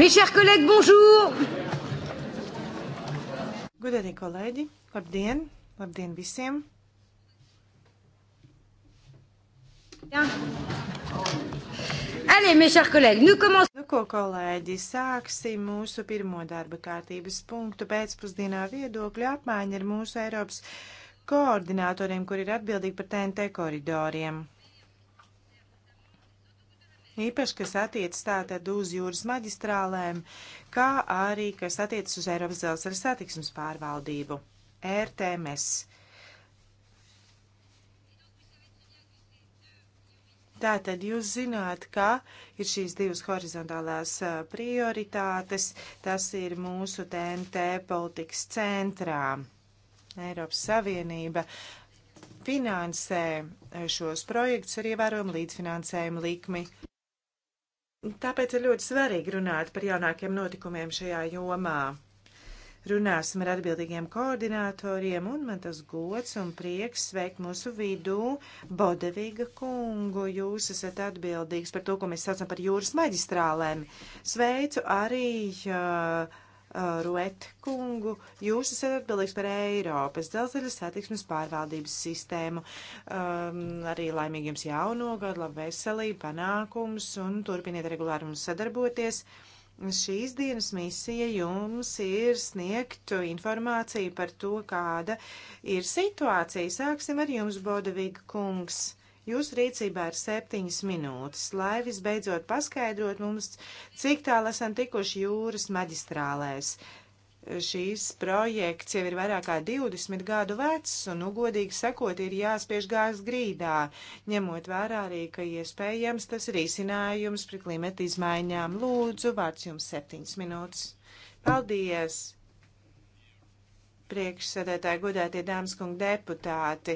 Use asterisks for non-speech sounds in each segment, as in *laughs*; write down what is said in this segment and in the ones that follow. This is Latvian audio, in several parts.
Mes chers collègues, bonjour! Gudēļie kolēģi, labdien! Labdien visiem! Jā. Allez, mes chers collègues, nous commençons. Nu, ko kolēģi, sāksim mūsu pirmo darba kārtības punktu pēcpusdienā viedokļu apmaiņa ar mūsu Eiropas koordinatoriem, kur ir atbildīgi par TNT koridoriem īpaši, kas attiec tātad uz jūras maģistrālēm, kā arī, kas attiec uz Eiropas dzelzceļa satiksmes pārvaldību, RTMS. Tātad jūs zināt, ka ir šīs divas horizontālās prioritātes, tas ir mūsu TNT politikas centrā. Eiropas Savienība finansē šos projektus ar ievērojumu līdzfinansējumu likmi Tāpēc ir ļoti svarīgi runāt par jaunākiem notikumiem šajā jomā. Runāsim ar atbildīgiem koordinatoriem, un man tas gods un prieks sveikt mūsu vidū Bodevīga kungu. Jūs esat atbildīgs par to, ko mēs saucam par jūras maģistrālēm. Sveicu arī uh, Uh, Ruet kungu, jūs esat atbildīgs par Eiropas dzelzceļa satiksmes pārvaldības sistēmu. Um, arī laimīgi jums jauno gadu, labu veselību, panākums un turpiniet regulāri mums sadarboties. Šīs dienas misija jums ir sniegt informāciju par to, kāda ir situācija. Sāksim ar jums, Bodavīga kungs. Uh, Jūsu rīcībā ir septiņas minūtes, lai visbeidzot paskaidrot mums, cik tālu esam tikuši jūras maģistrālēs. Šīs projekts jau ir vairāk kā 20 gadu vecs, un, nu, godīgi sakot, ir jāspiež gāzes grīdā, ņemot vērā arī, ka iespējams tas ir izcinājums pret klimata izmaiņām. Lūdzu, vārds jums septiņas minūtes. Paldies! priekšsēdētāji, godētie dāmas kungi deputāti.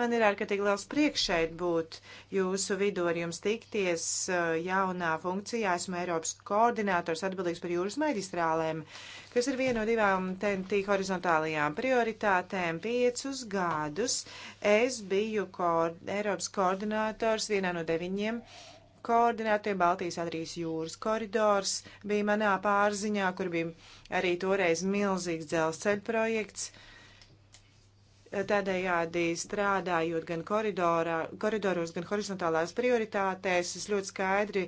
Man ir ārkārtīgi liels prieks šeit būt jūsu vidū ar jums tikties uh, jaunā funkcijā. Esmu Eiropas koordinators atbildīgs par jūras maģistrālēm, kas ir viena no divām TNT horizontālajām prioritātēm. Piecus gadus es biju ko Eiropas koordinators vienā no deviņiem koordinātie Baltijas Adrijas jūras koridors bija manā pārziņā, kur bija arī toreiz milzīgs dzelzceļa projekts. Tādējādi strādājot gan koridorā, koridoros, gan horizontālās prioritātēs, es ļoti skaidri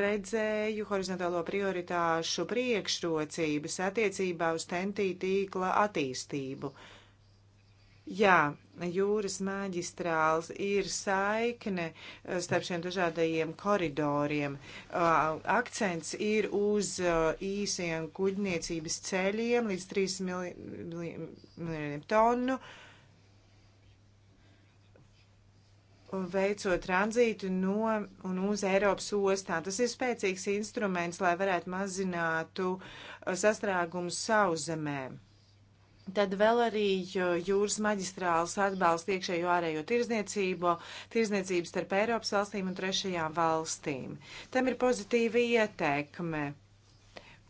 redzēju horizontālo prioritāšu priekšrocības attiecībā uz tentī tīkla attīstību. Uh, Jā, jūras maģistrāls ir saikne eh, starp šiem dažādajiem koridoriem. Akcents ir uz īsiem kuģniecības ceļiem līdz 3 miljoniem tonu. veicot tranzītu no un uz Eiropas ostām. Tas ir spēcīgs instruments, lai varētu mazinātu sastrēgumus sauzemēm. Tad vēl arī jūras maģistrāls atbalsta iekšējo ārējo tirzniecību, tirzniecības starp Eiropas valstīm un trešajām valstīm. Tam ir pozitīva ietekme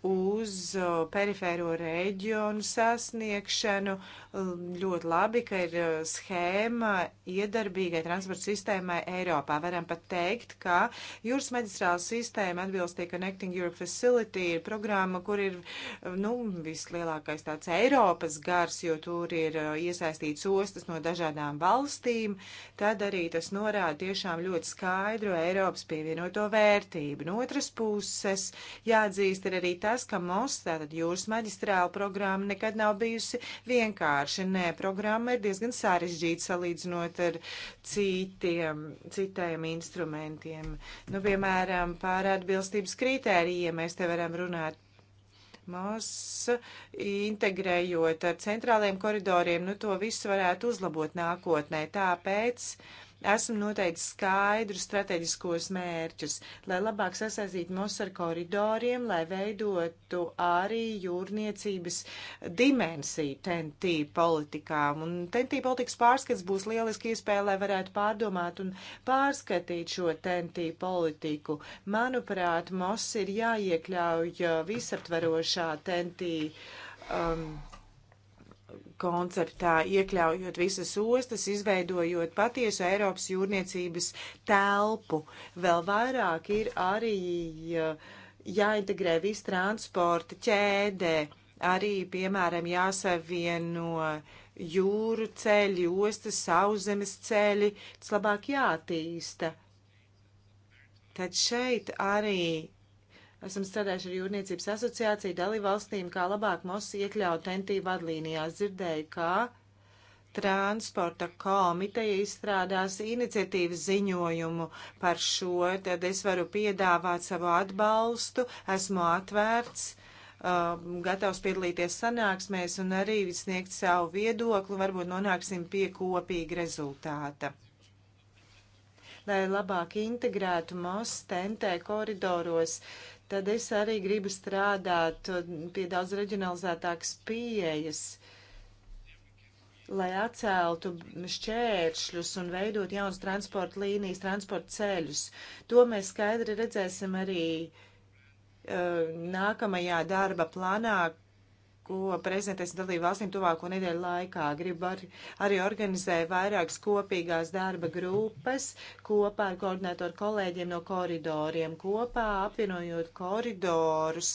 uz perifēro reģionu sasniegšanu. Ļoti labi, ka ir schēma iedarbīgai transporta sistēmai Eiropā. Varam pat teikt, ka jūras maģistrāla sistēma atbilstīja Connecting Europe Facility ir programma, kur ir nu, vislielākais tāds Eiropas gars, jo tur ir iesaistīts ostas no dažādām valstīm. Tad arī tas norāda tiešām ļoti skaidru Eiropas pievienoto vērtību. No otras puses, jāatzīst, ir arī tā, tas, ka mums tātad jūras maģistrāla programma nekad nav bijusi vienkārši. Nē, programma ir diezgan sarežģīta salīdzinot ar citiem, citiem instrumentiem. Nu, piemēram, pār atbilstības kritērijiem mēs te varam runāt Mēs integrējot ar centrāliem koridoriem, nu to visu varētu uzlabot nākotnē. Tāpēc uh, esam noteicis skaidrus strateģiskos mērķus, lai labāk sasaistītu mūs ar koridoriem, lai veidotu arī jūrniecības dimensiju TNT politikām. Un TNT politikas pārskats būs lieliski iespēja, lai varētu pārdomāt un pārskatīt šo TNT politiku. Manuprāt, MOS ir jāiekļauj visaptverošā TNT um, konceptā, iekļaujot visas ostas, izveidojot patiesu Eiropas jūrniecības telpu. Vēl vairāk ir arī jāintegrē viss transporta ķēdē, arī, piemēram, jāsavieno jūru ceļi, ostas, sauzemes ceļi, tas labāk jātīsta. Tad šeit arī Esam strādājuši ar jūrniecības asociāciju dalībvalstīm, kā labāk mūs iekļaut TNT vadlīnijās. Dzirdēju, kā transporta komiteja izstrādās iniciatīvas ziņojumu par šo, tad es varu piedāvāt savu atbalstu, esmu atvērts, uh, gatavs piedalīties sanāksmēs un arī sniegt savu viedokli, varbūt nonāksim pie kopīga rezultāta lai labāk integrētu MOS TNT koridoros tad es arī gribu strādāt pie daudz reģionalizētākas pieejas, lai atceltu šķēršļus un veidot jaunas transporta līnijas, transporta ceļus. To mēs skaidri redzēsim arī uh, nākamajā darba plānā, ko prezentēs dalību valstīm tuvāko nedēļu laikā. Gribu ar, arī organizēt vairākas kopīgās darba grupas kopā ar koordinatoru kolēģiem no koridoriem, kopā apvienojot koridorus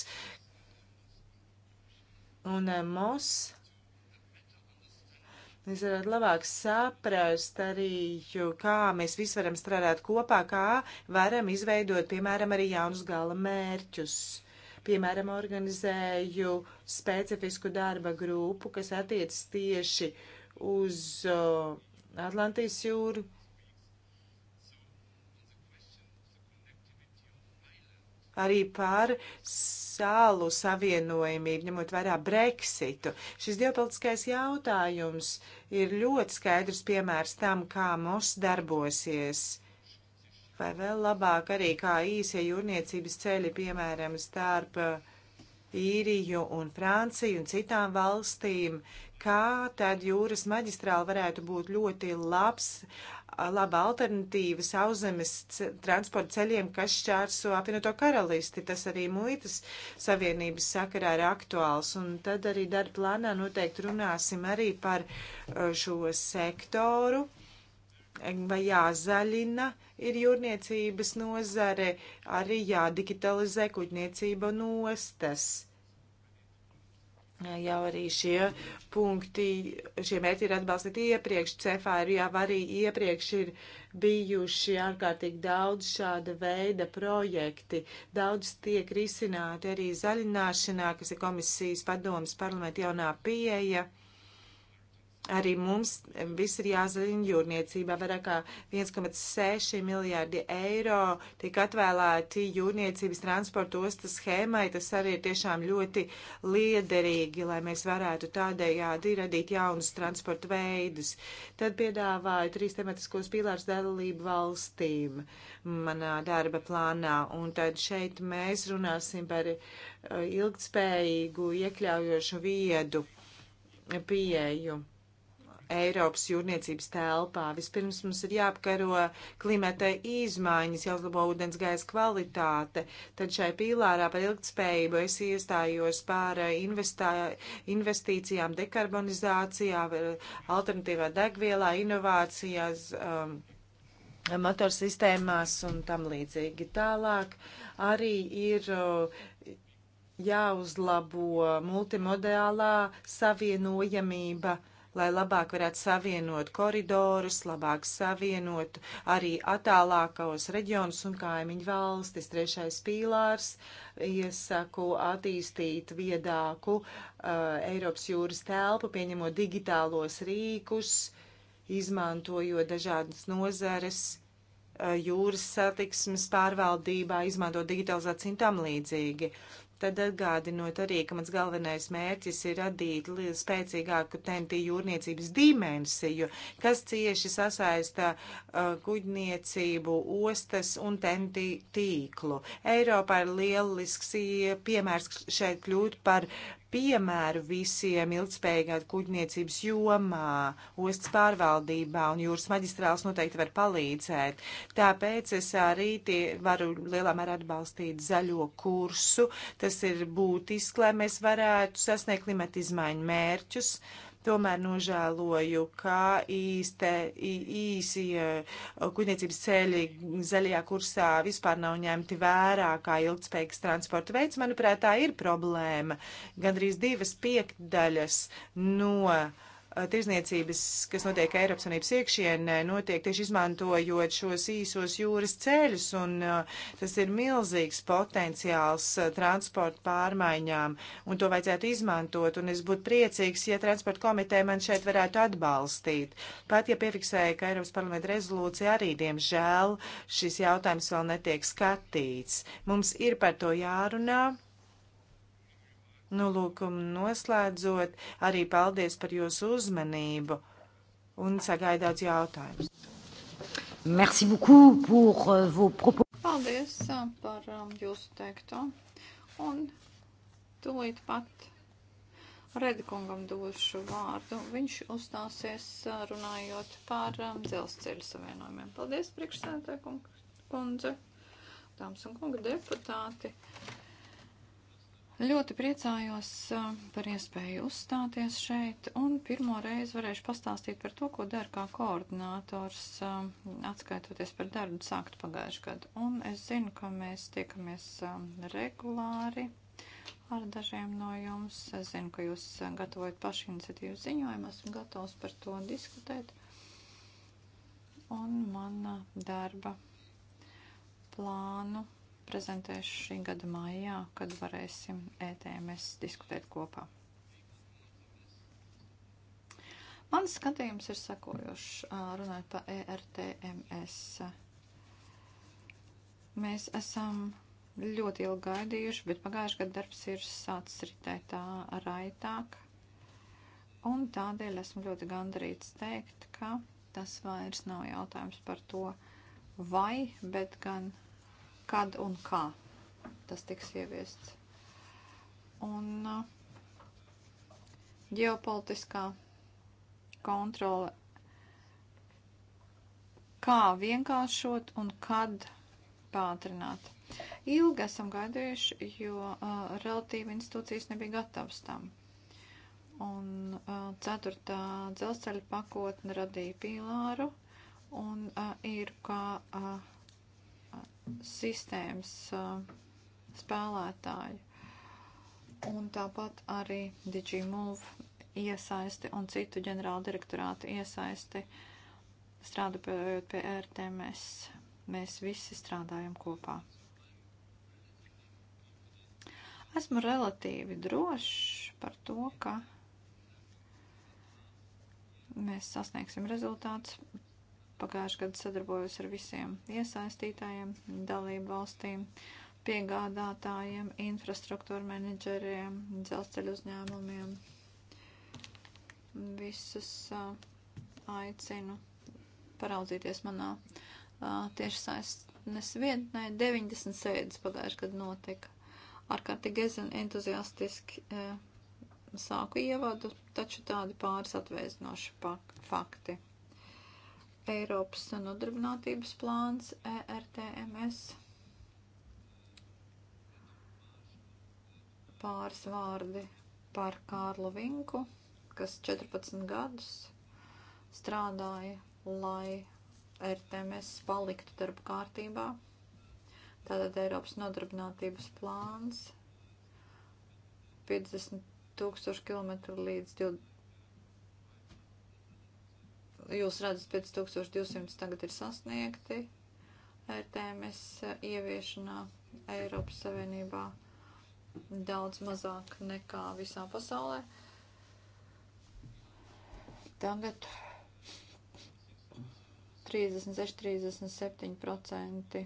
un eh, MOS. Mēs varētu labāk saprast arī, kā mēs visi varam strādāt kopā, kā varam izveidot, piemēram, arī jaunus gala mērķus. Piemēram, organizēju specifisku darba grupu, kas attiecas tieši uz uh, Atlantijas jūru. Arī par salu savienojumību, ņemot vērā Brexitu. Šis ģeopolitiskais jautājums ir ļoti skaidrs piemērs tam, kā mums darbosies vai vēl labāk arī kā īsie jūrniecības ceļi, piemēram, starp uh, īriju un Franciju un citām valstīm, kā tad jūras maģistrāli varētu būt ļoti labs, laba alternatīva sauszemes transporta ceļiem, kas šķērso apvienoto karalisti. Tas arī muitas savienības sakarā ir aktuāls. Un tad arī darba plānā noteikti runāsim arī par uh, šo sektoru vai jāzaļina ir jūrniecības nozare, arī jādigitalizē kuģniecība nostas. Jau arī šie punkti, šie mērķi ir atbalstīti iepriekš. Cefā ir jau arī iepriekš ir bijuši ārkārtīgi daudz šāda veida projekti. Daudz tiek risināti arī zaļināšanā, kas ir komisijas padomas parlamenta jaunā pieeja. Uh, Arī mums viss ir jāzina jūrniecībā. Vairāk kā 1,6 miljārdi eiro tika atvēlēti jūrniecības transporta ostas schēmai. Tas arī ir tiešām ļoti liederīgi, lai mēs varētu tādējādi radīt jaunus transporta veidus. Tad piedāvāju trīs tematiskos pīlārs dalību valstīm manā darba plānā. Un tad šeit mēs runāsim par uh, ilgtspējīgu, iekļaujošu viedu pieeju Eiropas jūrniecības telpā. Vispirms mums ir jāapkaro klimata izmaiņas, jāuzlabo ūdens gaisa kvalitāte. Tad šai pīlārā par ilgtspējību es iestājos par eh, investā, investīcijām, dekarbonizācijā, alternatīvā degvielā, inovācijās. Um, motorsistēmās un tam līdzīgi. Tālāk arī ir uh, jāuzlabo multimodālā savienojamība uh, lai labāk varētu savienot koridorus, labāk savienot arī attālākos reģionus un kaimiņu valstis. Trešais pīlārs iesaku attīstīt viedāku uh, Eiropas jūras telpu, pieņemot digitālos rīkus, izmantojot dažādas nozares uh, jūras satiksmes pārvaldībā, izmantot digitalizāciju un tam līdzīgi. Tad atgādinot arī, ka mans galvenais mērķis ir radīt spēcīgāku tentī jūrniecības dimensiju, kas cieši sasaista uh, kuģniecību, ostas un tentī tīklu. Eiropā ir lielisks piemērs šeit kļūt par piemēru visiem ilgspējīgā kuģniecības jomā, ostas pārvaldībā un jūras maģistrāls noteikti var palīdzēt. Tāpēc es arī tie varu lielā mērā atbalstīt zaļo kursu. Tas ir būtiski, lai mēs varētu sasniegt klimatizmaiņu mērķus. Uh, Tomēr nožēloju, ka īste, īsi kuģniecības ceļi zaļajā kursā vispār nav ņemti vērā kā ilgspējīgs transporta veids. Manuprāt, tā ir problēma. Gandrīz divas piekdaļas no. Uh, Eh, tirzniecības, kas notiek Eiropas Unības iekšienē, notiek tieši izmantojot šos īsos jūras ceļus, un eh, tas ir milzīgs potenciāls eh, transporta pārmaiņām, un to vajadzētu izmantot, un es būtu priecīgs, ja transporta komiteja man šeit varētu atbalstīt. Pat, ja piefiksēja, ka Eiropas parlamenta rezolūcija arī, diemžēl, šis jautājums vēl netiek skatīts. Mums ir par to jārunā Nu, lūk, um, noslēdzot, arī paldies par jūsu uzmanību un sagaidāts jautājums. Merci beaucoup pour uh, vos propos. Paldies uh, par um, jūsu teikto. Un tūlīt pat Redikungam došu vārdu. Viņš uzstāsies uh, runājot par um, dzelzceļa savienojumiem. Paldies, priekšsēdētāj, kundze, dāmas un kungi deputāti. Uh, Ļoti priecājos par iespēju uzstāties šeit un pirmo reizi varēšu pastāstīt par to, ko dara kā koordinātors, atskaitoties par darbu sākt pagājušajā gadu. Un es zinu, ka mēs tiekamies regulāri ar dažiem no jums. Es zinu, ka jūs gatavojat pašu iniciatīvu ziņojumu, esmu gatavs par to diskutēt. Un mana darba plānu prezentēšu šī gada maijā, kad varēsim ETMS diskutēt kopā. Mans skatījums ir sakojošs, runājot par ERTMS. Mēs esam ļoti ilgi gaidījuši, bet pagājušajā gadā darbs ir sācis ritēt raitāk. Un tādēļ esmu ļoti gandarīts teikt, ka tas vairs nav jautājums par to, vai, bet gan kad un kā tas tiks ieviests. Un uh, ģeopolitiskā kontrole, kā vienkāršot un kad pātrināt. Ilgi esam gaidījuši, jo uh, relatīvi institūcijas nebija gatavas tam. Un uh, ceturtā dzelzceļa pakotne radīja pīlāru un uh, ir kā uh, sistēmas spēlētāju. Un tāpat arī DigiMove iesaisti un citu ģenerāla direktorātu iesaisti strādājot pie RTMS. Mēs visi strādājam kopā. Esmu relatīvi drošs par to, ka mēs sasniegsim rezultātus pagājušajā gadā sadarbojos ar visiem iesaistītājiem, dalību valstīm, piegādātājiem, infrastruktūra menedžeriem, dzelzceļu uzņēmumiem. Visus uh, aicinu paraudzīties manā uh, tieši saistnes vietnē. 90 sēdes pagājušajā gadā notika. Ārkārtīgi entuziastiski. Uh, sāku ievadu, taču tādi pāris atvēsinoši fakti. Eiropas nodarbinātības plāns ERTMS. Pāris vārdi par Kārlu Vinku, kas 14 gadus strādāja, lai RTMS paliktu darba kārtībā. Tātad Eiropas nodarbinātības plāns 50 tūkstoši kilometru līdz 20 jūs redzat, 5200 tagad ir sasniegti RTMS ieviešanā Eiropas Savienībā daudz mazāk nekā visā pasaulē. Tagad 36-37%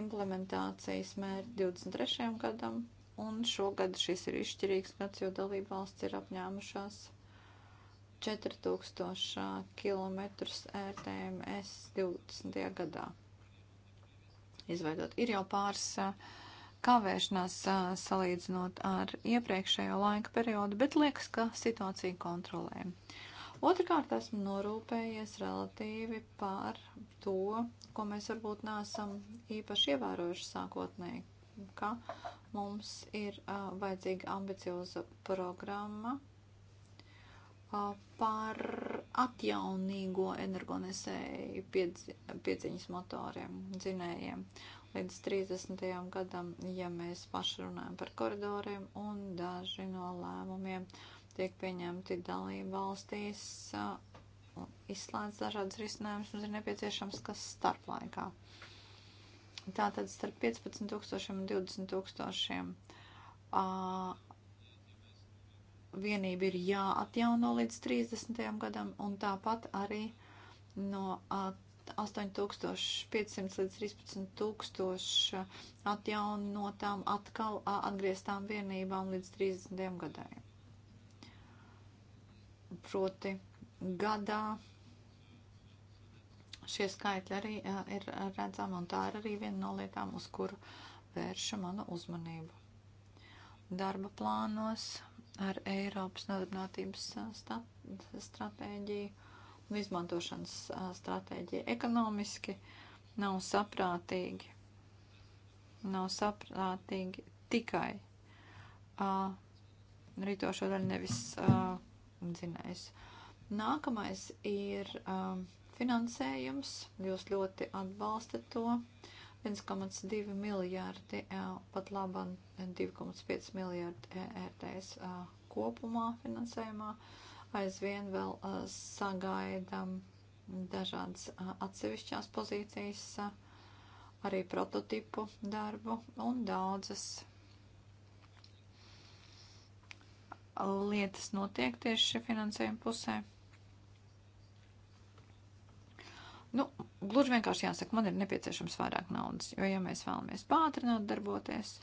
implementācijas mērķi 23. gadam, un šogad šis ir izšķirīgs gads, jo dalība valsts ir apņēmušās 4000 km RTMS 20. gadā. Izveidot. Ir jau pāris kavēšanās salīdzinot ar iepriekšējo laika periodu, bet liekas, ka situācija kontrolē. Otrakārt esmu norūpējies relatīvi par to, ko mēs varbūt nesam īpaši ievērojuši sākotnēji, ka mums ir uh, vajadzīga ambicioza programma, par atjaunīgo energonesēju piedzi, piedziņas motoriem, dzinējiem līdz 30. gadam, ja mēs paši runājam par koridoriem un daži no lēmumiem tiek pieņemti dalību valstīs, izslēdz dažādas risinājumus, mums ir nepieciešams kas starplaikā. Tātad starp 15 tūkstošiem un 20 tūkstošiem. Uh, vienība ir jāatjauno līdz 30. gadam, un tāpat arī no 8500 līdz 13000 atjaunotām atkal atgrieztām vienībām līdz 30. gadai. Proti gadā šie skaitļi arī ir redzami, un tā ir arī viena no lietām, uz kuru vērša mana uzmanība. Darba plānos ar Eiropas nodarbinātības stratēģiju un izmantošanas stratēģiju. Ekonomiski nav saprātīgi, nav saprātīgi tikai uh, rītošo daļu nevis uh, dzinējs. Nākamais ir uh, finansējums. Jūs ļoti atbalstat to. Uh, 1,2 miljārdi, pat labam 2,5 miljārdi RTS kopumā finansējumā. Aizvien vēl sagaidam dažādas atsevišķās pozīcijas, arī prototipu darbu un daudzas lietas notiek tieši finansējuma pusē. Nu, gluži vienkārši jāsaka, man ir nepieciešams vairāk naudas, jo, ja mēs vēlamies pātrināt darboties,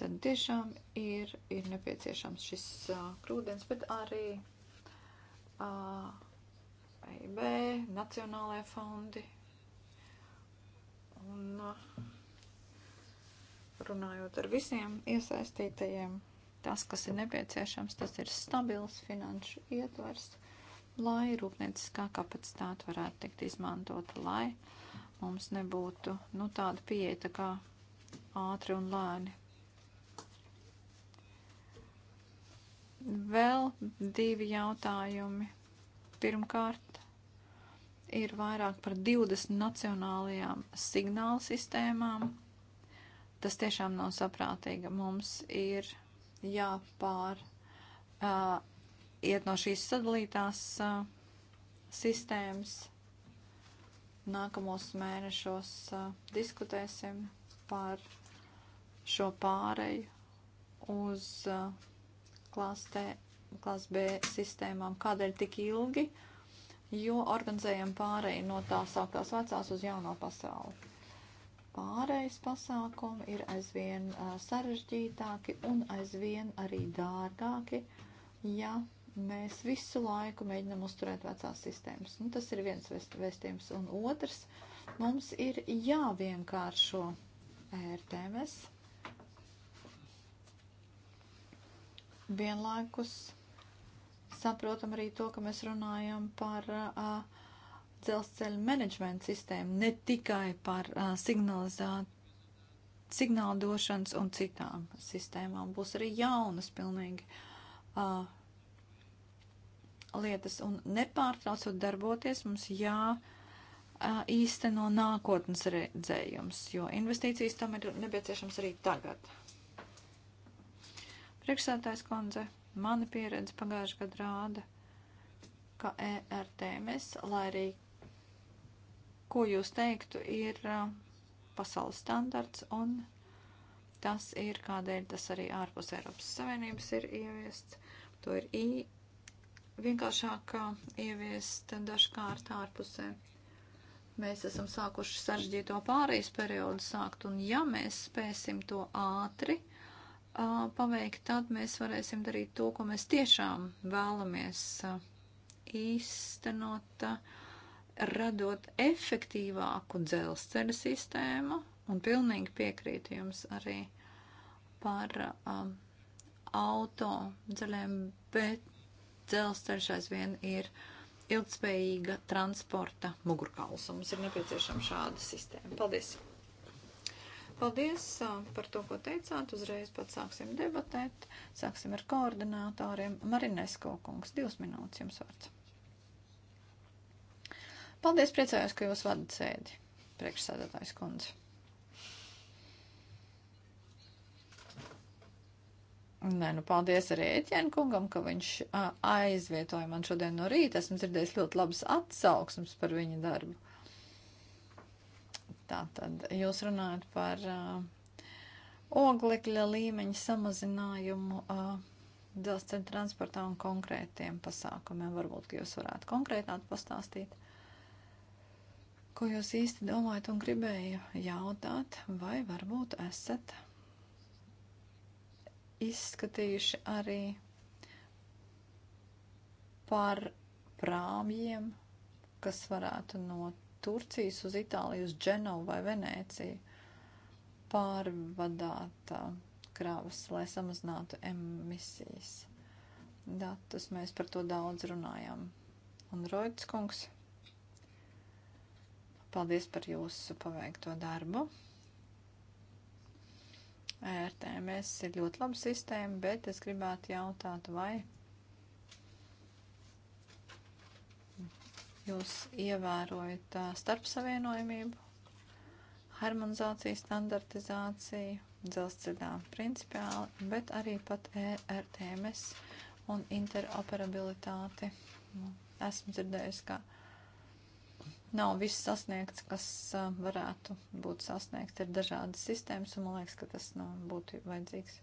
tad tiešām ir, ir nepieciešams šis uh, krūdens, bet arī uh, AIB, Nacionālajie fondi. Un uh, runājot ar visiem iesaistītajiem, tas, kas ir nepieciešams, tas ir stabils finanšu ietvers. Uh, lai rūpnieciskā kapacitāte varētu tikt izmantota, lai mums nebūtu nu, tāda pieeja kā ātri un lēni. Vēl divi jautājumi. Pirmkārt, ir vairāk par 20 nacionālajām signāla sistēmām. Tas tiešām nav saprātīgi. Mums ir jāpār. Uh, iet no šīs sadalītās uh, sistēmas. Nākamos mēnešos uh, diskutēsim par šo pāreju uz uh, klāstē, klās B sistēmām. Kādēļ tik ilgi? Jo organizējam pāreju no tā sāktās vecās uz jauno pasauli pārējais pasākumi ir aizvien sarežģītāki un aizvien arī dārgāki, ja mēs visu laiku mēģinam uzturēt vecās sistēmas. Nu, tas ir viens vēstījums. Un otrs, mums ir jāvienkāršo ērtēmes vienlaikus saprotam arī to, ka mēs runājam par uh, dzelzceļa menedžmenta sistēmu, ne tikai par uh, signalizāciju signāldošanas un citām sistēmām. Būs arī jaunas pilnīgi uh, lietas un nepārtraucot darboties, mums jā īsteno nākotnes redzējums, jo investīcijas tam ir nepieciešams arī tagad. Priekšsētājs kundze, mana pieredze pagājušajā gadā rāda, ka ERTMS, lai arī ko jūs teiktu, ir pasaules standarts un tas ir, kādēļ tas arī ārpus Eiropas Savienības ir ieviests. To ir vienkāršāk uh, ieviest dažkārt ārpusē. Mēs esam sākuši sarežģīto pārejas periodu sākt, un ja mēs spēsim to ātri uh, paveikt, tad mēs varēsim darīt to, ko mēs tiešām vēlamies uh, īstenot, uh, radot efektīvāku dzelzceļa sistēmu, un pilnīgi piekrītu jums arī par um, auto dzelēm, bet dzelzceļš aizvien ir ilgspējīga transporta mugurkauls. Mums ir nepieciešama šāda sistēma. Paldies! Paldies par to, ko teicāt. Uzreiz pat sāksim debatēt. Sāksim ar koordinātāriem. Marinesko kungs, divas minūtes jums vārds. Paldies, priecājos, ka jūs vadat sēdi, priekšsēdētājs kundze. Nē, nu paldies arī Eķēna kungam, ka viņš a, aizvietoja man šodien no rīta. Esmu dzirdējis ļoti labas atsauksmes par viņa darbu. Tā tad jūs runājat par a, oglekļa līmeņa samazinājumu dzelzceļa transportā un konkrētiem pasākumiem. Varbūt, ka jūs varētu konkrētāk pastāstīt, ko jūs īsti domājat un gribēju jautāt, vai varbūt esat izskatījuši arī par prāmjiem, kas varētu no Turcijas uz Itāliju, uz Dženovu vai Venēciju pārvadāt kravas, lai samazinātu emisijas. Datus mēs par to daudz runājam. Un Roids kungs, paldies par jūsu paveikto darbu. RTMS ir ļoti laba sistēma, bet es gribētu jautāt, vai jūs ievērojat starpsavienojumību, harmonizāciju, standartizāciju, dzelzceļā principiāli, bet arī pat ERTMS un interoperabilitāti. Nu, esmu dzirdējusi, ka nav viss sasniegts, kas varētu būt sasniegts. Ir dažādas sistēmas, un man liekas, ka tas nu, būtu vajadzīgs.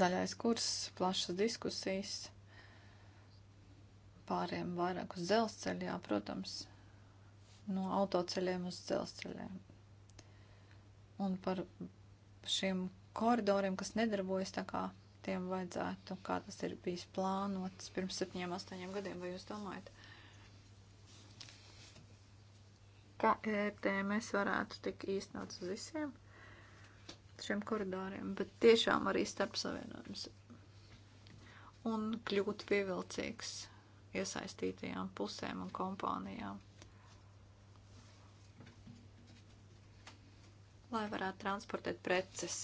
Zaļais kurs, plašas diskusijas, pāriem vairāk uz dzelzceļa, jā, protams, no autoceļiem uz dzelzceļiem. Un par šiem koridoriem, kas nedarbojas tā kā tiem vajadzētu, kā tas ir bijis plānots pirms septiņiem, astoņiem gadiem, vai jūs domājat? ka ERTMS varētu tik īstenots uz visiem šiem koridoriem, bet tiešām arī starp savienojums un kļūt pievilcīgs iesaistītajām pusēm un kompānijām. Lai varētu transportēt preces.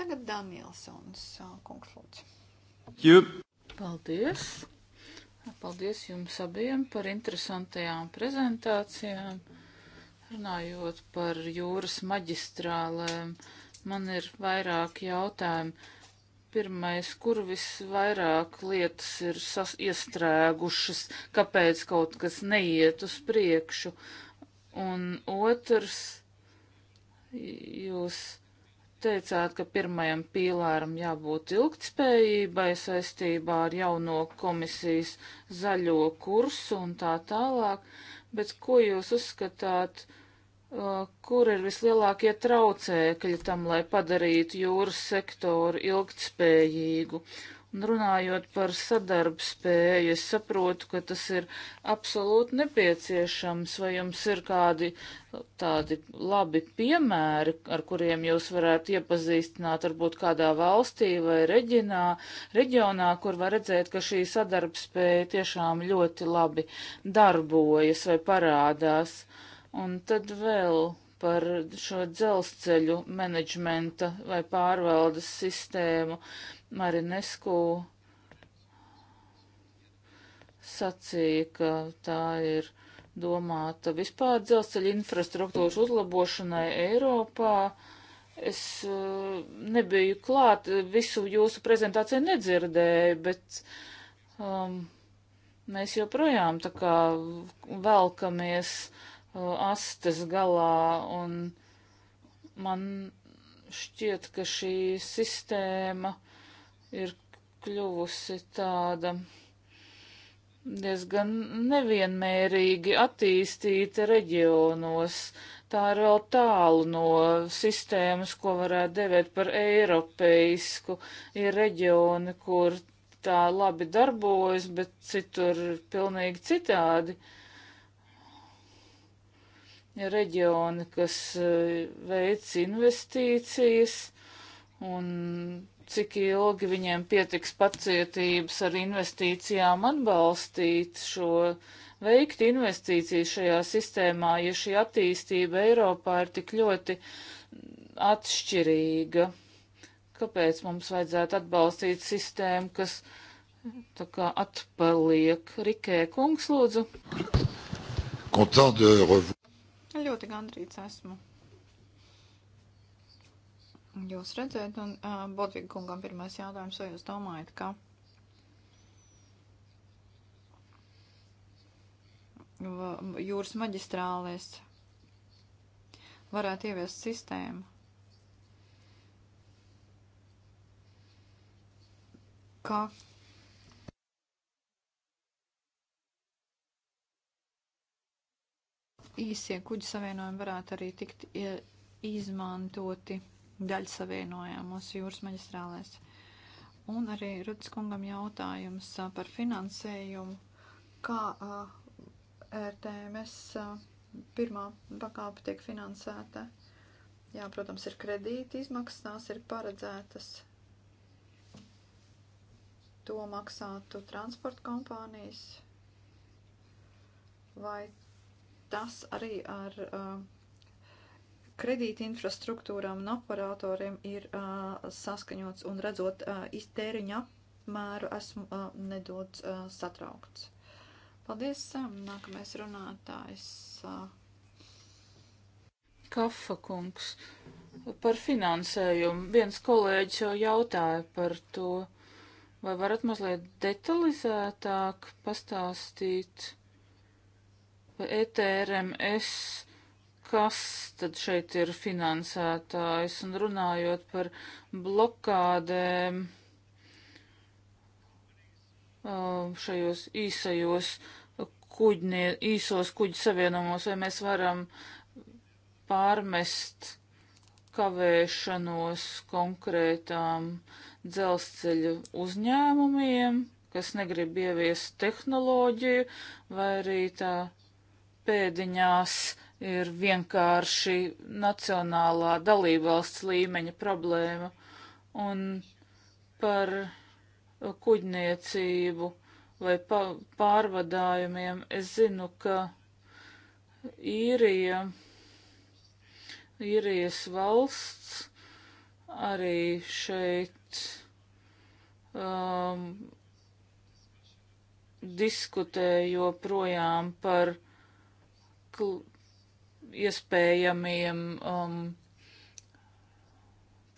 Tagad Danielsons kungs lūdzu. Jū. Paldies! Paldies jums abiem par interesantajām prezentācijām. Runājot par jūras maģistrālēm, man ir vairāk jautājumu. Pirmais, kur visvairāk lietas ir iestrēgušas, kāpēc kaut kas neiet uz priekšu? Un otrs, jūs teicāt, ka pirmajam pīlāram jābūt ilgtspējībai saistībā ar jauno komisijas zaļo kursu un tā tālāk, bet ko jūs uzskatāt, uh, kur ir vislielākie traucēkļi tam, lai padarītu jūras sektoru ilgtspējīgu? Runājot par sadarbspēju, es saprotu, ka tas ir absolūti nepieciešams, vai jums ir kādi tādi labi piemēri, ar kuriem jūs varētu iepazīstināt, varbūt kādā valstī vai reģionā, reģionā, kur var redzēt, ka šī sadarbspēja tiešām ļoti labi darbojas vai parādās. Un tad vēl par šo dzelzceļu menedžmenta vai pārvaldes sistēmu. Uh, Marinesku sacīja, ka tā ir domāta vispār dzelzceļa infrastruktūras uzlabošanai Eiropā. Es uh, nebiju klāt, visu jūsu prezentāciju nedzirdēju, bet um, mēs joprojām tā kā velkamies uh, astes galā un man šķiet, ka šī sistēma uh, ir kļuvusi tāda diezgan nevienmērīgi attīstīta reģionos. Tā ir vēl tālu no sistēmas, ko varētu devēt par eiropeisku. Ir reģioni, kur tā labi darbojas, bet citur pilnīgi citādi. Ir reģioni, kas eh, veic investīcijas un cik ilgi viņiem pietiks pacietības ar investīcijām atbalstīt šo, veikt investīcijas šajā sistēmā, ja šī attīstība Eiropā ir tik ļoti atšķirīga. Kāpēc mums vajadzētu atbalstīt sistēmu, kas tā kā atpaliek? Rikē kungs, lūdzu. Ļoti gandrīz esmu Jūs redzēt, un uh, Bodvīga kungam pirmais jautājums, vai jūs domājat, ka jūras maģistrālēs varētu ieviest sistēmu, ka īsie kuģi savienojumi varētu arī tikt izmantoti daļu savienojamos jūras maģistrālēs. Un arī Rudskungam jautājums par finansējumu, kā uh, RTMS uh, pirmā pakāpe tiek finansēta. Jā, protams, ir kredīti izmaksas, tās ir paredzētas. To maksātu transporta kompānijas. Vai tas arī ar uh, kredīti infrastruktūrām un operatoriem ir uh, saskaņots un redzot uh, iztēriņa apmēru esmu uh, nedaudz uh, satraukts. Paldies, Sam. Nākamais runātājs. Uh... Kafa kungs. Par finansējumu. Viens kolēģis jau jautāja par to. Vai varat mazliet detalizētāk pastāstīt? Vai ETRMS kas tad šeit ir finansētājs un runājot par blokādēm um, šajos īsajos kuģnie, īsos kuģu savienumos, vai mēs varam pārmest kavēšanos konkrētām dzelzceļu uzņēmumiem, kas negrib ieviest tehnoloģiju, vai arī tā pēdiņās ir vienkārši nacionālā dalībvalsts līmeņa problēma. Un par kuģniecību vai pārvadājumiem es zinu, ka īrija, īrijas valsts arī šeit um, diskutē joprojām par kl iespējamiem um,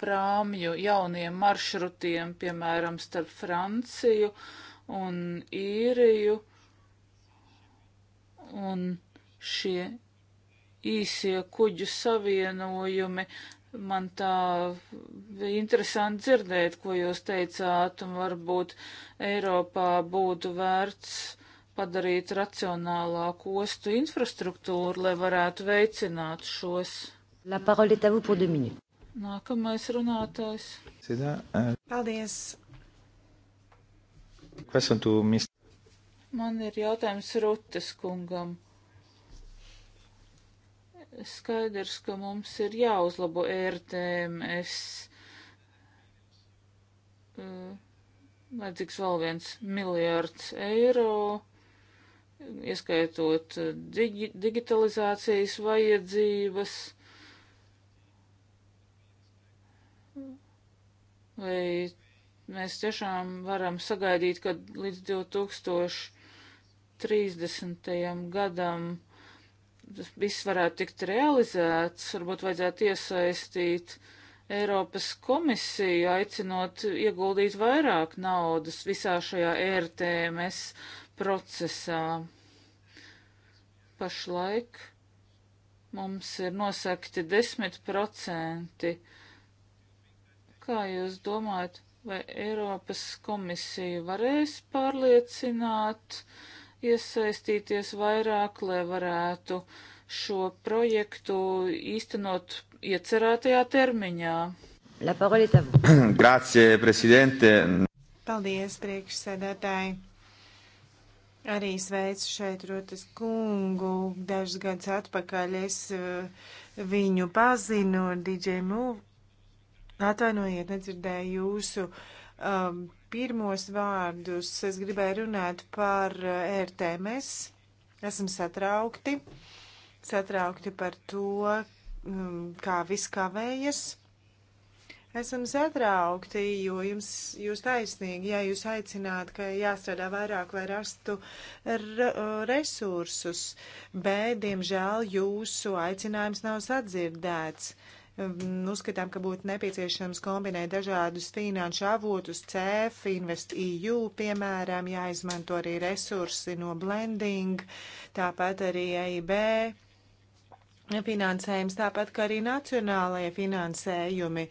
prāmju jauniem maršrutiem, piemēram, starp Franciju un Īriju. Un šie īsie kuģu savienojumi man tā bija interesanti dzirdēt, ko jūs teicāt, un varbūt Eiropā būtu vērts padarīt racionālāku ostu infrastruktūru, lai varētu veicināt šos. La parole est à vous pour deux minutes. Nākamais runātājs. Paldies. Man ir jautājums Rutes kungam. Skaidrs, ka mums ir jāuzlabo ērtēms. Vajadzīgs vēl viens miljards eiro ieskaitot eh, digi digitalizācijas vajadzības vai mēs tiešām varam sagaidīt, ka līdz 2030. gadam tas viss varētu tikt realizēts. Varbūt vajadzētu iesaistīt Eiropas komisiju, aicinot ieguldīt vairāk naudas visā šajā ērtēmēs e procesā. Pašlaik mums ir nosakti 10%. Kā jūs domājat, vai Eiropas komisija varēs pārliecināt, iesaistīties vairāk, lai varētu šo projektu īstenot iecerētajā termiņā? Grazie, prezidente. Paldies, priekšsēdētāji. Arī sveicu šeit Rotas kungu. Dažus gadus atpakaļ es eh, viņu pazinu, DJ Move. Atvainojiet, nedzirdēju jūsu um, pirmos vārdus. Es gribēju runāt par eh, RTMS. Esam satraukti. Satraukti par to, um, kā viss kavējas. Esam satraukti, jo jums, jūs taisnīgi, ja jūs aicināt, ka jāstrādā vairāk, lai rastu resursus, bet, diemžēl, jūsu aicinājums nav sadzirdēts. Mm, uzskatām, ka būtu nepieciešams kombinēt dažādus finanšu avotus, CEF, Invest EU, piemēram, jāizmanto arī resursi no blending, tāpat arī EIB finansējums, tāpat kā arī nacionālajie finansējumi,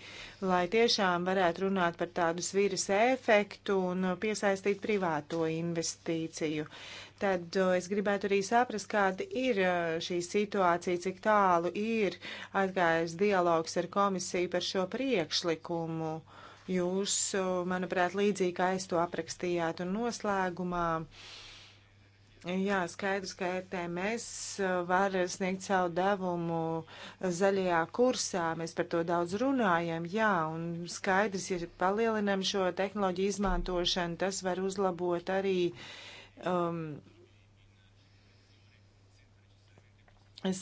lai tiešām varētu runāt par tādu sviras efektu un piesaistīt privāto investīciju. Tad uh, es gribētu arī saprast, kāda ir uh, šī situācija, cik tālu ir atgājis dialogs ar komisiju par šo priekšlikumu. Jūs, uh, manuprāt, līdzīgi kā es to aprakstījāt un noslēgumā. Uh, Jā, skaidrs, ka RTMS e uh, var sniegt savu devumu zaļajā kursā. Mēs par to daudz runājam, jā, un skaidrs, ja palielinam šo tehnoloģiju izmantošanu, tas var uzlabot arī um,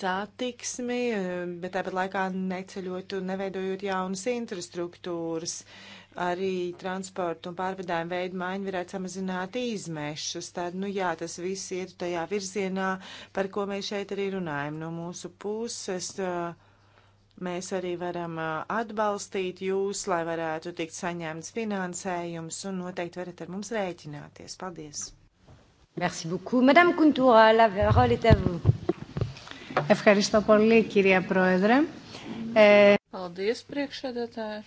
satiksmi, uh, bet tāpat laikā neceļot un neveidojot jaunas infrastruktūras. Uh, arī transportu un pārvadājumu veidu maiņu varētu samazināt izmešus. Tad, nu jā, tas viss iet tajā virzienā, par ko mēs šeit arī runājam no mūsu puses. Mēs arī varam atbalstīt jūs, lai varētu tikt saņemts finansējums un noteikti varat ar mums rēķināties. Paldies! Merci beaucoup. Madame Kuntura, la parole est à vous. Ευχαριστώ πολύ, κυρία Πρόεδρε. Ε... Paldies, priekšsēdētāji.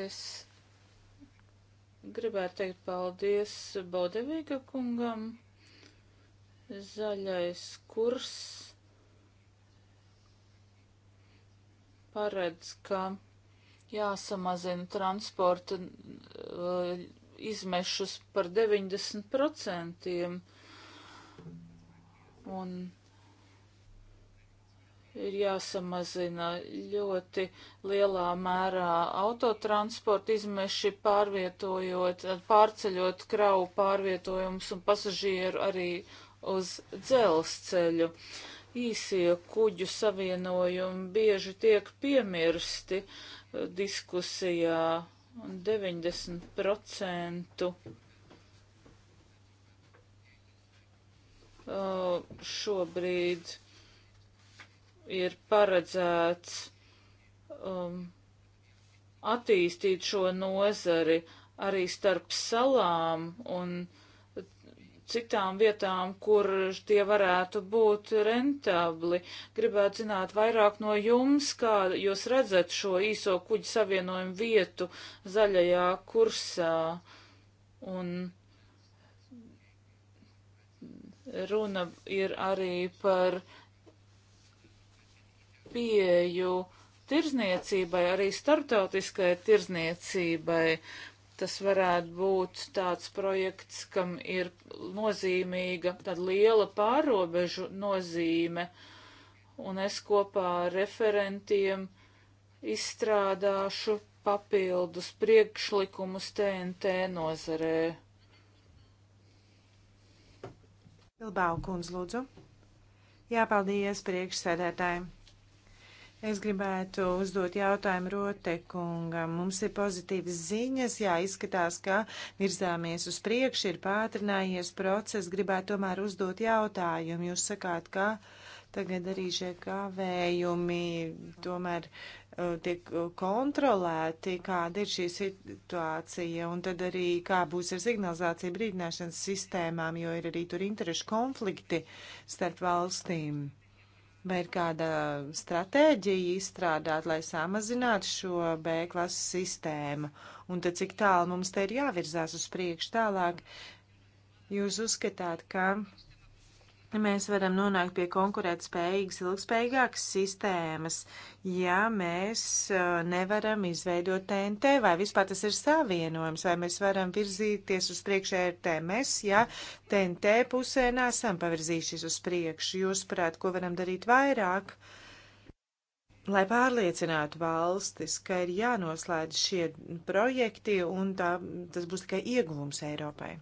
Es gribētu teikt paldies Bodevīga kungam. Zaļais kurs paredz, ka jāsamazina transporta uh, izmešus par 90%. Un ir jāsamazina ļoti lielā mērā autotransporta izmeši, pārvietojot, pārceļot kravu pārvietojumus un pasažieru arī uz dzelzceļu. Īsie kuģu savienojumi bieži tiek piemirsti eh, diskusijā un 90% eh, šobrīd ir paredzēts um, attīstīt šo nozari arī starp salām un citām vietām, kur tie varētu būt rentabli. Gribētu zināt vairāk no jums, kā jūs redzat šo īso kuģu savienojumu vietu zaļajā kursā. Un runa ir arī par uh, pieju tirzniecībai, arī starptautiskai tirzniecībai. Tas varētu būt tāds projekts, kam ir nozīmīga, tad liela pārobežu nozīme, un es kopā ar referentiem izstrādāšu papildus priekšlikumus TNT nozarē. Bilbao kundz, lūdzu. Jāpaldies priekšsēdētājiem. Es gribētu uzdot jautājumu Rotekungam. Mums ir pozitīvas ziņas, jā, izskatās, ka virzāmies uz priekšu, ir pātrinājies process. Gribētu tomēr uzdot jautājumu. Jūs sakāt, ka tagad arī šie kavējumi tomēr uh, tiek kontrolēti, kāda ir šī situācija, un tad arī kā būs ar signalizāciju brīdināšanas sistēmām, jo ir arī tur interešu konflikti starp valstīm. Vai ir kāda stratēģija izstrādāt, lai samazinātu šo B klases sistēmu? Un tad cik tālu mums te ir jāvirzās uz priekšu tālāk? Jūs uzskatāt, ka mēs varam nonākt pie konkurētspējīgas, ilgspējīgākas sistēmas, ja mēs nevaram izveidot TNT, vai vispār tas ir savienojums, vai mēs varam virzīties uz priekšu RTMS, ja TNT pusē nesam pavirzījušies uz priekšu. Jūs prāt, ko varam darīt vairāk? Lai pārliecinātu valstis, ka ir jānoslēdz šie projekti un tā, tas būs tikai ieguvums Eiropai.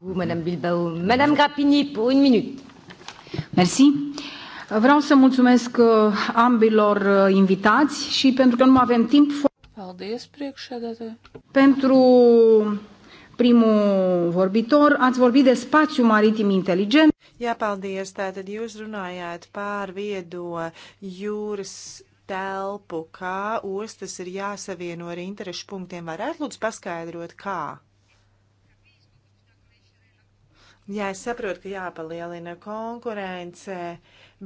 Madame Bilbao. Madame Grappini, pour une minute. Merci. Vreau să mulțumesc uh, ambilor uh, invitați și pentru că nu avem timp Paldies, priekšsēdētāji. Pentru primul vorbitor, ați vorbit de spațiu maritim inteligent. Jā, paldies. Tātad jūs runājāt par viedo jūras telpu, kā ostas ir jāsavieno ar interešu punktiem. Varētu lūdzu paskaidrot, kā? Jā, es saprotu, ka jāpalielina konkurence,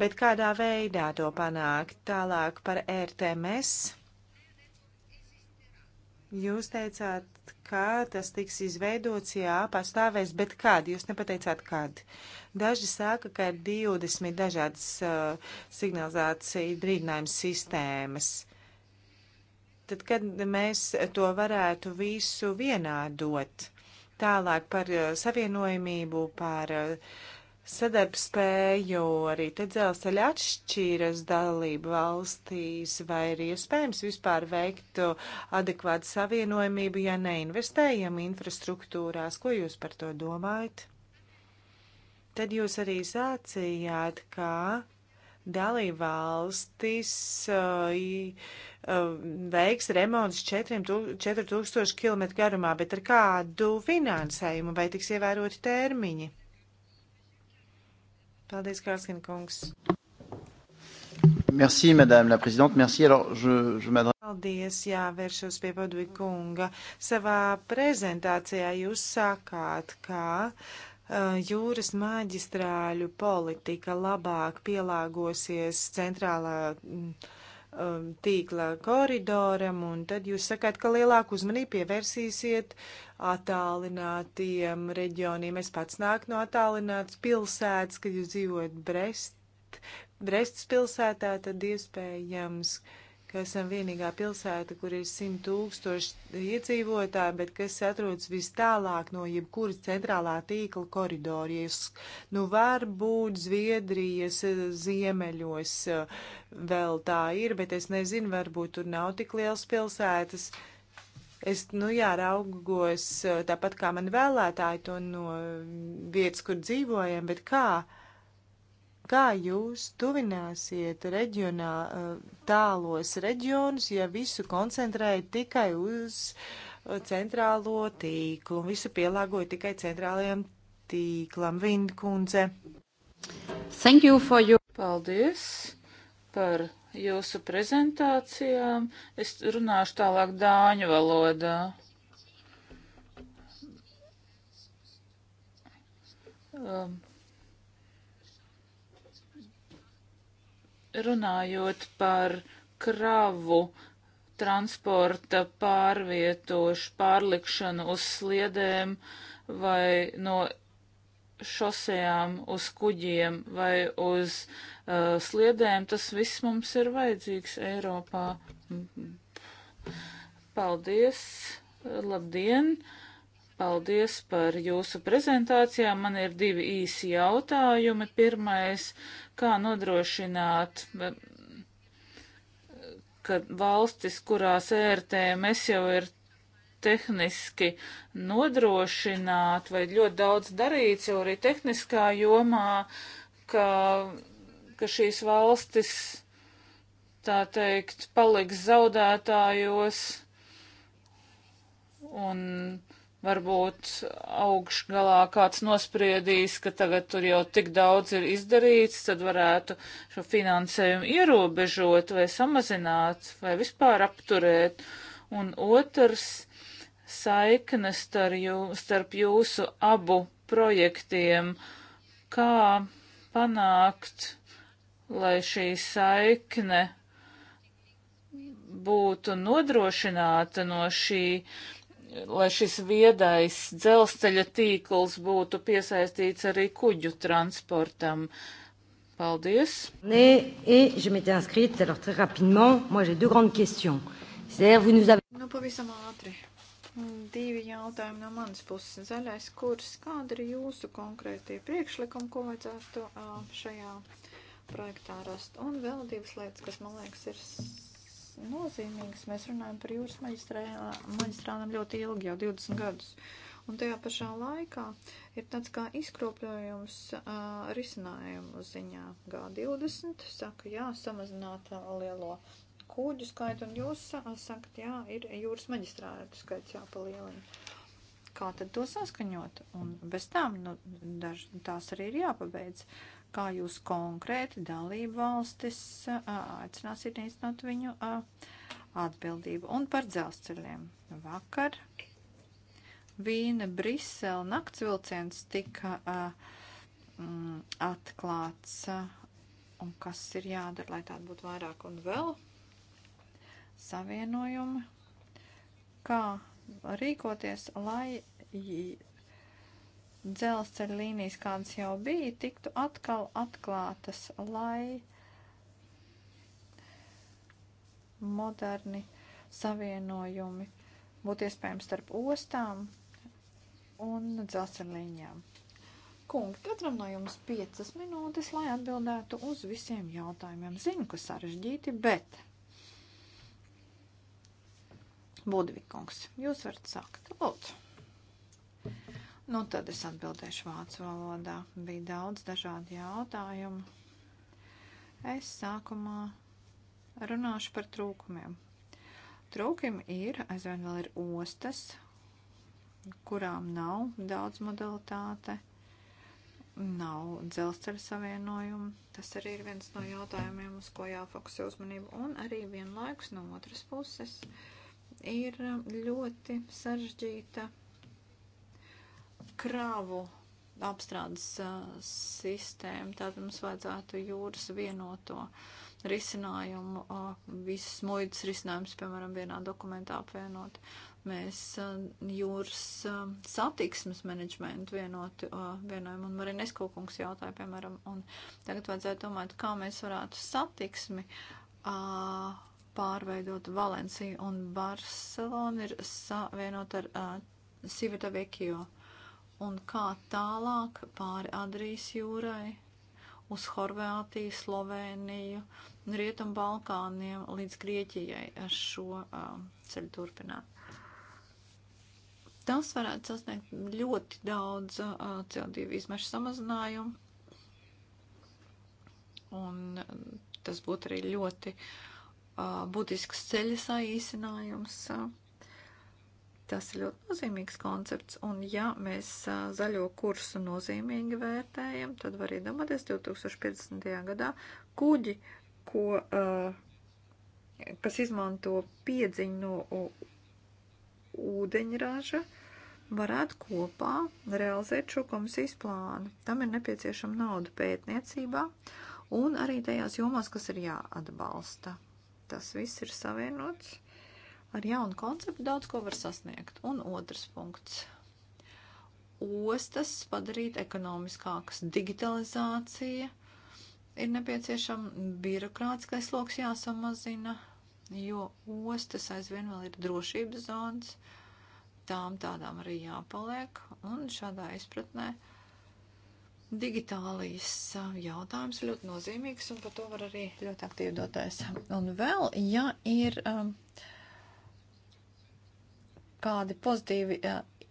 bet kādā veidā to panākt tālāk par RTMS? Jūs teicāt, ka tas tiks izveidots, jā, pastāvēs, bet kad? Jūs nepateicāt, kad. Daži saka, ka ir 20 dažādas uh, signalizācija brīdinājuma sistēmas. Tad, kad mēs to varētu visu vienādot? Tālāk par eh, savienojumību, par eh, sadarbspēju, arī te dzelzceļa atšķīras dalību valstīs, vai ir iespējams vispār veikt eh, adekvātu savienojumību, ja neinvestējam infrastruktūrās. Ko jūs par to domājat? Tad jūs arī sācījāt, ka dalībvalstis uh, uh, veiks remontus 4000 km garumā, bet ar kādu finansējumu vai tiks ievēroti termiņi? Paldies, Kārskin kungs. Merci, Madame la Présidente. Merci. Alors, je, je m'adresse. Paldies, jā, vēršos pie Bodvikunga. Savā prezentācijā jūs sakāt, ka uh, Eh, jūras maģistrāļu politika labāk pielāgosies centrālā mm, eh, tīkla koridoram, un tad jūs sakāt, ka lielāku uzmanību pievērsīsiet attālinātiem reģioniem. Es pats nāku no attālinātas pilsētas, kad jūs dzīvojat Brest, Brestas pilsētā, tad iespējams, uh, ka esam vienīgā pilsēta, kur ir 100 tūkstoši iedzīvotāji, bet kas atrodas vis tālāk no jebkuras centrālā tīkla koridorijas. Nu, varbūt Zviedrijas eh, ziemeļos eh, vēl tā ir, bet es nezinu, varbūt tur nav tik liels pilsētas. Es, nu jā, raugos eh, tāpat kā man vēlētāji to no vietas, kur dzīvojam, bet kā? Kā jūs tuvināsiet reģionā, eh, tālos reģionus, ja visu koncentrējat tikai uz eh, centrālo tīklu, visu pielāgojat tikai centrālajam tīklam, Vindkundze? Thank you for your... Paldies par jūsu prezentācijām. Es runāšu tālāk dāņu valodā. Um, Runājot par kravu transporta pārvietošu, pārlikšanu uz sliedēm vai no šosejām uz kuģiem vai uz uh, sliedēm, tas viss mums ir vajadzīgs Eiropā. Paldies! Labdien! Paldies par jūsu prezentācijām. Man ir divi īsi jautājumi. Pirmais kā nodrošināt, ka valstis, kurās ērtēmēs e jau ir tehniski nodrošināt vai ļoti daudz darīts jau arī tehniskā jomā, ka, ka šīs valstis, tā teikt, paliks zaudētājos un varbūt augšgalā kāds nospriedīs, ka tagad tur jau tik daudz ir izdarīts, tad varētu šo finansējumu ierobežot vai samazināt vai vispār apturēt. Un otrs saikne starp, jū, starp jūsu abu projektiem, kā panākt, lai šī saikne būtu nodrošināta no šī lai šis viedais dzelzceļa tīkls būtu piesaistīts arī kuģu transportam. Paldies! Nu, pavisam ātri. Divi jautājumi no manas puses. Zaļais kurs, kāda ir jūsu konkrētie priekšlikumi, ko vajadzētu šajā projektā rast? Un vēl divas lietas, kas man liekas ir nozīmīgas. Mēs runājam par jūras maģistrālēm ļoti ilgi, jau 20 gadus. Un tajā pašā laikā ir tāds kā izkropļojums uh, risinājumu ziņā. G20 saka, jā, samazināt lielo kūģu skaitu, un jūs uh, sakat, jā, ir jūras maģistrātu skaits jāpalielina. Kā tad to saskaņot? Un bez tām, nu, daž, tās arī ir jāpabeidz. Uh, kā jūs konkrēti dalību valstis aicināsiet īstenot viņu atbildību. Un par dzelzceļiem. Vakar Vīna Brisele naktsvilciens tika mm, atklāts. Un kas ir jādara, lai tāda būtu vairāk un vēl savienojumi? Kā rīkoties, lai dzelzceļa līnijas, kādas jau bija, tiktu atkal atklātas, lai moderni savienojumi būtu iespējams starp ostām un dzelzceļa līnijām. Kungi, katram no jums piecas minūtes, lai atbildētu uz visiem jautājumiem. Zinu, ka sarežģīti, bet Budvikungs, jūs varat sākt. Lūdzu. Nu, tad es atbildēšu vācu valodā. Bija daudz dažādu jautājumu. Es sākumā runāšu par trūkumiem. Trūkumi ir, aizvien vēl ir ostas, kurām nav daudz modalitāte, nav dzelzceļa savienojuma. Tas arī ir viens no jautājumiem, uz ko jāfokusē uzmanība. Un arī vienlaikus no otras puses ir ļoti sarežģīta kravu apstrādes uh, sistēmu, tad mums vajadzētu jūras vienoto risinājumu, uh, visus muitas risinājumus, piemēram, vienā dokumentā apvienot. Mēs uh, jūras satiksmes menedžmentu vienoti vienojam, un Marines Kokungs jautāja, piemēram, un tagad vajadzētu domāt, kā mēs varētu satiksmi pārveidot Valenciju un Barcelonu ir savienot ar Sivita Vekio un kā tālāk pāri Adrijas jūrai uz Horvātiju, Sloveniju, Rietumu Balkāniem līdz Grieķijai ar šo um, ceļu turpināt. Tas varētu sasniegt ļoti daudz uh, CO2 izmešu samazinājumu, un um, tas būtu arī ļoti uh, būtisks ceļa saīsinājums. Uh, Tas ir ļoti nozīmīgs koncepts, un ja mēs zaļo kursu nozīmīgi vērtējam, tad var iedomāties 2050. gadā kuģi, ko, kas izmanto piedziņu no ūdeņraža, varētu kopā realizēt šo komisijas plānu. Tam ir nepieciešama nauda pētniecībā un arī tajās jomās, kas ir jāatbalsta. Tas viss ir savienots Ar jaunu konceptu daudz ko var sasniegt. Un otrs punkts. Ostas padarīt ekonomiskākas. Digitalizācija ir nepieciešama, birokrātiskais sloks jāsamazina, jo ostas aizvien vēl ir drošības zonas. Tām tādām arī jāpaliek. Un šādā izpratnē digitālijas jautājums ļoti nozīmīgs, un par to var arī ļoti aktīvi doties. Un vēl, ja ir. Um, uh, kādi pozitīvi eh,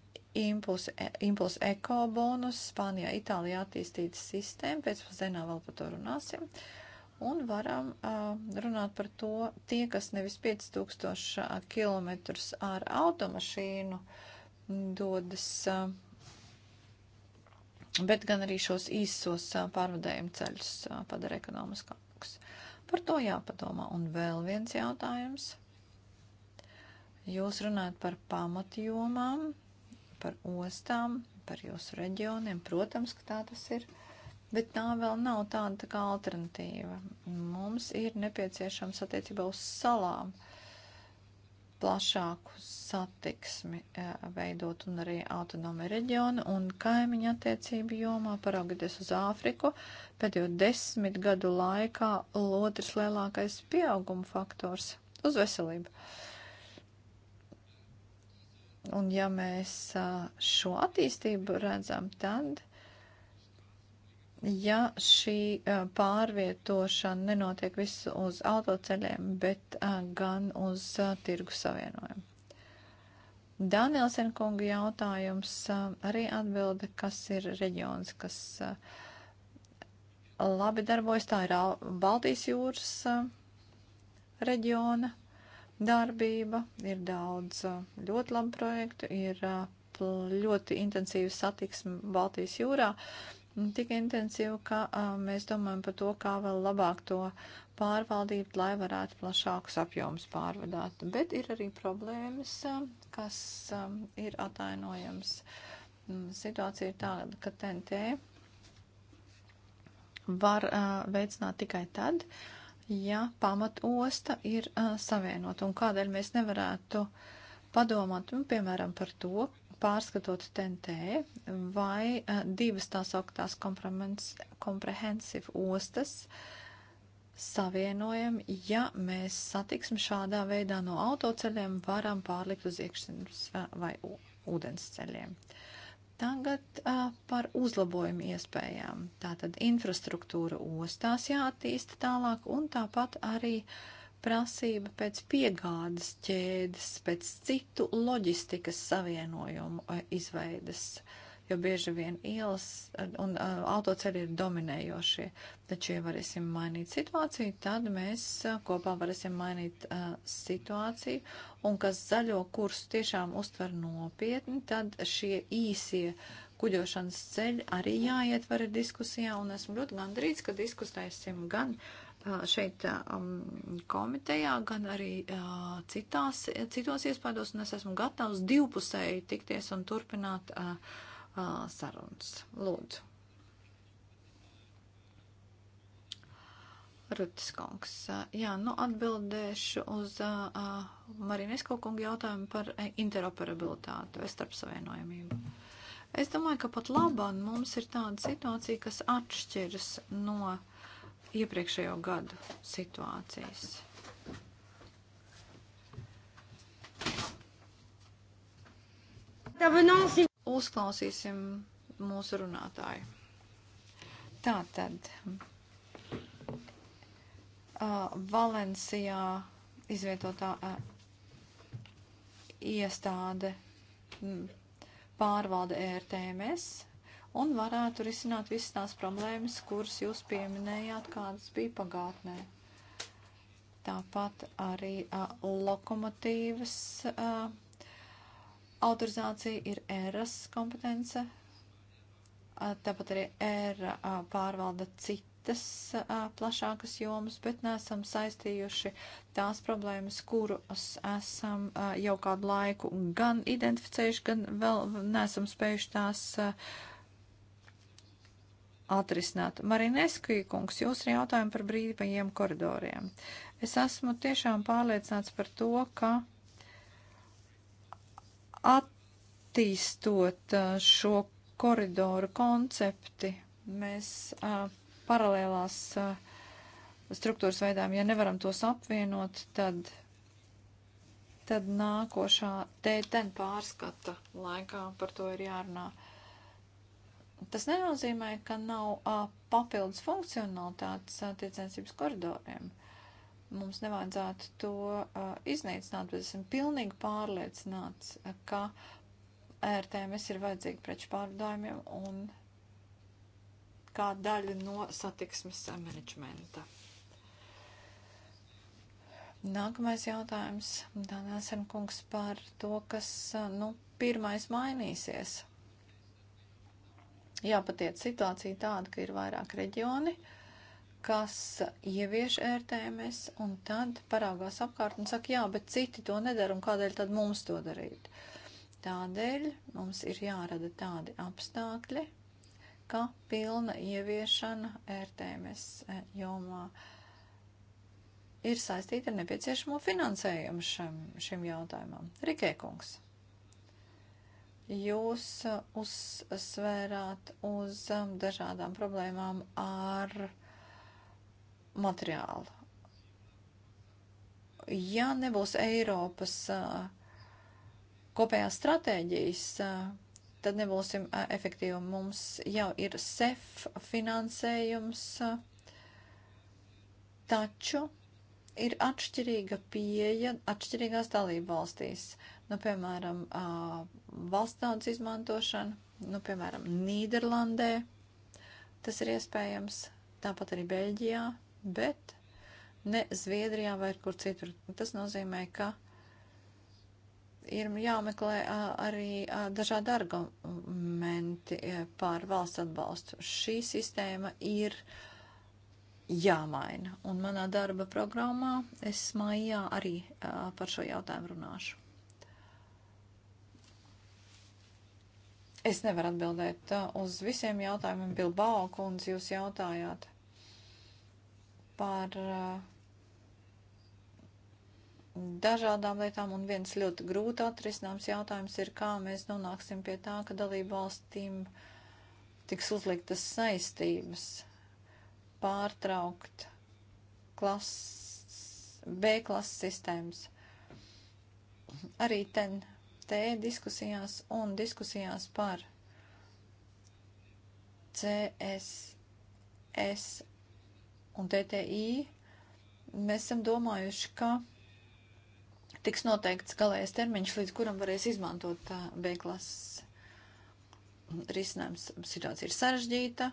impulsi, eh, impulsi eko bonus, Spānijā, Itālijā attīstīta sistēma, pēcpusdienā vēl par to runāsim. Un varam uh, runāt par to, tie, kas nevis 5000 km ar automašīnu dodas, uh, bet gan arī šos īsos uh, pārvadējumu ceļus uh, padara ekonomiskākus. Par to jāpadomā. Un vēl viens jautājums. Uh, Jūs runājat par pamatjomām, par ostām, par jūsu reģioniem. Protams, ka tā tas ir. Bet tā vēl nav tāda tā kā alternatīva. Mums ir nepieciešams attiecībā uz salām plašāku satiksmi e, veidot un arī autonomi reģionu un kaimiņu attiecību jomā paraugoties uz Āfriku. Pēdējo desmit gadu laikā otrs lielākais pieauguma faktors uz veselību. Uh, Un ja mēs šo attīstību redzam, tad ja šī pārvietošana nenotiek visu uz autoceļiem, bet gan uz tirgu savienojumu. Danielsen kunga jautājums arī atbilda, kas ir reģions, kas labi darbojas. Tā ir Baltijas jūras reģiona darbība, ir daudz ļoti labu projektu, ir ļoti intensīva satiksme Baltijas jūrā. Tik intensīva, ka mēs domājam par to, kā vēl labāk to pārvaldīt, lai varētu plašākus apjomus pārvadāt. Bet ir arī problēmas, kas ir atainojams. Situācija ir tāda, ka TNT var veicināt tikai tad, uh, ja pamat osta ir uh, savienota. Un kādēļ mēs nevarētu padomāt, nu, piemēram, par to, pārskatot TNT, vai uh, divas tās augtās komprehensīvas ostas savienojam, ja mēs satiksim šādā veidā no autoceļiem, varam pārlikt uz iekšzemes uh, vai ūdens ceļiem. Uh, Tagad uh, par uzlabojumu iespējām. Tātad infrastruktūra ostās jāattīsta tālāk un tāpat arī prasība pēc piegādes ķēdes, pēc citu loģistikas savienojumu izveidas. Uh, jo bieži vien ielas eh, un uh, autoceļi ir dominējošie. Taču, ja varēsim mainīt situāciju, tad mēs uh, kopā varēsim mainīt uh, situāciju. Un kas zaļo kursu tiešām uztver nopietni, tad šie īsie kuģošanas ceļi arī jāietver diskusijā. Un esmu ļoti gandrīz, ka diskusēsim gan šeit um, komitejā, gan arī uh, citās, citos iespējos, un es esmu gatavs divpusēji tikties un turpināt uh, uh, sarunas. Lūdzu. Rutis kungs. Jā, nu atbildēšu uz uh, Marinesko kungu jautājumu par interoperabilitāti vai starpsavienojamību. Es domāju, ka pat labāk mums ir tāda situācija, kas atšķiras no iepriekšējo gadu situācijas. intervenants uzklausīsim mūsu runātāju. Tā tad. Uh, Valencijā izvietotā uh, iestāde pārvalda ERTMS un varētu risināt visas tās problēmas, kuras jūs pieminējāt, kādas bija pagātnē. Tāpat arī uh, lokomotīvas uh, autorizācija ir ERAS kompetence, tāpat arī ERA pārvalda citas plašākas jomas, bet nesam saistījuši tās problēmas, kuras esam jau kādu laiku gan identificējuši, gan vēl nesam spējuši tās atrisināt. Marineski kungs, jūs arī jautājumu par brīvajiem koridoriem. Es esmu tiešām pārliecināts par to, ka attīstot šo koridoru koncepti, mēs paralēlās struktūras veidām, ja nevaram tos apvienot, tad, tad nākošā tēten pārskata laikā par to ir jārunā. Tas nenozīmē, ka nav a, papildus funkcionalitātes attiecensības koridoriem. Mums nevajadzētu to uh, iznīcināt, bet esmu pilnīgi pārliecināts, uh, ka ērtēmis ir vajadzīgi preču pārvadājumiem un kā daļa no satiksmes menedžmenta. Nākamais jautājums, Dānēsen kungs, par to, kas, uh, nu, pirmais mainīsies. Jāpatiet situācija tāda, ka ir vairāk reģioni, uh, kas ievieš ērtēmēs un tad paraugās apkārt un saka, jā, bet citi to nedara un kādēļ tad mums to darīt. Tādēļ mums ir jārada tādi apstākļi, ka pilna ieviešana ērtēmēs e, jomā ir saistīta ar nepieciešamo finansējumu šim, šim jautājumam. Rikēkungs, jūs uzsvērāt uz um, dažādām problēmām ar materiālu. Ja nebūs Eiropas kopējās stratēģijas, tad nebūsim efektīvi. Mums jau ir SEF finansējums, taču ir atšķirīga pieeja atšķirīgās dalību valstīs. Nu, piemēram, valsts naudas izmantošana, nu, piemēram, Nīderlandē tas ir iespējams, tāpat arī Beļģijā bet ne Zviedrijā vai kur citur. Tas nozīmē, ka ir jāmeklē arī dažādi argumenti e, pār valsts atbalstu. Šī sistēma ir jāmaina. Un manā darba programmā es maijā arī par šo jautājumu runāšu. Es nevaru atbildēt uz visiem jautājumiem. Bilbao kundze, jūs jautājāt par uh, dažādām lietām, un viens ļoti grūti atrisināms jautājums ir, kā mēs nonāksim pie tā, ka dalību valstīm tiks uzliktas saistības pārtraukt klases, B klases sistēmas. Arī ten T diskusijās un diskusijās par CSS un TTI, mēs esam domājuši, ka tiks noteikts galējais termiņš, līdz kuram varēs izmantot B klases risinājums. Situācija ir sarežģīta,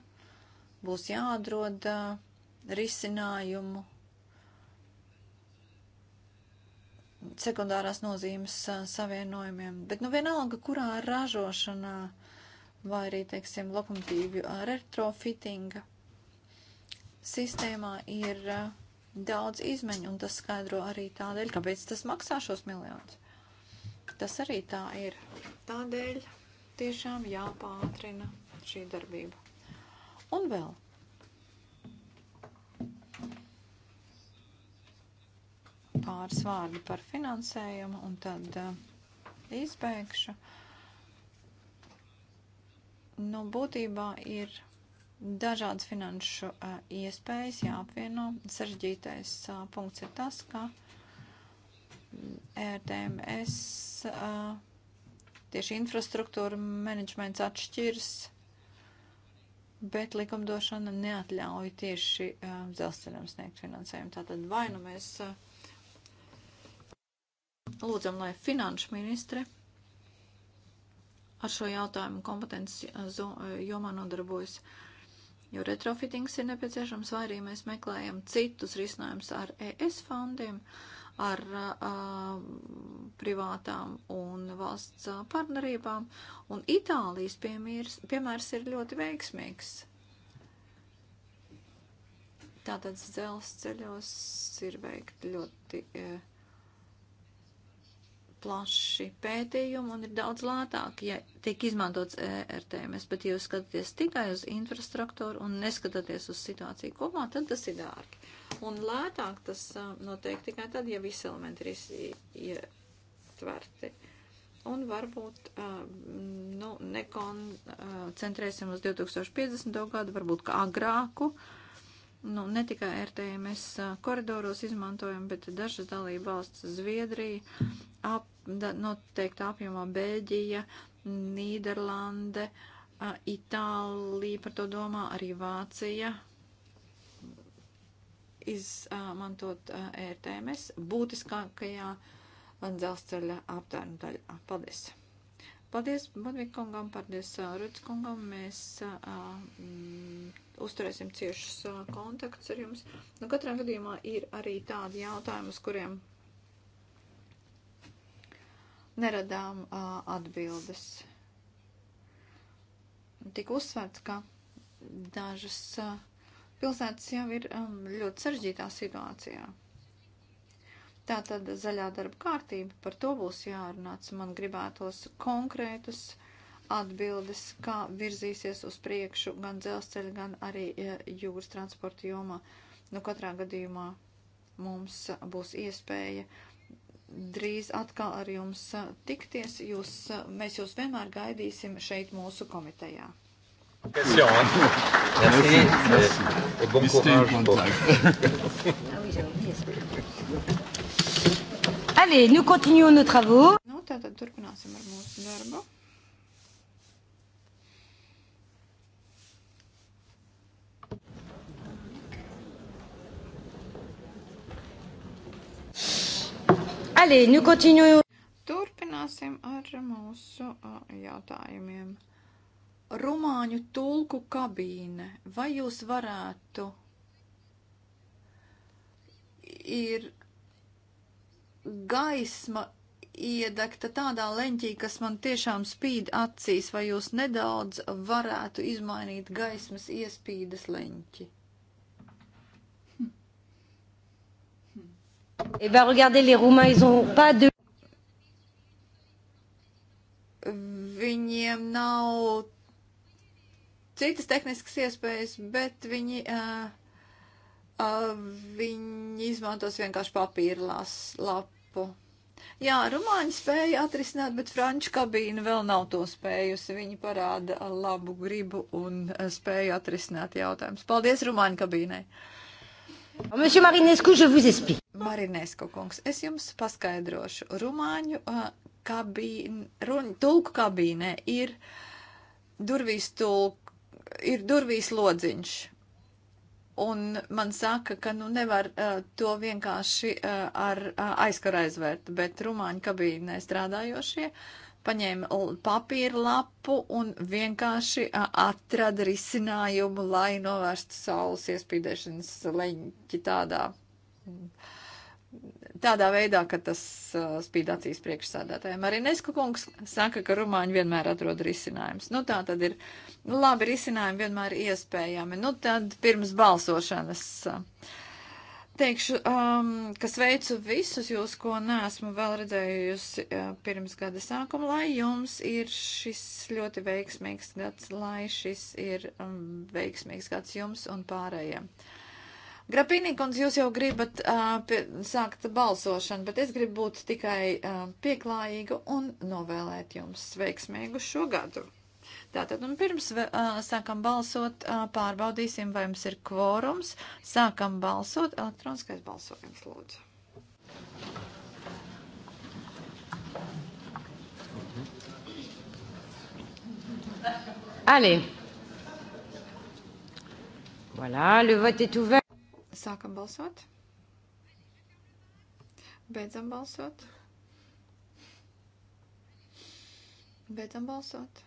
būs jāatrod risinājumu sekundārās nozīmes savienojumiem. Bet nu vienalga, kurā ražošanā vai arī, teiksim, lokomotīvu ar retrofittinga sistēmā ir eh, daudz izmeņu, un tas skaidro arī tādēļ, kāpēc tas maksā šos miljonus. Tas arī tā ir. Tādēļ tiešām jāpātrina šī darbība. Un vēl. Pāris vārdi par finansējumu, un tad uh, izbeigšu. Nu, būtībā ir dažādas finanšu uh, iespējas jāapvieno. Saržģītais uh, punkts ir tas, ka RTMS uh, tieši infrastruktūra menedžments atšķirs, bet likumdošana neatļauj tieši uh, dzelzceļam sniegt finansējumu. Tātad vai nu mēs uh, lūdzam, lai finanšu ministre ar šo jautājumu kompetences jomā nodarbojas. Uh, jo retrofitings ir nepieciešams, vai arī mēs meklējam citus risinājumus ar ES fondiem, ar uh, privātām un valsts partnerībām, un Itālijas piemērs, piemērs ir ļoti veiksmīgs. Tātad dzelzceļos ir veikti ļoti. Uh, plaši pētījumi un ir daudz lētāk, ja tiek izmantots ERTMS, bet ja jūs skatāties tikai uz infrastruktūru un neskatāties uz situāciju kopumā, tad tas ir dārgi. Un lētāk tas notiek tikai tad, ja visi elementi ir ietverti. Un varbūt nu, nekoncentrēsim uz 2050. gadu, varbūt kā agrāku. Uh, nu, ne tikai RTMS koridoros izmantojam, bet dažas dalība valsts Zviedrija, ap, da, noteikti apjomā Bēļģija, Nīderlande, Itālija par to domā, arī Vācija izmantot RTMS būtiskākajā dzelzceļa aptērnu daļā. Paldies! Paldies Bodvikungam, paldies Rudskungam. Mēs uh, m, mm, uzturēsim ciešus uh, kontaktus ar jums. Nu, katrā gadījumā ir arī tādi jautājumi, uz kuriem neradām uh, atbildes. Tik uzsvērts, ka dažas uh, pilsētas jau ir um, ļoti sarežģītā situācijā. Tā tad zaļā darba kārtība, par to būs jārunāts. Man gribētos konkrētus atbildes, kā virzīsies uz priekšu gan dzelzceļa, gan arī jūras transporta jomā. Nu, katrā gadījumā mums būs iespēja drīz atkal ar jums tikties. Jūs, mēs jūs vienmēr gaidīsim šeit mūsu komitejā. Merci. Merci. Merci. Et bon courage. Allez, nous continuons nos travaux. Nu, tātad turpināsim ar mūsu darbu. Allez, nous continuons. Turpināsim ar mūsu jautājumiem. Rumāņu tulku kabīne. Vai jūs varētu ir gaisma iedegta tādā leņķī, kas man tiešām spīd acīs, vai jūs nedaudz varētu izmainīt gaismas iespīdes leņķi? Hmm. Hmm. Eh ben, regardez, les Roumains, ils ont pas de... Viņiem nav citas tehniskas iespējas, bet viņi, uh, uh, viņi izmantos vienkārši papīra lapu grupu. Jā, Rumāņi spēja atrisināt, bet Franču kabīne vēl nav to spējusi. Viņi parāda labu gribu un spēja atrisināt jautājumus. Paldies Rumāņu kabīnei! Monsieur Marinesku, je vous explique. Marinesku kungs, es jums paskaidrošu. Rumāņu uh, kabīne, run, tulku kabīnē ir durvīs tulku, ir durvīs lodziņš. Un man saka, ka nu nevar uh, to vienkārši uh, ar uh, aizkaru aizvērt, bet rumāņu kabīnē strādājošie paņēma papīra lapu un vienkārši uh, atrada risinājumu, lai novērstu saules iespīdēšanas leņķi tādā. Mm tādā veidā, ka tas uh, spīd acīs priekšsādātājiem. Arī Neska kungs saka, ka rumāņi vienmēr atrod risinājumus. Nu, tā tad ir nu, labi risinājumi vienmēr iespējami. Nu, tad pirms balsošanas. Uh, teikšu, um, ka sveicu visus jūs, ko neesmu vēl redzējusi uh, pirms gada sākuma, lai jums ir šis ļoti veiksmīgs gads, lai šis ir um, veiksmīgs gads jums un pārējiem. Uh, Grapīnī, kundze, jūs jau gribat uh, pie, sākt balsošanu, bet es gribu būt tikai uh, pieklājīga un novēlēt jums veiksmīgu šo gadu. Tātad, un pirms uh, sākam balsot, uh, pārbaudīsim, vai jums ir kvorums. Sākam balsot, elektroniskais balsojums, lūdzu. Allez. Voilà, le vote est ouvert. Sākam balsot. Beidzam balsot. Beidzam balsot.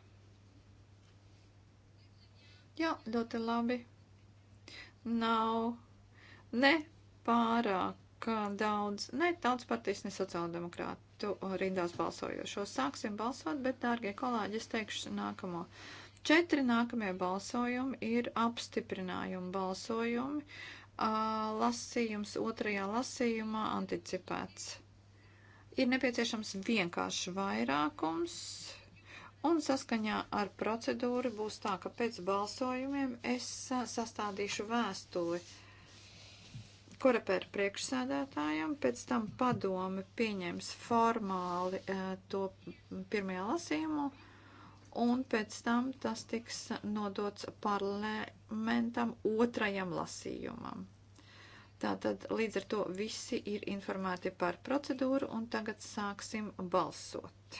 Jā, ļoti labi. Nav ne pārāk daudz, ne tautas partijas, ne sociāldemokrātu rindās balsojošo. Sāksim balsot, bet, dārgie kolēģi, es teikšu nākamo. Četri nākamie balsojumi ir apstiprinājumi balsojumi. Uh, lasījums otrajā lasījumā anticipēts. Ir nepieciešams vienkārši vairākums, un saskaņā ar procedūru būs tā, ka pēc balsojumiem es sastādīšu vēstuli korepēra priekšsēdētājam, pēc tam padome pieņems formāli to pirmajā lasījumā un pēc tam tas tiks nodots parlamentam otrajam lasījumam. Tātad līdz ar to visi ir informēti par procedūru un tagad sāksim balsot.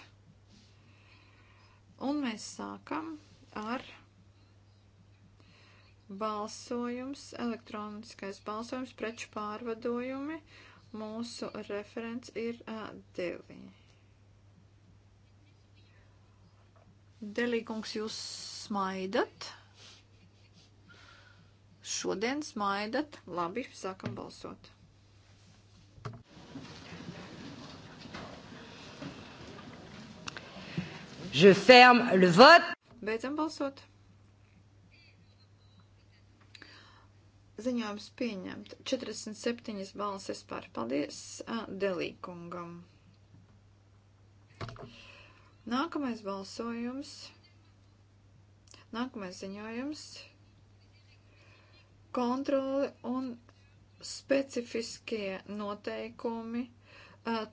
Un mēs sākam ar balsojums, elektroniskais balsojums, preču pārvadojumi. Mūsu referents ir uh, Delija. Delīkungs, jūs smaidat? Šodien smaidat. Labi, sākam balsot. Je ferme le vote. Beidzam balsot. Ziņojums pieņemt. 47 balsis par. Paldies Delīkungam. Thank you. Nākamais balsojums. Nākamais ziņojums. Kontrole un specifiskie noteikumi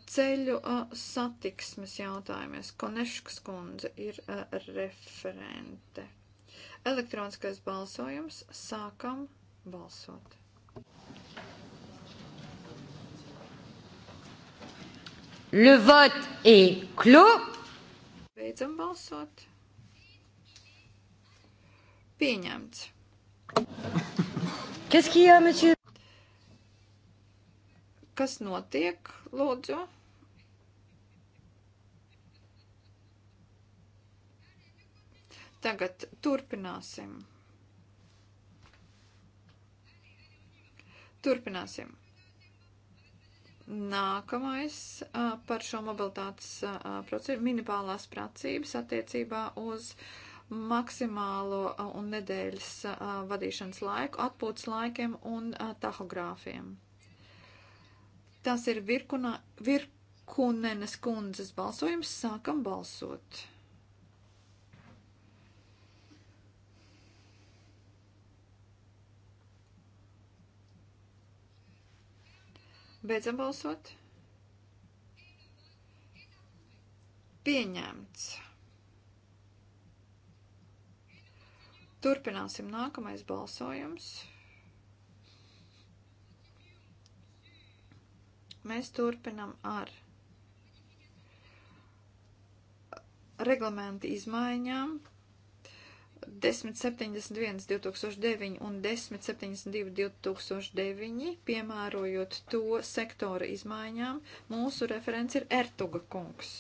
ceļu satiksmes jautājumies. Koneškas kundze ir referente. Elektroniskais balsojums. Sākam balsot. Le vote est clos. Beidzam balsot. Pieņemts. Kas kijā, monsieur? Kas notiek, lūdzu? Tagad turpināsim. Turpināsim. Nākamais par šo mobilitātes procedūru - minimālās pracības attiecībā uz maksimālo un nedēļas vadīšanas laiku, atpūtas laikiem un tahogrāfiem. Tas ir virkuna, Virkunenes kundzes balsojums. Sākam balsot! Beidzam balsot. Pieņemts. Turpināsim nākamais balsojums. Mēs turpinam ar reglamentu izmaiņām 1071 2009 un 1072 2009, piemērojot to sektora izmaiņām, mūsu referents ir Ertuga kungs.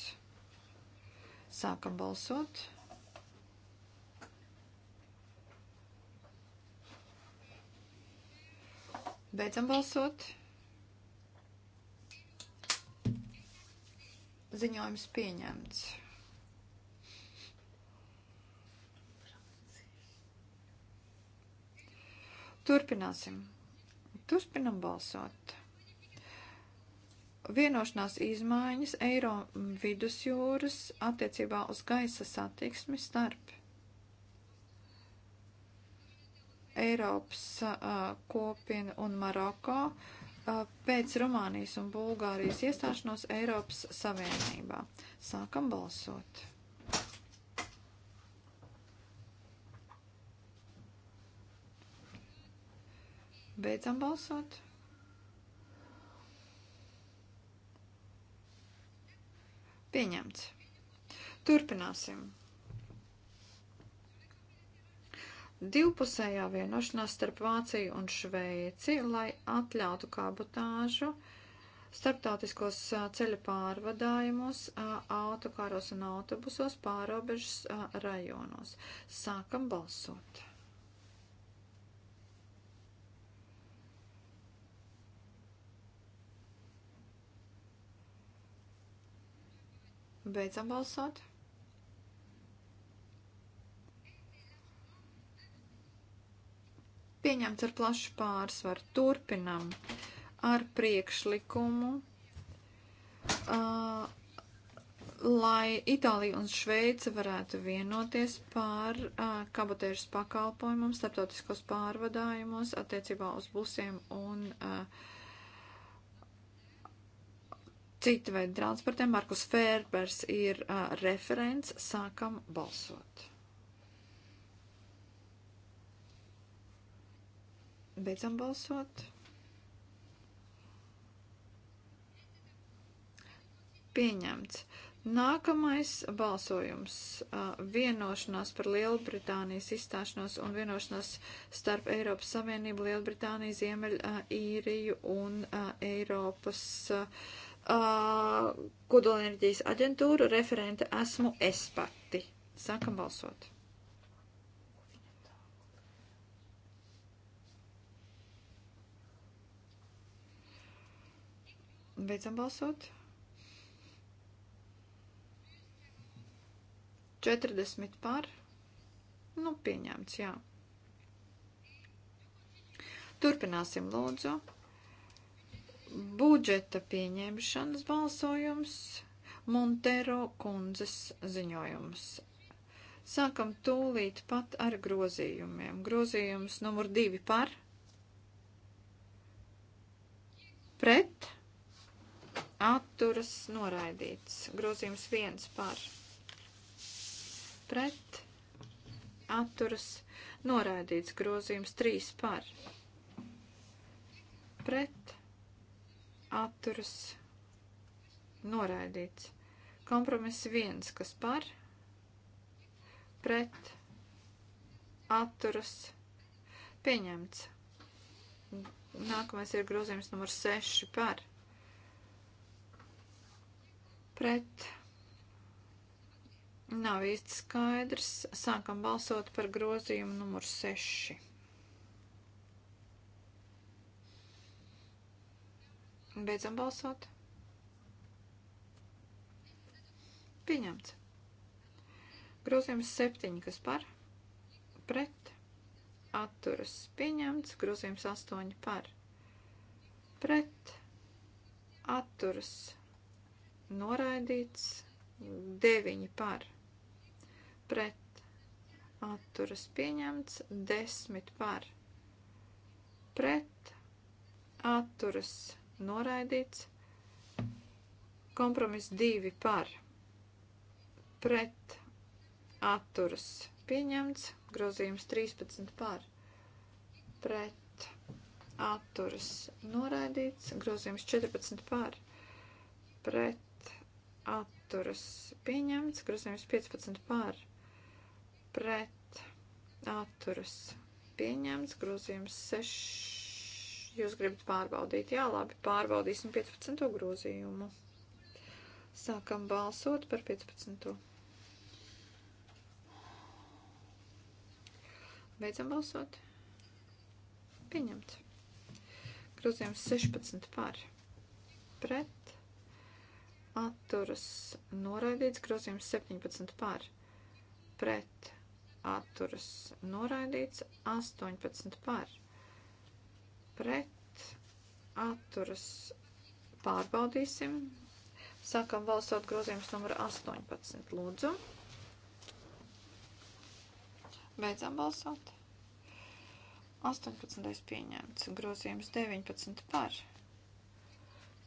Sākam balsot. Beidzam balsot. Ziņojums pieņemts. Turpināsim. Turpinam balsot. Vienošanās izmaiņas Eiro vidusjūras attiecībā uz gaisa satiksmi starp Eiropas uh, kopienu un Maroko uh, pēc Rumānijas un Bulgārijas iestāšanos Eiropas Savienībā. Sākam balsot. Beidzam balsot. Pieņemts. Turpināsim. Divpusējā vienošanās starp Vāciju un Šveici, lai atļautu kabotāžu starptautiskos ceļa pārvadājumus autokāros un autobusos pārobežas rajonos. Sākam balsot! Beidzam balsot. Pieņemts ar plašu pārsvaru. Turpinam ar priekšlikumu, uh, lai Itālija un Šveice varētu vienoties par uh, kabotēžas pakalpojumam starptautiskos pārvadājumos attiecībā uz busiem un uh, cita veida transportiem. Markus Fērbers ir uh, referents. Sākam balsot. Beidzam balsot. Pieņemts. Nākamais balsojums - vienošanās par Lielbritānijas izstāšanos un vienošanās starp Eiropas Savienību, Lielbritāniju, Ziemeļīriju un Eiropas uh, Uh, kodolenerģijas aģentūru referente esmu es pati. Sākam balsot. Beidzam balsot. 40 par. Nu, pieņemts, jā. Turpināsim, lūdzu budžeta pieņemšanas balsojums, Montero kundzes ziņojums. Sākam tūlīt pat ar grozījumiem. Grozījums numur divi par, pret, atturas noraidīts. Grozījums viens par, pret, atturas noraidīts. Grozījums trīs par, pret, atturas noraidīts. Kompromiss viens, kas par, pret, atturas pieņemts. Nākamais ir grozījums numur 6 par, pret, nav īsti skaidrs. Sākam balsot par grozījumu numur 6. Beidzam balsot. Pieņemts. Grozījums 7, kas par, pret, atturas pieņemts. Grozījums 8 par, pret, atturas noraidīts. 9 par, pret, atturas pieņemts. 10 par, pret, atturas noraidīts atturas noraidīts. Kompromiss 2 par pret atturas pieņemts. Grozījums 13 par pret atturas noraidīts. Grozījums 14 par pret atturas pieņemts. Grozījums 15 par pret atturas pieņemts. Grozījums 6 Jūs gribat pārbaudīt? Jā, labi, pārbaudīsim 15. grozījumu. Sākam balsot par 15. Beidzam balsot. Pieņemts. Grozījums 16 par. Pret. Atturas noraidīts. Grozījums 17 par. Pret. Atturas noraidīts. 18 par pret atturas pārbaudīsim. Sākam balsot grozījums numur 18. Lūdzu. Beidzam balsot. 18. pieņemts. Grozījums 19 par.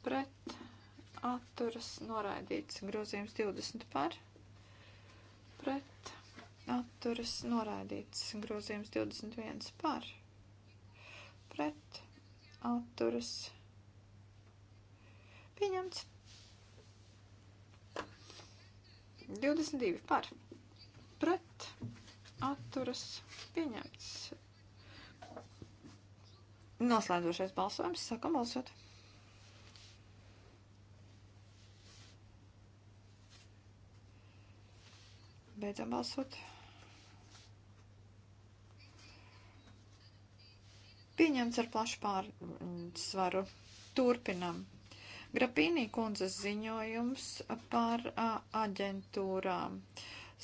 Pret atturas noraidīts. Grozījums 20 par. Pret atturas noraidīts. Grozījums 21 par pret atturas pieņemts. 22 par pret atturas pieņemts. Noslēdzošais balsojums. Sākam balsot. Beidzam balsot. Pieņemts ar plašu pārsvaru. Turpinam. Grapīnī kundzes ziņojums par a, aģentūrām.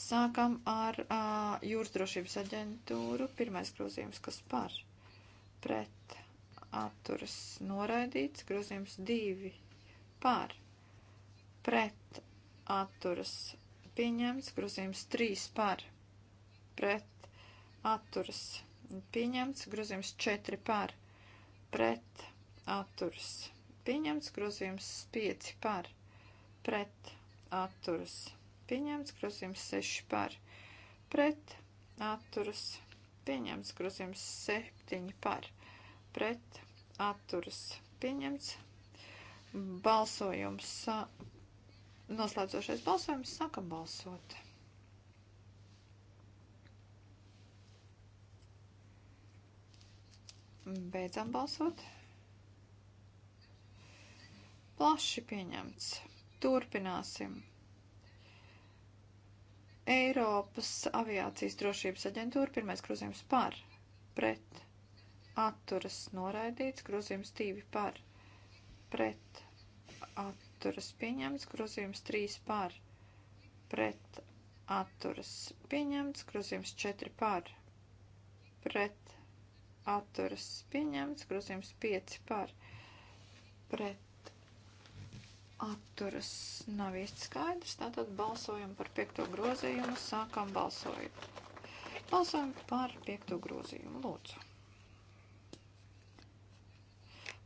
Sākam ar a, jūras drošības aģentūru. Pirmais grozījums, kas par pret atturas noraidīts. Grozījums divi par pret atturas pieņemts. Grozījums trīs par pret atturas pieņemts pieņemts, grozījums 4 par pret atturs pieņemts, grozījums 5 par pret atturs pieņemts, grozījums 6 par pret atturs pieņemts, grozījums 7 par pret atturs pieņemts, balsojums, noslēdzošais balsojums, sākam balsot. Beidzam balsot. Plaši pieņemts. Turpināsim. Eiropas aviācijas drošības aģentūra pirmais grozījums par, pret, atturas noraidīts, grozījums divi par, pret, atturas pieņemts, grozījums trīs par, pret, atturas pieņemts, grozījums četri par, pret, atturas pieņemts, grozījums 5 par pret atturas nav īsti skaidrs, tātad balsojam par piekto grozījumu, sākam balsojam. Balsojam par piekto grozījumu, lūdzu.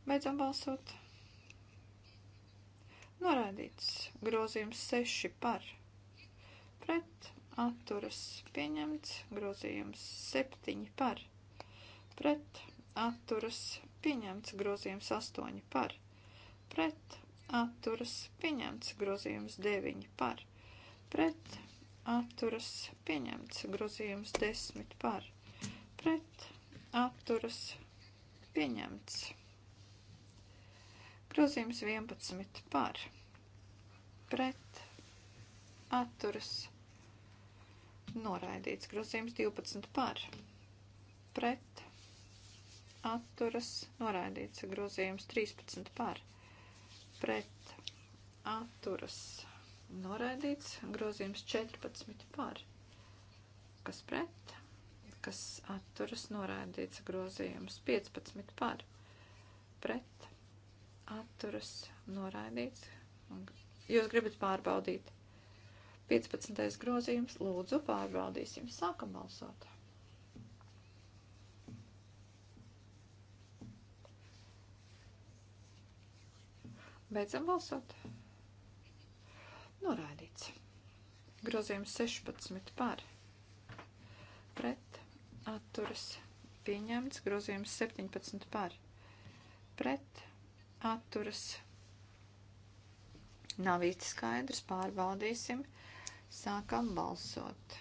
Beidzam balsot. Norādīts grozījums 6 par pret atturas pieņemts, grozījums 7 par pret atturas pieņemts grozījums 8 par, pret atturas pieņemts grozījums 9 par, pret atturas pieņemts grozījums 10 par, pret atturas pieņemts grozījums 11 par, pret atturas noraidīts grozījums 12 par, pret atturas atturas noraidīts. Grozījums 13 par pret atturas noraidīts. Grozījums 14 par kas pret, kas atturas noraidīts. Grozījums 15 par pret atturas noraidīts. Jūs gribat pārbaudīt 15. grozījums, lūdzu pārbaudīsim. Sākam balsot. Beidzam balsot. Norādīts. Grozījums 16 par. Pret. Atturas. Pieņemts. Grozījums 17 par. Pret. Atturas. Nav īsti skaidrs. Pārbaudīsim. Sākam balsot.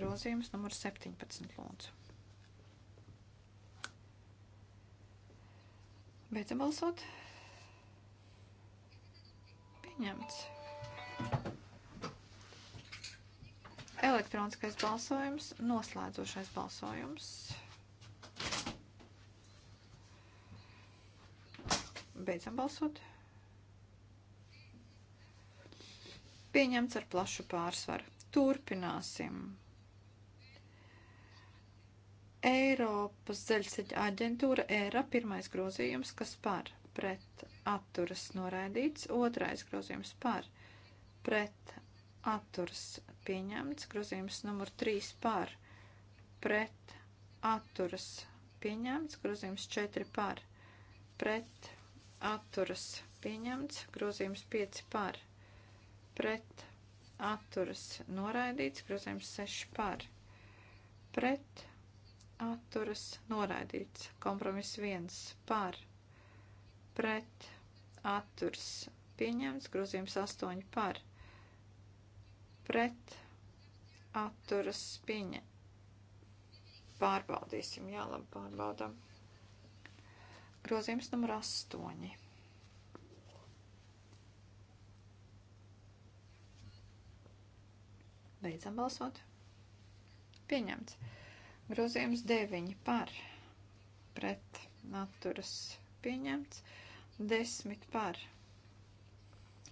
Grozījums numur 17 lūdzu. Beidzam balsot. Beidzam balsot. Pieņemts. Elektroniskais balsojums, noslēdzošais balsojums. Beidzam balsot. Pieņemts ar plašu pārsvaru. Turpināsim. Eiropas dzeļceļa aģentūra ERA pirmais grozījums, kas par pret atturas noraidīts, otrais grozījums par pret atturas pieņemts, grozījums numur 3 par pret atturas pieņemts, grozījums 4 par pret atturas pieņemts, grozījums 5 par pret atturas noraidīts, grozījums 6 par pret atturas noraidīts, kompromiss 1 par pret pret atturs pieņemts, grozījums 8 par pret atturas pieņem. Pārbaudīsim, jā, labi pārbaudam. Grozījums numur 8. Beidzam balsot. Pieņemts. Grozījums 9 par pret naturas pieņemts. 10 par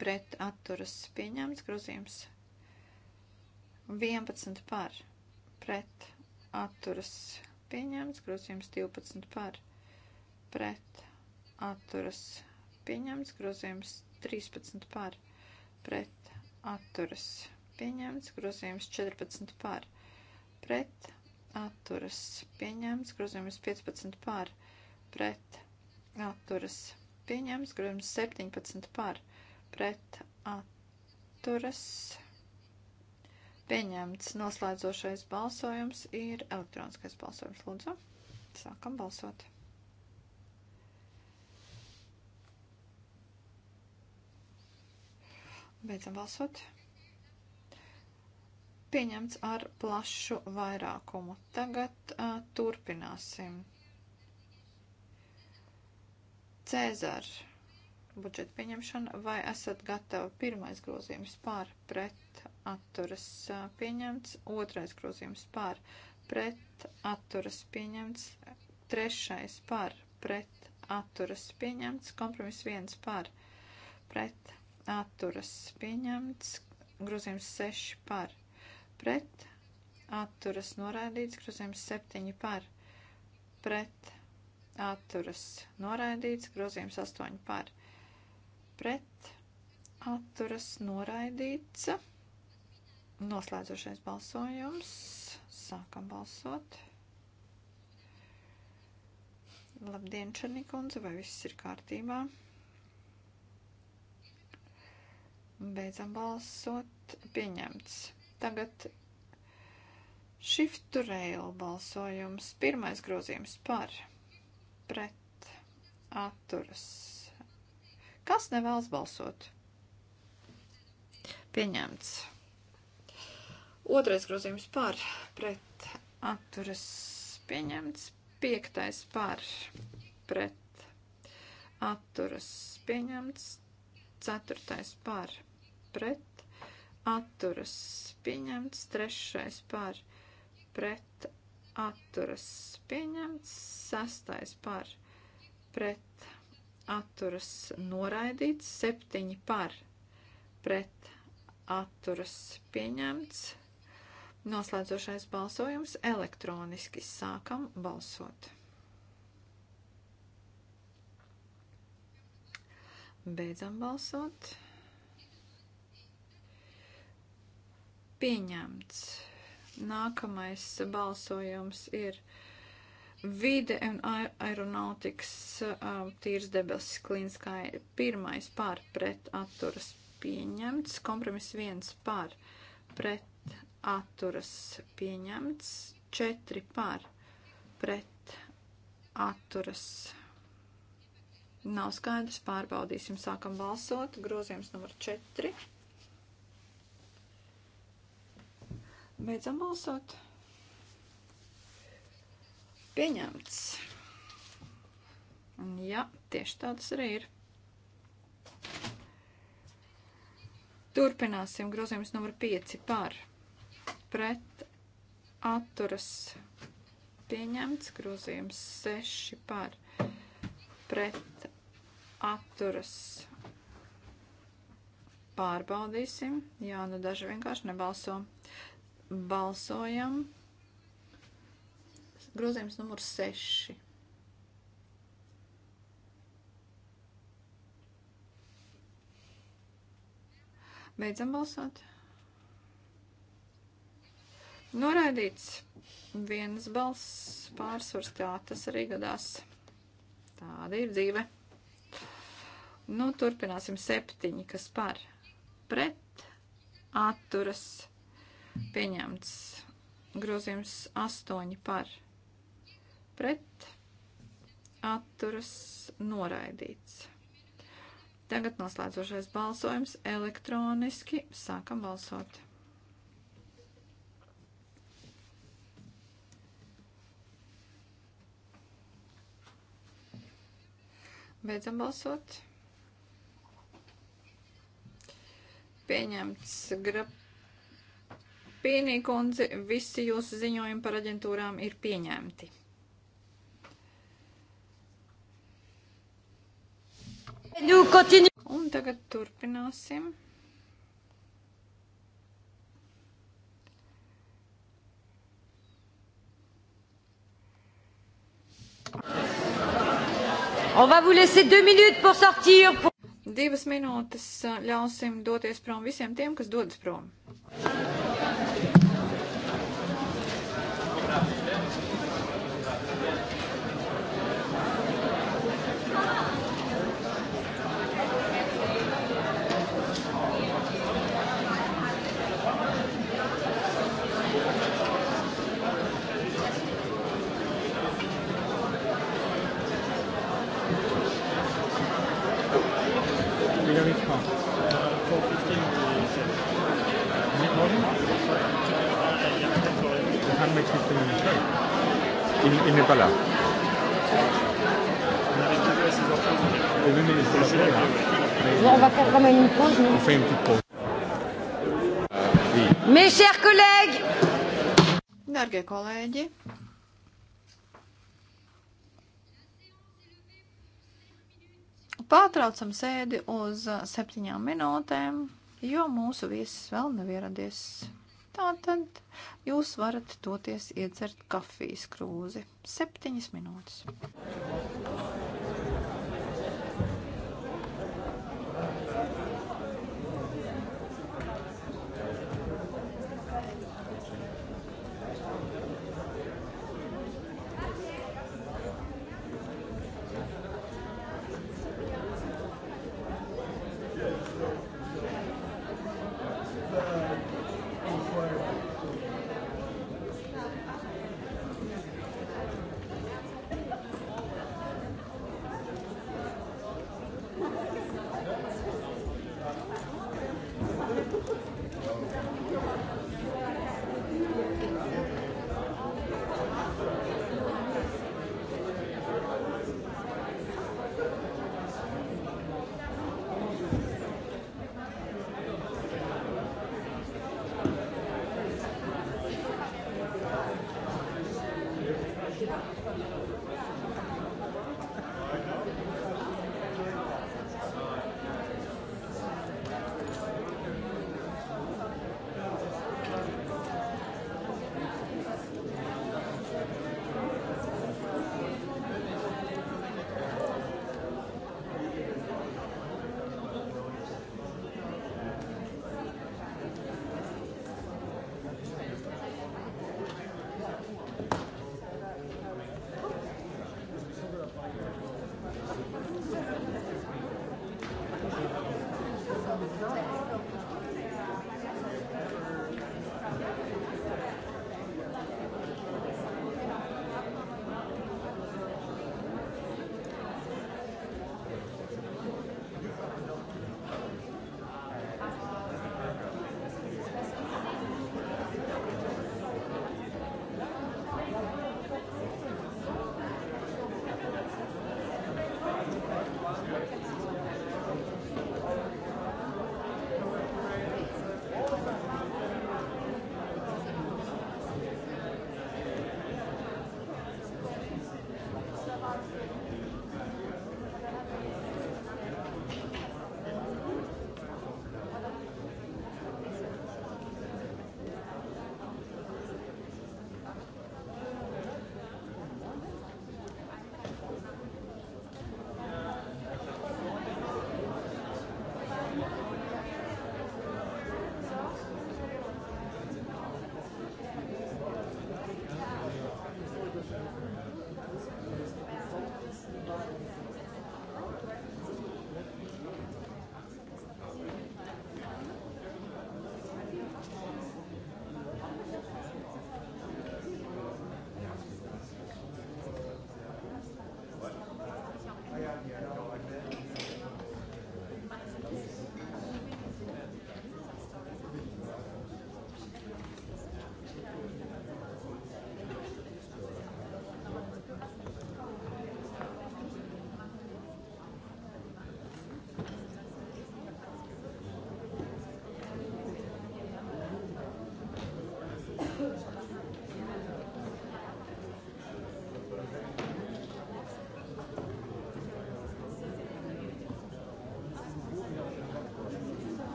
pret atturas pieņemts grozījums 11 par pret atturas pieņemts grozījums 12 par pret atturas pieņemts grozījums 13 par pret atturas pieņemts grozījums 14 par pret atturas pieņemts grozījums 15 par pret atturas pieņemts pieņemts, grozījums 17 par pret atturas pieņemts. Noslēdzošais balsojums ir elektroniskais balsojums. Lūdzu, sākam balsot. Beidzam balsot. Pieņemts ar plašu vairākumu. Tagad uh, turpināsim Cēzars budžeta pieņemšana, vai esat gatavi pirmais grozījums pār pret atturas pieņemts, otrais grozījums pār pret atturas pieņemts, trešais pār pret atturas pieņemts, kompromiss viens pār pret atturas pieņemts, grozījums seši pār pret atturas noraidīts, grozījums septiņi pār pret atturas atturas noraidīts, grozījums 8 par pret atturas noraidīts. Noslēdzošais balsojums. Sākam balsot. Labdien, Černikundze, vai viss ir kārtībā? Beidzam balsot. Pieņemts. Tagad shift to rail balsojums. Pirmais grozījums par pret atturas. Kas nevēlas balsot? Pieņemts. Otrais grozījums par pret atturas pieņemts. Piektais par pret atturas pieņemts. Ceturtais par pret atturas pieņemts. Trešais par pret atturas pieņemts, sastais par pret atturas noraidīts, septiņi par pret atturas pieņemts. Noslēdzošais balsojums elektroniski sākam balsot. Beidzam balsot. Pieņemts. Nākamais balsojums ir vide un aeronautikas tīrs debesis klīniskai. Pirmais par pret atturas pieņemts, kompromiss viens par pret atturas pieņemts, četri par pret atturas pieņemts. Nav skaidrs, pārbaudīsim. Sākam balsot. Grozījums numur 4. Beidzam balsot. Pieņemts. Un jā, tieši tādas arī ir. Turpināsim grozījums numur 5 par pret atturas pieņemts, grozījums 6 par pret atturas pārbaudīsim. Jā, nu daži vienkārši nebalso. Balsojam. Grozījums numurs 6. Beidzam balsot. Noraidīts vienas balss pārsvars, tā tas arī gadās. Tāda ir dzīve. Nu, turpināsim septiņi, kas par pret atturas pieņemts. Grozījums 8 par pret atturas noraidīts. Tagad noslēdzošais balsojums elektroniski. Sākam balsot. Beidzam balsot. Pieņemts grab Pīnī kundze, visi jūsu ziņojumi par aģentūrām ir pieņemti. Nu, Un tagad turpināsim. On va vous laisser deux minutes pour sortir. Pour... Divas minūtes ļausim doties prom visiem tiem, kas dodas prom. Godātie kolēģi, pārtraucam sēdi uz septiņām minūtēm, jo mūsu viesis vēl nav ieradies. Tātad jūs varat doties iedzert kafijas krūzi. Septiņas minūtes.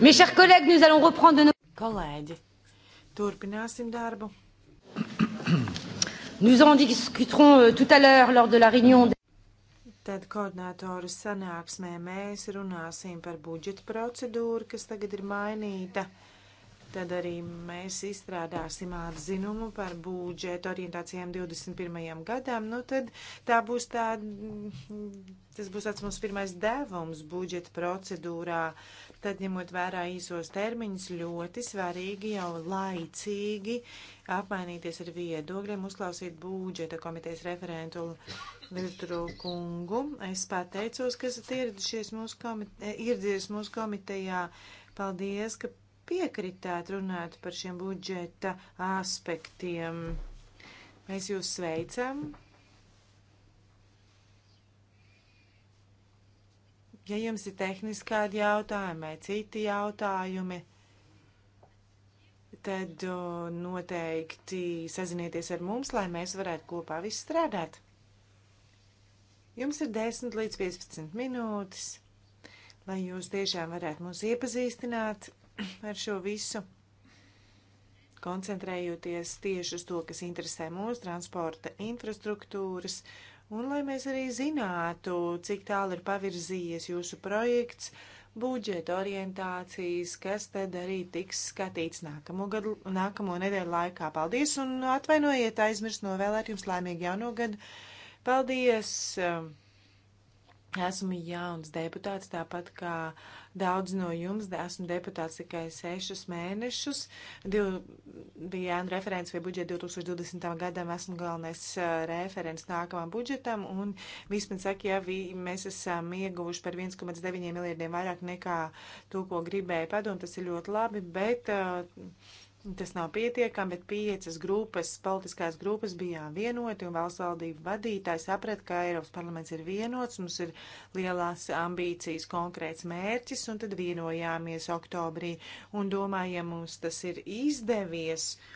Mes chers collègues, nous allons reprendre nos... Kolēģi, turpināsim darbu. Nous en discuterons euh, tout à l'heure lors de la réunion. De... Tad koordinātoru sanāksmē mēs runāsim par budžeta procedūru, kas tagad ir mainīta. Tad arī mēs izstrādāsim atzinumu par budžeta orientācijām 21. gadam. Nu, tad tā būs tā, tas būs tāds mums pirmais devums budžeta procedūrā. Tad, ņemot vērā īsos termiņus, ļoti svarīgi jau laicīgi apmainīties ar viedogļiem, uzklausīt būdžeta komitejas referentu Lirturu kungu. Es pateicos, ka esat ieradušies mūsu, komite eh, ieradušies mūsu komitejā. Paldies, ka piekritāt runāt par šiem budžeta aspektiem. Mēs jūs sveicam! Ja jums ir tehniski kādi jautājumi vai citi jautājumi, tad noteikti sazinieties ar mums, lai mēs varētu kopā viss strādāt. Jums ir 10 līdz 15 minūtes, lai jūs tiešām varētu mūs iepazīstināt *clears throat* ar šo visu, koncentrējoties tieši uz to, kas interesē mūsu transporta infrastruktūras, uh, Un lai mēs arī zinātu, cik tālu ir pavirzījies jūsu projekts, budžeta orientācijas, kas tad arī tiks skatīts nākamo, gadu, nākamo nedēļu laikā. Paldies un atvainojiet, aizmirst novēlēt jums laimīgu jauno gadu. Paldies! Uh, Esmu jauns deputāts, tāpat kā daudz no jums. Esmu deputāts tikai sešus mēnešus. Div, bija jāna referents vai budžeta 2020. gadam. Esmu galvenais referents nākamam budžetam. Un vispār saka, ja vi, mēs esam ieguvuši par 1,9 miljardiem vairāk nekā to, ko gribēja padomu, tas ir ļoti labi. Bet, uh, Tas nav pietiekami, bet piecas grupas, politiskās grupas bijām vienoti un valsts valdību vadītāji saprat, ka Eiropas parlaments ir vienots, mums ir lielās ambīcijas, konkrēts mērķis, un tad vienojāmies oktobrī un domājam, mums tas ir izdevies. Uh,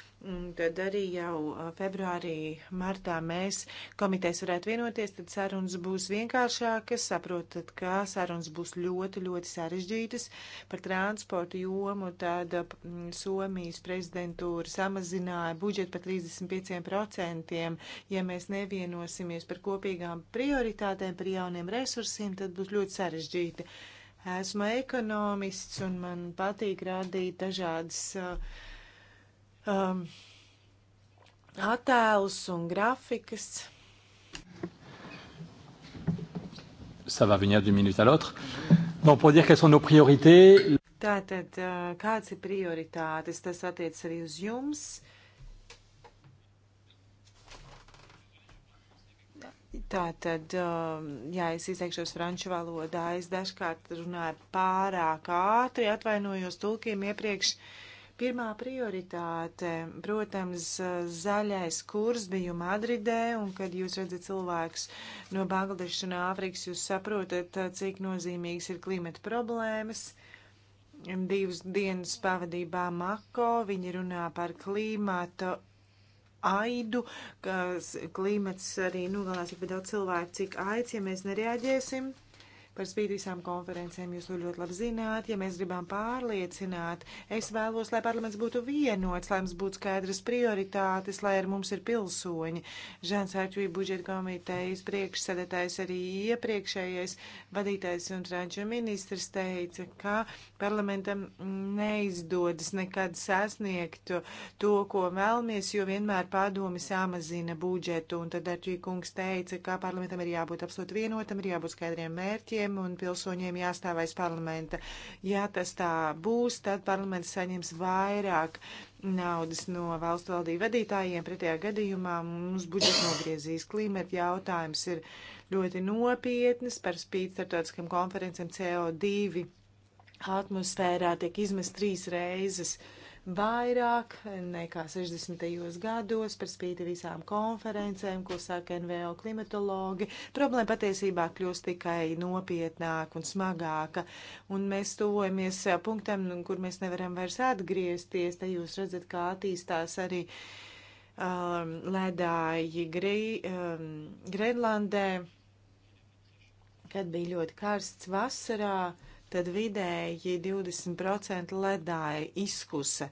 Tad arī jau februārī, martā mēs komitejas varētu vienoties, tad sarunas būs vienkāršākas, saprotat, ka sarunas būs ļoti, ļoti sarežģītas par transportu jomu, tad Somijas prezidentūra samazināja budžetu par 35%. Ja mēs nevienosimies par kopīgām prioritātēm, par jauniem resursiem, tad būs ļoti sarežģīti. Esmu ekonomists un man patīk rādīt dažādas uh, um, attēlus un grafikas. Ça va venir d'une minute à l'autre. Bon, pour dire quelles sont nos priorités. Tātad, uh, kāds ir prioritātes? Tas attiec arī uz jums. Tā tad, um, ja es izteikšos franču valodā, es dažkārt runāju pārāk ātri, atvainojos tulkiem iepriekš. Uh, Pirmā prioritāte, protams, zaļais kurs bija Madridē, un kad jūs redzat cilvēkus no Bangladešas un Āfrikas, jūs saprotat, cik nozīmīgas ir klimata problēmas. Divas dienas pavadībā Mako, viņi runā par klimata aidu, ka klimats arī nogalās nu, tik daudz cilvēku, cik aids, ja mēs nereaģēsim. Par spīti visām konferencēm jūs to ļoti labi zināt. Ja mēs gribam pārliecināt, es vēlos, lai parlaments būtu vienots, lai mums būtu skaidras prioritātes, lai ar mums ir pilsoņi. Žēns Arčvī budžeta komitejas priekšsēdētājs arī iepriekšējais vadītājs un franču ministrs teica, ka parlamentam neizdodas nekad sasniegt to, ko vēlamies, jo vienmēr padomi samazina budžetu. Un tad Arčvī kungs teica, ka parlamentam ir jābūt absolūti vienotam, ir jābūt skaidriem mērķiem pilsoņiem un pilsoņiem jāstāv aiz parlamenta. Ja tas tā būs, tad parlaments saņems vairāk naudas no valstu valdību vadītājiem. Pretējā gadījumā mums budžets nogriezīs. Klimata jautājums ir ļoti nopietnas par spīti starptautiskam konferencēm CO2. Atmosfērā tiek izmest trīs reizes. Uh, vairāk nekā 60. gados, par spīti visām konferencēm, ko saka NVO klimatologi. Problēma patiesībā kļūst tikai nopietnāka un smagāka, un mēs tuvojamies punktam, kur mēs nevaram vairs atgriezties. Te jūs redzat, kā attīstās arī um, ledāji Gri, um, Grenlandē, kad bija ļoti karsts vasarā. Uh, tad vidēji 20% ledāja izkusa,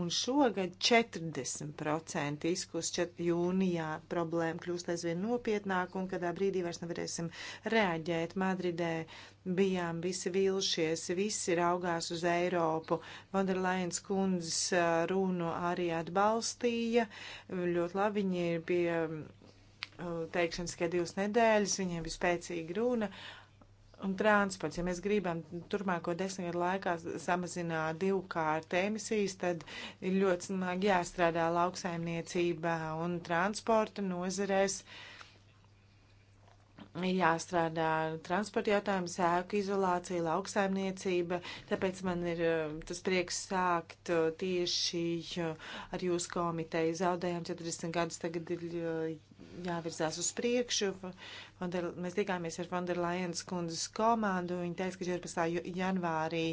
un šogad 40% izkusa jūnijā problēma kļūst aizvien nopietnāk, un kādā brīdī vairs nevarēsim reaģēt. Madridē bijām visi vilšies, visi raugās uz Eiropu. Vanderlains kundzes runu arī atbalstīja. Ļoti labi viņi ir pie teikšanas tikai divas nedēļas, viņiem bija spēcīga runa, Un transports, ja mēs gribam turpmāko desmitgadu laikā samazināt divkārt emisijas, tad ir ļoti smagi jāstrādā lauksaimniecībā un transporta nozarēs. Jāstrādā transporta jautājums, ēku izolācija, lauksaimniecība, tāpēc man ir um, tas prieks sākt uh, tieši uh, ar jūsu komiteju. Zaudējām 40 gadus, tagad ir uh, jāvirzās uz priekšu. Fonder, mēs tikāmies ar Fonderlajenas kundzes komandu. Viņa teica, ka 14. janvārī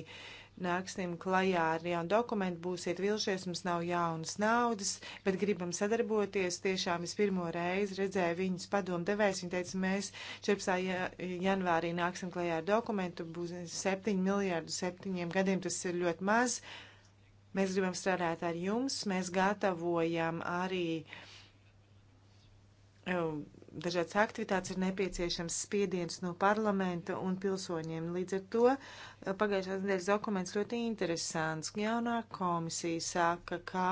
nāksim klajā ar jaunu dokumentu, būsiet vilšies, mums nav jaunas naudas, bet gribam sadarboties. Tiešām es pirmo reizi redzēju viņas padomdevējs, viņa teica, mēs 14. janvārī nāksim klajā ar dokumentu, būs 7 miljārdu septiņiem gadiem, tas ir ļoti maz. Mēs gribam strādāt ar jums, mēs gatavojam arī uh, Ehm, dažādas aktivitātes ir nepieciešams spiediens no parlamenta un pilsoņiem. Līdz ar to pagājušās nedēļas dokuments ļoti interesants. Jaunā komisija saka, ka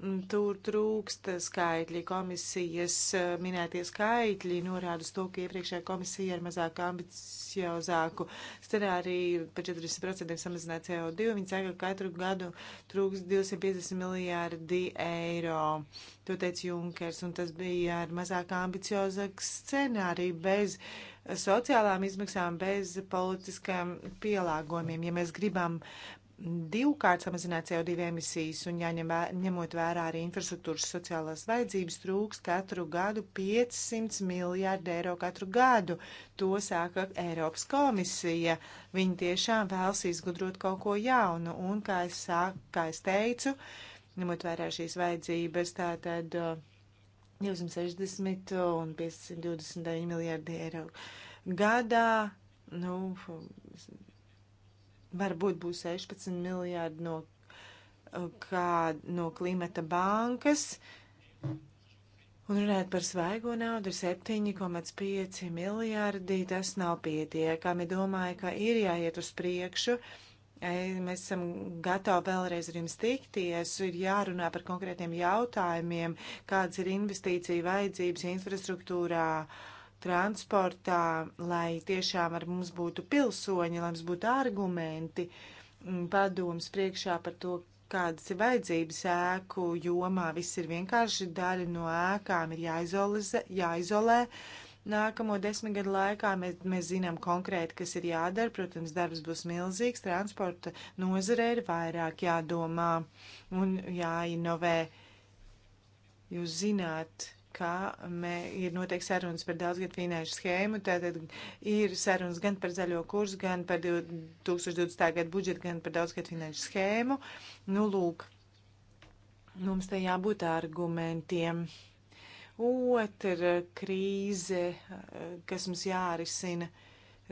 mm, tur trūkst skaitļi. Komisijas eh, minētie skaitļi norāda uz to, ka iepriekšējā komisija ar mazāk ambiciozāku scenāriju par 40% samazināt CO2. Viņi saka, ka katru gadu trūks 250 miljārdi eiro. To teica Junkers, un tas bija ar mazāk ambiciozāku scenāriju bez. Uh, sociālām izmaksām bez politiskām pielāgojumiem. Ja mēs gribam divkārt samazināt CO2 emisijas un jāņem, vē, ņemot vērā arī infrastruktūras sociālās vajadzības, trūks katru gadu 500 miljārdu eiro katru gadu. To sāka Eiropas komisija. Viņi tiešām vēlas izgudrot kaut ko jaunu. Un, kā es, sāku, kā es teicu, ņemot vērā šīs vajadzības, tātad. Uh, 260 un 529 miljārdi eiro gadā. Nu, varbūt būs 16 miljārdi no, kā, no klimata bankas. Un runājot par svaigo naudu, 7,5 miljārdi tas nav pietiekami. Domāju, ka ir jāiet uz priekšu. Uh, Mēs esam gatavi vēlreiz ar jums tikties, ir jārunā par konkrētiem jautājumiem, kādas ir investīcija vajadzības infrastruktūrā, transportā, lai tiešām ar mums būtu pilsoņi, lai mums būtu argumenti, mm, padoms priekšā par to, kādas ir vajadzības ēku jomā. Viss ir vienkārši daļa no ēkām, ir jāizolizē, jāizolē. jāizolē Nākamo desmit gadu laikā mēs, mēs zinām konkrēti, kas ir jādara. Protams, darbs būs milzīgs, transporta nozare ir vairāk jādomā un jāinovē. Jūs zināt, kā mē, ir noteikti sarunas par daudzgadu finanšu schēmu. Tātad ir sarunas gan par zaļo kursu, gan par 2020. gadu budžetu, gan par daudzgadu finanšu schēmu. Nu, lūk, mums te jābūt argumentiem. Otra krīze, kas mums jārisina,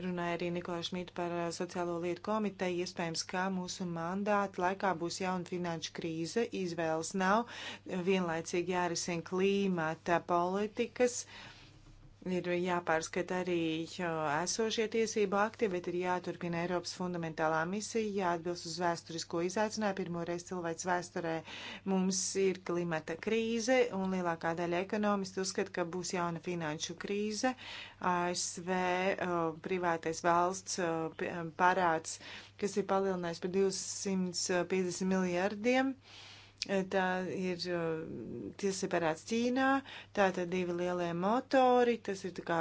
runāja arī Nikolai Šmita par uh, sociālo lietu komiteju. Iespējams, ka mūsu mandāta laikā būs jauna finanšu krīze, izvēles nav, vienlaicīgi jārisina klīmata politikas. Uh, ir jāpārskata arī esošie tiesību akti, bet ir jāturpina Eiropas fundamentālā misija, jāatbilst uz vēsturisko izaicinājumu. Pirmoreiz cilvēks vēsturē mums ir klimata krīze, un lielākā daļa ekonomistu uzskata, ka būs jauna finanšu krīze. ASV privātais valsts parāds, kas ir palielinājis par 250 miljardiem. Uh, Tā ir uh, tiesa separāts Ķīnā, tā tad divi lielie motori, tas ir tā kā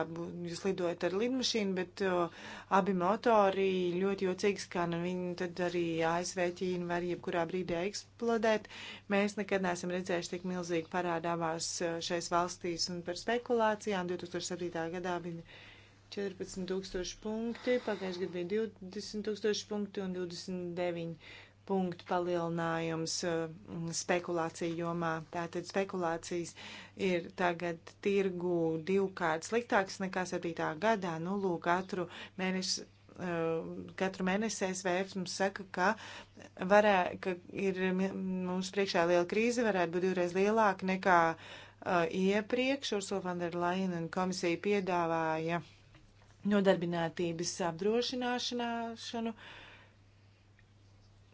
jūs lidojat ar lidmašīnu, bet uh, abi motori ļoti jocīgi skan, un viņi tad arī ASV Ķīna var jebkurā brīdī eksplodēt. Mēs nekad neesam redzējuši tik milzīgi parādāvās uh, šais valstīs un par spekulācijām. 2007. gadā bija 14 tūkstoši punkti, pagājušajā gadā bija 20 tūkstoši punkti un 29 punktu palielinājums uh, spekulāciju jomā. Tātad spekulācijas ir tagad tirgu divkārt sliktāks nekā 7. gadā. Nu, lūk, katru mēnesi. Uh, katru mēnesi SVF mums saka, ka, varē, ka ir mums priekšā liela krīze, varētu būt divreiz lielāka nekā uh, iepriekš. Ursula von der Leyen un komisija piedāvāja nodarbinātības apdrošināšanu. Uh,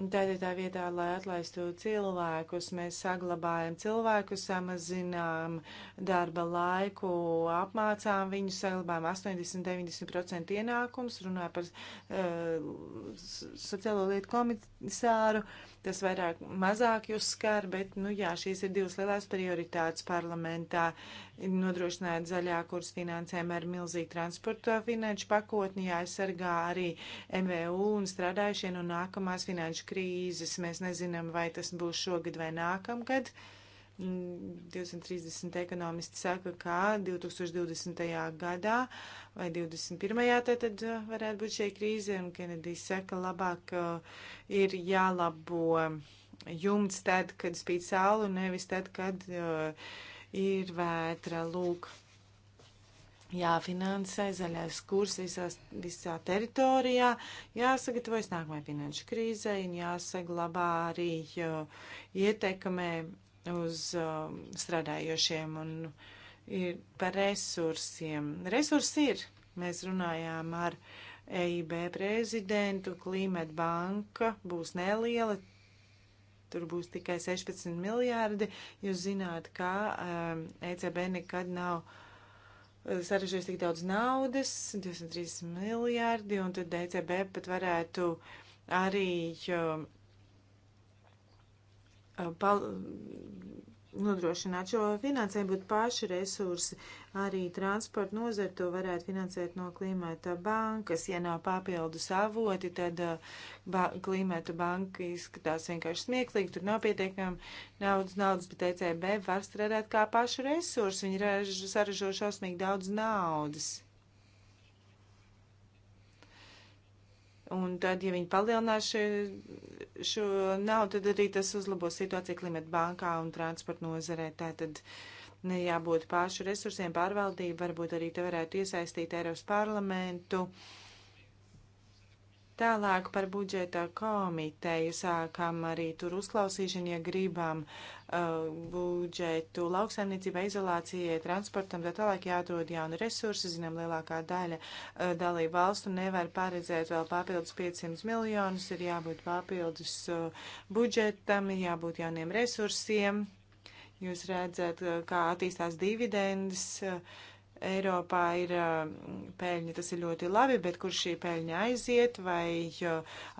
Tādēļ vietā, lai atlaistu cilvēkus, mēs saglabājam cilvēkus, samazinām darba laiku, apmācām viņus, saglabājam 80-90% ienākums, runāju par uh, sociālo lietu komisāru. Tas vairāk mazāk jūs skar, bet, nu jā, šīs ir divas lielās prioritātes parlamentā. Uh, nodrošināt zaļā kursa finansēm ar milzīgu transporta finanšu pakotni, jāaizsargā arī MVU un strādājušie no nākamās finanšu krīzes. Mēs nezinām, vai tas būs šogad vai nākamgad. 230 mm, ekonomisti saka, ka 2020. gadā vai 2021. tad uh, varētu būt šī krīze, un Kenedijs saka, labāk uh, ir jālabo jumts tad, kad spīd saule, nevis tad, kad uh, ir vētra. Lūk, jāfinansē zaļais kurs visās, visā teritorijā, jāsagatavojas nākamajai finanšu krīzei un jāsaglabā arī ietekmē uz uh, strādājošiem un ir par resursiem. Resursi ir. Mēs runājām ar EIB prezidentu, Klīmet banka būs neliela, tur būs tikai 16 miljārdi. Jūs zināt, ka um, ECB nekad nav uh, sarežģījis tik daudz naudas, 23 miljārdi, un tad ECB pat varētu arī um, uh, pal nodrošināt šo finansējumu, būtu paši resursi. Arī transporta nozara to varētu finansēt no klimata bankas. Ja nav papildus avoti, tad uh, ba klimata banka izskatās vienkārši smieklīgi. Tur nav pietiekami daudz naudas, bet ECB var strādāt kā pašu resursu. Viņi saražo šausmīgi daudz naudas. Un tad, ja viņi palielinās šo, šo naudu, tad arī tas uzlabos situāciju klimata bankā un transporta nozarē. Tātad ne jābūt pašu resursiem pārvaldību, varbūt arī te varētu iesaistīt Eiropas parlamentu. Uh, Tālāk par budžeta komiteju sākam arī tur uzklausīšanu, ja gribam uh, budžetu lauksaimniecībai, izolācijai, transportam, tad tālāk jādod jauni resursi. Zinām, lielākā daļa uh, dalību valstu nevar paredzēt vēl papildus 500 miljonus, ir jābūt papildus uh, budžetam, ir jābūt jauniem resursiem. Jūs redzat, uh, kā attīstās dividendes. Uh, Eiropā ir pēļņi, tas ir ļoti labi, bet kur šī pēļņa aiziet, vai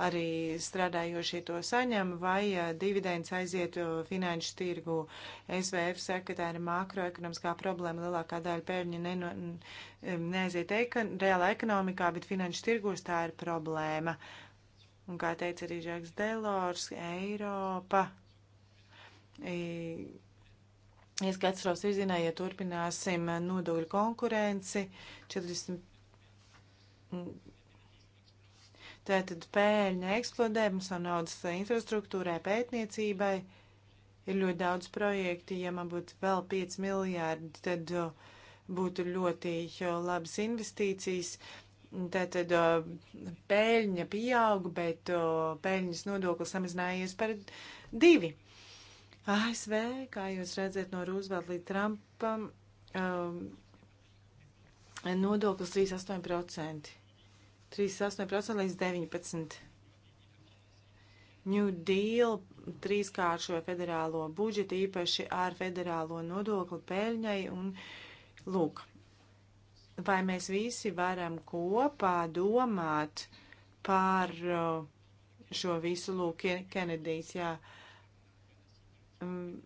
arī strādājošie to saņem, vai dividends aiziet finanšu tirgu. SVF saka, ka tā ir makroekonomiskā problēma, lielākā daļa pēļņa neno, neaiziet ekon, reālā ekonomikā, bet finanšu tirgos tā ir problēma. Un kā teica arī Žaks Delors, Eiropa. I, Es katros virzienā, ja turpināsim nodokļu konkurenci, 40. Tātad pēļņa eksplodē, mums nav naudas infrastruktūrai, pētniecībai, ir ļoti daudz projektu, ja man būtu vēl 5 miljārdi, tad būtu ļoti labas investīcijas. Tātad pēļņa pieauga, bet pēļņas nodoklis samazinājies par divi. ASV, kā jūs redzat, no Roosevelt līdz Trumpam, um, nodoklis 38%. 38% līdz 19%. New Deal trīskāršo federālo budžetu, īpaši ar federālo nodokli peļņai un lūk. Vai mēs visi varam kopā domāt par uh, šo visu, lūk, Kenedijs, jā. Uh, Mm.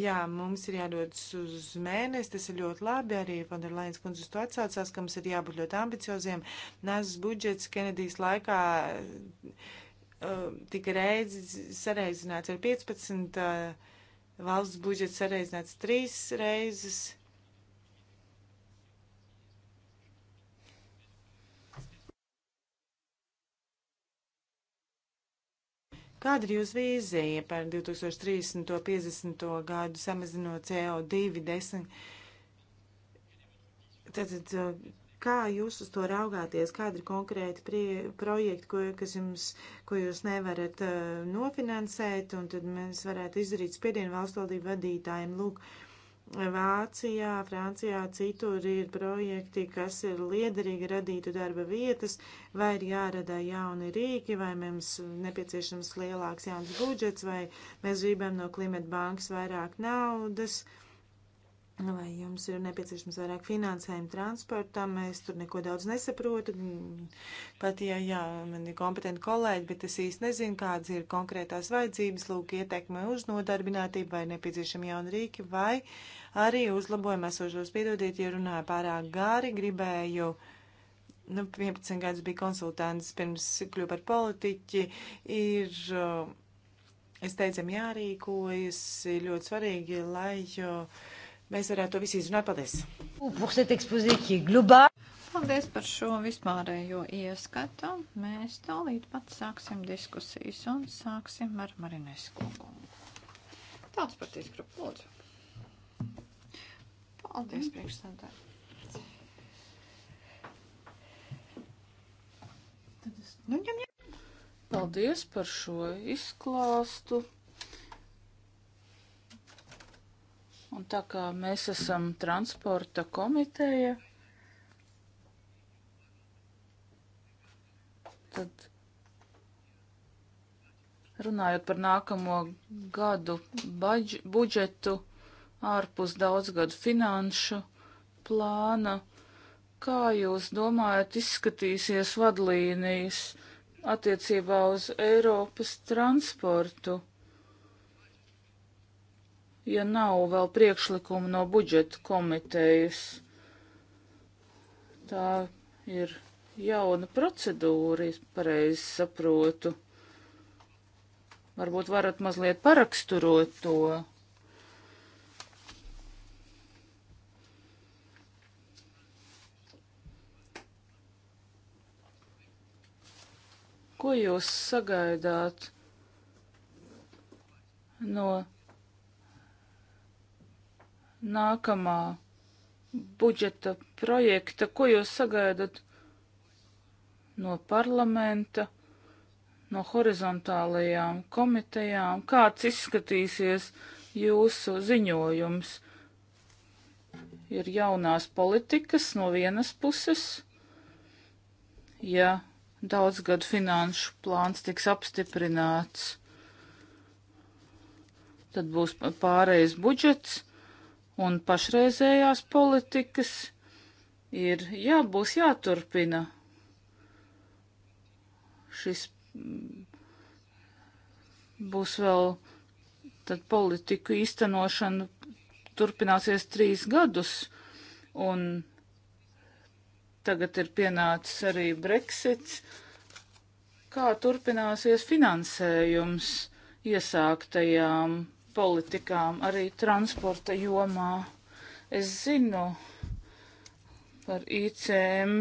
Jā, mums ir jādodas uz mēnesi, tas ir ļoti labi, arī Vanderlains kundze uz to atsaucās, ka mums ir jābūt ļoti ambicioziem. Nāzes budžets Kenedijas laikā uh, tika reizi sareizināts ar 15, uh, valsts budžets sareizināts trīs reizes. Kāda ir jūsu vīzija par 2030. 50. gadu samazinot CO2 desmit? Tātad, uh, kā jūs uz to raugāties? Kādi ir konkrēti prie, projekti, ko, kas jums, ko jūs nevarat uh, nofinansēt, un tad mēs varētu izdarīt spiedienu valstvaldību vadītājiem? Lūk, uh, Vācijā, Francijā, citur ir projekti, kas ir liederīgi radītu darba vietas, vai ir jārada jauni rīki, vai mums nepieciešams lielāks jauns budžets, vai mēs gribam no klimata bankas vairāk naudas. Uh, Vai jums ir nepieciešams vairāk finansējumu transportam? Es tur neko daudz nesaprotu. Pat, ja jā, man ir kompetenti kolēģi, bet es īsti nezinu, kādas ir konkrētās vajadzības, lūk, ietekme uz nodarbinātību, vai nepieciešami jauni rīki, vai arī uzlabojumi esošos piedodiet, ja runāju pārāk gāri, gribēju. Nu, 11 gadus bija konsultants, pirms kļuva par politiķi, ir, uh, es teicam, jārīkojas, ir ļoti svarīgi, lai. Uh, mēs varētu to visu izrunāt. Paldies! Paldies par šo vispārējo ieskatu. Mēs tālīt pat sāksim diskusijas un sāksim ar Marinesku. Tāds partijas grupu lūdzu. Paldies, priekšstādāji. Nu, ņem, ņem. Paldies par šo izklāstu. Un tā kā mēs esam transporta komiteja, tad runājot par nākamo gadu baģ, budžetu, ārpus daudzgadu finanšu plāna, kā jūs domājat, izskatīsies vadlīnijas attiecībā uz Eiropas transportu? ja nav vēl priekšlikuma no budžeta komitejas. Tā ir jauna procedūra, es pareizi saprotu. Varbūt varat mazliet paraksturot to. Ko jūs sagaidāt no nākamā budžeta projekta, ko jūs sagaidat no parlamenta, no horizontālajām komitejām, kāds izskatīsies jūsu ziņojums. Ir jaunās politikas no vienas puses, ja daudzgadu finanšu plāns tiks apstiprināts, tad būs pārējais budžets un pašreizējās politikas ir, jā, būs jāturpina šis, būs vēl tad politiku īstenošana turpināsies trīs gadus, un tagad ir pienācis arī Brexits. Kā turpināsies finansējums iesāktajām politikām, arī transporta jomā. Es zinu par ICM.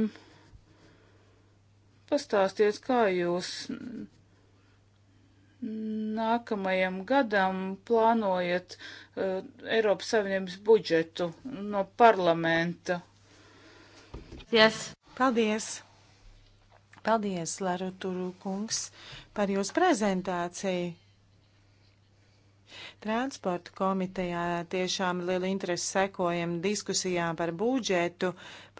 Pastāstiet, kā jūs nākamajam gadam plānojat uh, Eiropas Savienības budžetu no parlamenta. Yes. Paldies! Paldies, Lara Turu kungs, par jūsu prezentāciju. Transporta komitejā tiešām liela interese sekojam diskusijām par budžetu,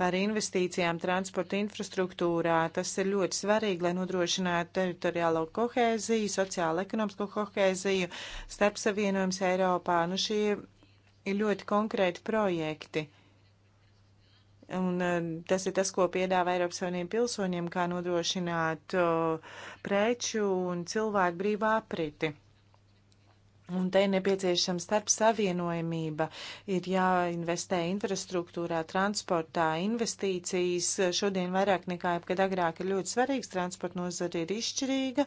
par investīcijām transporta infrastruktūrā. Tas ir ļoti svarīgi, lai nodrošinātu teritoriālo kohēziju, sociālo ekonomisko kohēziju, starp savienojums Eiropā. Nu, šie ir ļoti konkrēti projekti. Un eh, tas ir tas, ko piedāvā Eiropas Savienība pilsoņiem, kā nodrošināt o, eh, preču un cilvēku brīvā apriti. Un te ir nepieciešama starp savienojamība, ir jāinvestē infrastruktūrā, transportā, investīcijas. Šodien vairāk nekā jebkad agrāk ir ļoti svarīgs, transporta nozara ir izšķirīga.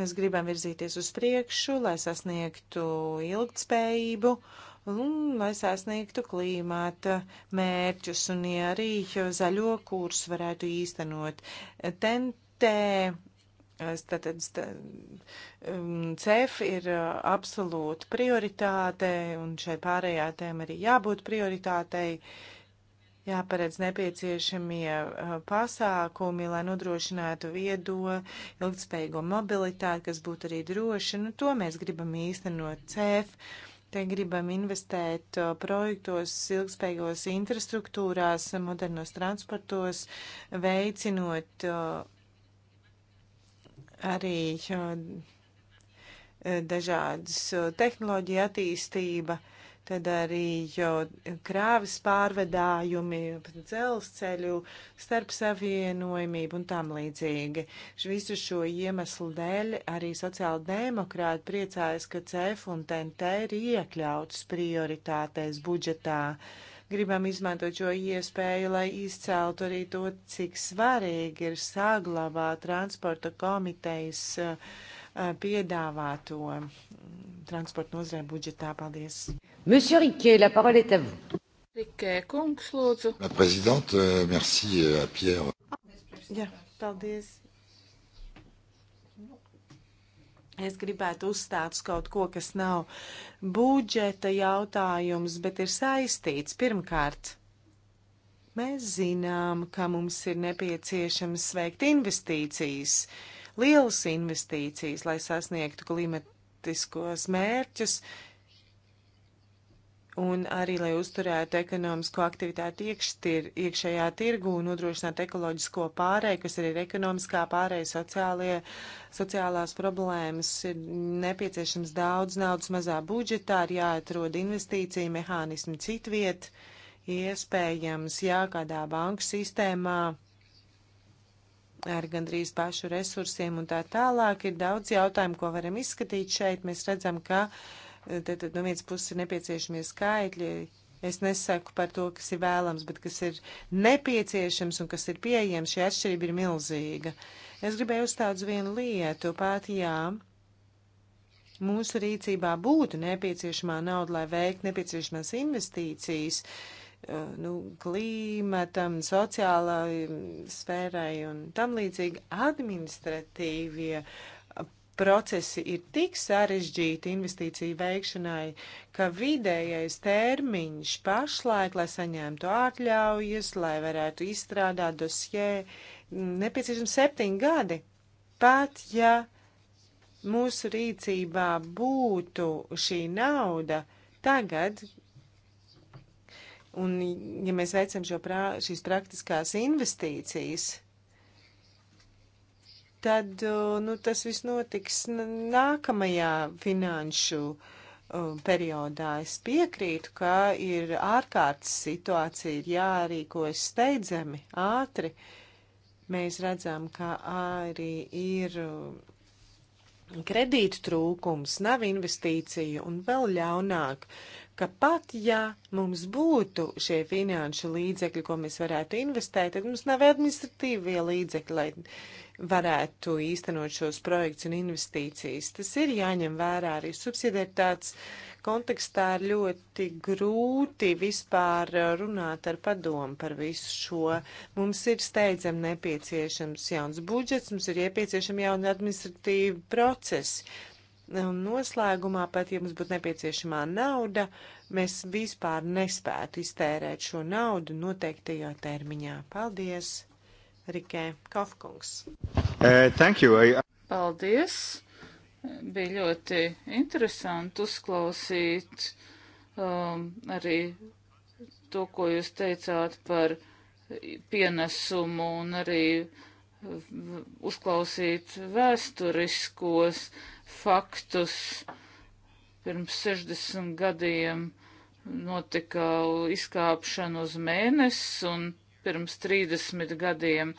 Mēs gribam virzīties uz priekšu, lai sasniegtu ilgtspējību. Un, lai sasniegtu klīmāta mērķus un ja arī zaļo kursu varētu īstenot. Tentē Tātad um, CEF ir uh, absolūta prioritāte, un šai pārējā tēma arī jābūt prioritātei. Jāparedz nepieciešamie uh, pasākumi, lai nodrošinātu viedo, ilgspējīgo mobilitāti, kas būtu arī droši. Nu, to mēs gribam īstenot CEF. Te gribam investēt uh, projektos, ilgspējīgos infrastruktūrās, modernos transportos, veicinot uh, arī dažādas tehnoloģija attīstība, tad arī krāvas pārvedājumi, dzelzceļu, starp savienojumību un tam līdzīgi. Visu šo iemeslu dēļ arī sociāla demokrāta priecājas, ka CEF un TNT ir iekļauts prioritātēs budžetā. Uh, gribam izmantot šo iespēju, lai izceltu arī to, cik svarīgi ir saglabāt transporta komitejas eh, piedāvāto mm, transporta nozarē budžetā. Paldies! Monsieur Riquet, la parole est à vous. Riquet, kungs, lūdzu. La présidente, euh, merci euh, à Pierre. Jā, paldies. Es gribētu uzstāt uz kaut ko, kas nav budžeta jautājums, bet ir saistīts. Pirmkārt, mēs zinām, ka mums ir nepieciešams veikt investīcijas, lielas investīcijas, lai sasniegtu klimatiskos mērķus, un arī, lai uzturētu ekonomisko aktivitāti iekštir, iekšējā tirgu un nodrošinātu ekoloģisko pārēju, kas ir ekonomiskā pārēja, sociālie, sociālās problēmas, ir nepieciešams daudz naudas mazā budžetā, ir jāatrod investīcija mehānismi citviet, iespējams, jā, kādā banku sistēmā ar gandrīz pašu resursiem un tā tālāk. Ir daudz jautājumu, ko varam izskatīt šeit. Mēs redzam, ka uh, Eh, tad, tad no vienas puses ir nepieciešamie skaitļi. Es nesaku par to, kas ir vēlams, bet kas ir nepieciešams un kas ir pieejams. Šī atšķirība ir milzīga. Es gribēju uzstāt uz vienu lietu. Pat jā, mūsu rīcībā būtu nepieciešamā nauda, lai veikt nepieciešamās investīcijas eh, nu, klīmatam, sociālai sfērai un tam līdzīgi administratīvie procesi ir tik sarežģīti investīciju veikšanai, ka vidējais termiņš pašlaik, lai saņemtu atļaujas, lai varētu izstrādāt dosjē, nepieciešams septiņi gadi. Pat ja mūsu rīcībā būtu šī nauda tagad, un ja mēs veicam prā, šīs praktiskās investīcijas, tad uh, nu, tas viss notiks nākamajā finanšu uh, periodā. Es piekrītu, ka ir ārkārtas situācija, ir jārīkojas steidzami, ātri. Mēs redzam, ka arī ir uh, kredītu trūkums, nav investīciju un vēl ļaunāk, ka pat ja mums būtu šie finanšu līdzekļi, ko mēs varētu investēt, tad mums nav administratīvie līdzekļi, lai varētu īstenot šos projekts un investīcijas. Tas ir jāņem vērā arī subsidiaritātes kontekstā ir ļoti grūti vispār runāt ar padomu par visu šo. Mums ir steidzam nepieciešams jauns budžets, mums ir nepieciešami jauni administratīvi procesi. Un noslēgumā pat, ja mums būtu nepieciešamā nauda, mēs vispār nespētu iztērēt šo naudu noteiktajā termiņā. Paldies! Rikē Kafkungs. Uh, thank you. I... Paldies. Bija ļoti interesanti uzklausīt um, arī to, ko jūs teicāt par pienesumu un arī uzklausīt vēsturiskos faktus. Pirms 60 gadiem notika izkāpšana uz mēnesi un pirms 30 gadiem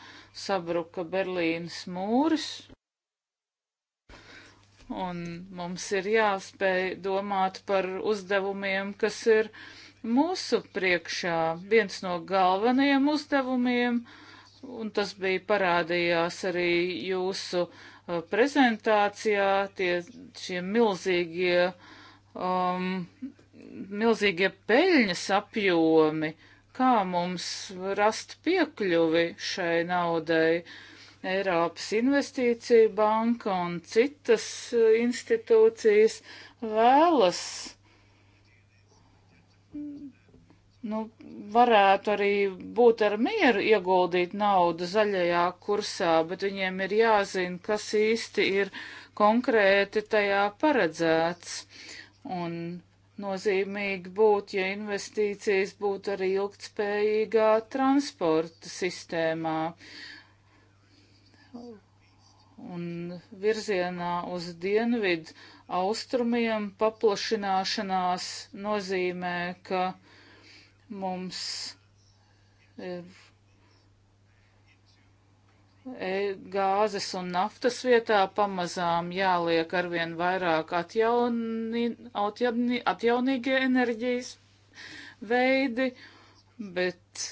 sabruka Berlīnas mūris. Un mums ir jāspēj domāt par uzdevumiem, kas ir mūsu priekšā. Viens no galvenajiem uzdevumiem, un tas bija parādījās arī jūsu uh, prezentācijā, tie šie milzīgie, um, milzīgie peļņas apjomi, uh, Kā mums rast piekļuvi šai naudai? Eiropas investīcija banka un citas institūcijas vēlas nu, varētu arī būt ar mieru ieguldīt naudu zaļajā kursā, bet viņiem ir jāzina, kas īsti ir konkrēti tajā paredzēts. Un nozīmīgi būtu, ja investīcijas būtu arī ilgtspējīgā transporta sistēmā un virzienā uz dienvidu austrumiem paplašināšanās nozīmē, ka mums ir E, gāzes un naftas vietā pamazām jāliek arvien vairāk atjauni, atjauni, atjaunīgie enerģijas veidi, bet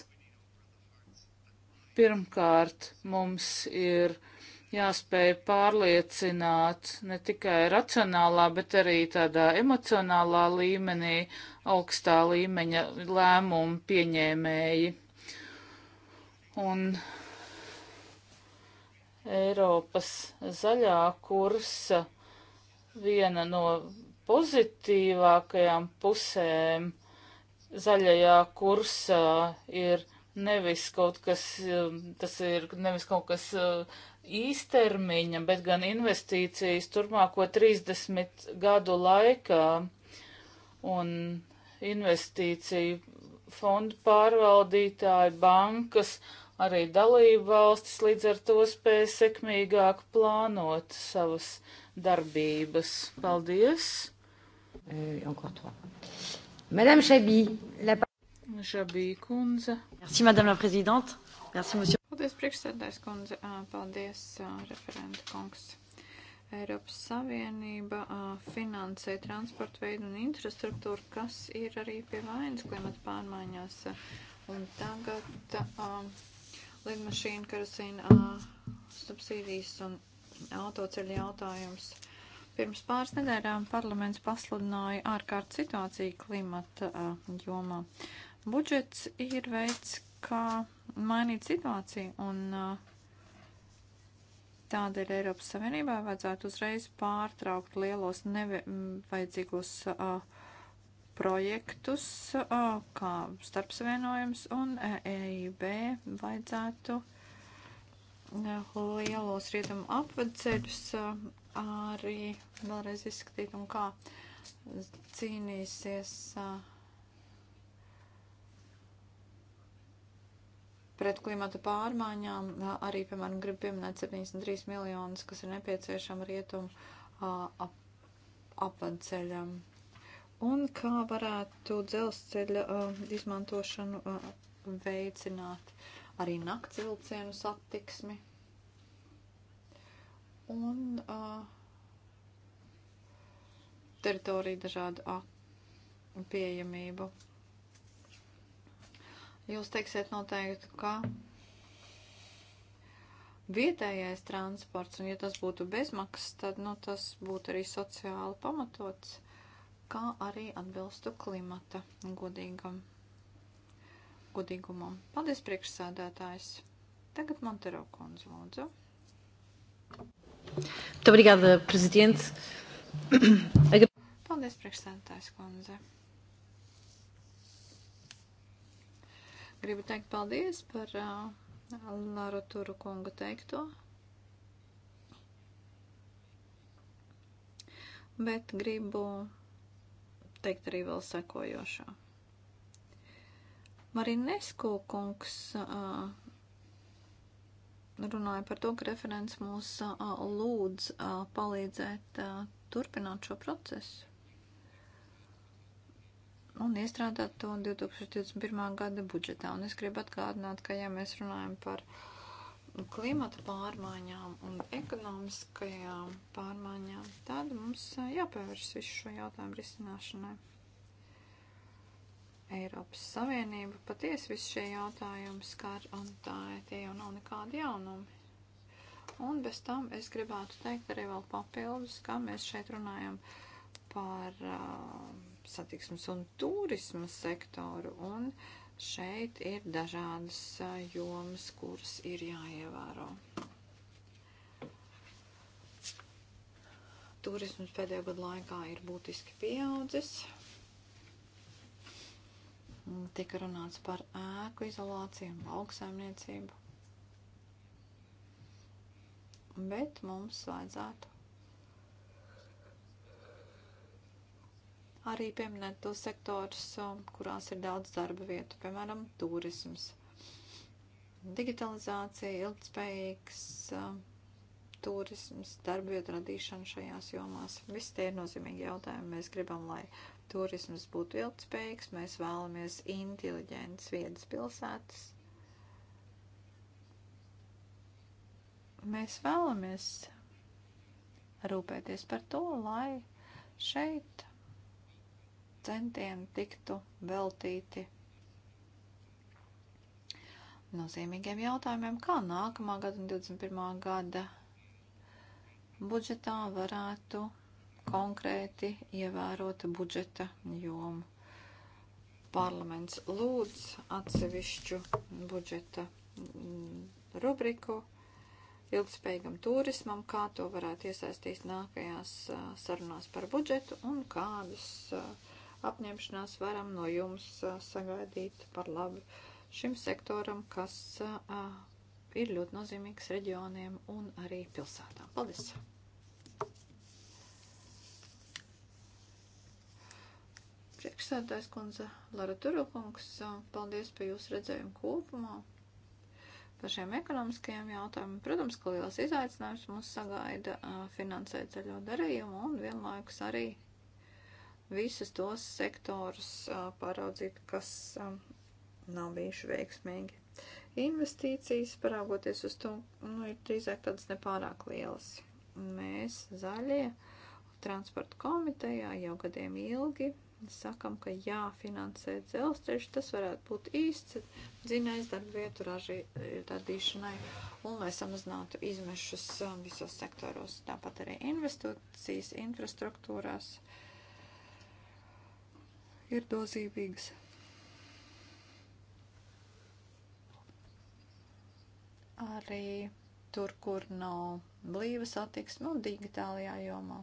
pirmkārt mums ir jāspēj pārliecināt ne tikai racionālā, bet arī tādā emocionālā līmenī augstā līmeņa lēmumu pieņēmēji. Un Eiropas zaļā kursa viena no pozitīvākajām pusēm zaļajā kursā ir nevis kaut kas, um, tas ir nevis kaut kas uh, īstermiņa, bet gan investīcijas turpmāko 30 gadu laikā. Un investīciju fondu pārvaldītāji, bankas, uh, Arī dalību valstis līdz ar to spēja sekmīgāk plānot savas darbības. Paldies! E, madame Chabī, la... Chabī kundze. Merci, Madame la Présidente. Merci, Monsieur. Paldies, priekšsēdājs kundze. Paldies, referenta kungs. Eiropas Savienība finansē transporta veidu un infrastruktūru, kas ir arī pie vainas klimata pārmaiņās. Un tagad lidmašīnu, kerosīnu, subsīdijas un autoceļu jautājums. Pirms pāris nedēļām parlaments pasludināja ārkārt situāciju klimata jomā. Budžets ir veids, kā mainīt situāciju, un tādēļ Eiropas Savienībā vajadzētu uzreiz pārtraukt lielos nevajadzīgos uh, projektus, kā starpsvienojums un EIB vajadzētu lielos rietumu apvedceļus arī vēlreiz izskatīt un kā cīnīsies pret klimata pārmaiņām. Arī, piemēram, gribu pieminēt 73 miljonus, kas ir nepieciešama rietumu apvedceļam. Ap un kā varētu dzelzceļa uh, izmantošanu uh, veicināt arī nakts vilcienu satiksmi. Un uh, teritoriju dažādu uh, pieejamību. Jūs teiksiet noteikti, ka vietējais transports, un ja tas būtu bezmaksas, tad nu, tas būtu arī sociāli pamatots kā arī atbilstu klimata godīgam, godīgumam. Paldies, priekšsādātājs! Tagad Montero kundze lūdzu. Muito obrigada, Presidente. Paldies, priekšsēdētājs kundze. Gribu teikt paldies par uh, Lāru Turu kunga teikto. Bet gribu teikt arī vēl sekojošā. Marinesko kungs uh, runāja par to, ka referents mūs uh, lūdz uh, palīdzēt uh, turpināt šo procesu un iestrādāt to 2021. gada budžetā. Un es gribu atgādināt, ka ja mēs runājam par uh, klimata pārmaiņām un ekonomiskajām pārmaiņām, tad mums jāpērs visu šo jautājumu risināšanai. Eiropas Savienība patiesi visu šie jautājumi skar, un tā tie jau nav nekādi jaunumi. Un bez tam es gribētu teikt arī vēl papildus, ka mēs šeit runājam par uh, satiksmes un turisma sektoru, un uh, Šeit ir dažādas jomas, kuras ir jāievēro. Turisms pēdējo gadu laikā ir būtiski pieaudzis. Tika runāts par ēku izolāciju un lauksaimniecību. Bet mums vajadzētu arī pieminēt tos sektorus, um, kurās ir daudz darba vietu, piemēram, turisms, digitalizācija, ilgspējīgs um, turisms, darba vietu radīšana šajās jomās. Visi tie ir nozīmīgi jautājumi. Mēs gribam, lai turisms būtu ilgspējīgs, mēs vēlamies inteliģentas vietas pilsētas. Mēs vēlamies rūpēties par to, lai šeit centieni tiktu veltīti nozīmīgiem jautājumiem, kā nākamā gada un 21. gada budžetā varētu konkrēti ievērot budžeta jomu. Parlaments lūdz atsevišķu budžeta mm, rubriku ilgspējīgam turismam, kā to varētu iesaistīt nākajās sarunās par budžetu un kādus uh, apņemšanās varam no jums sagaidīt par labu šim sektoram, kas ir ļoti nozīmīgs reģioniem un arī pilsētām. Paldies! Priekšsēdājs kundze Lara Turukungs, paldies par jūsu redzējumu kopumā par šiem ekonomiskajiem jautājumiem. Protams, ka liels izaicinājums mūs sagaida finansēt ceļo darījumu un vienlaikus arī visus tos sektorus pāraudzīt, kas nav bijuši veiksmīgi. Investīcijas, paraugoties uz to, nu, ir drīzāk tādas nepārāk lielas. Mēs zaļie transporta komitejā jau gadiem ilgi sakam, ka jāfinansē dzelzceļš, tas varētu būt īsts dzinējs darba vietu radīšanai, un lai samazinātu izmešus visos sektoros, tāpat arī investīcijas infrastruktūrās. Uh, ir dozīvīgas. Arī tur, kur nav blīvas attieksme un nu, digitālajā jomā.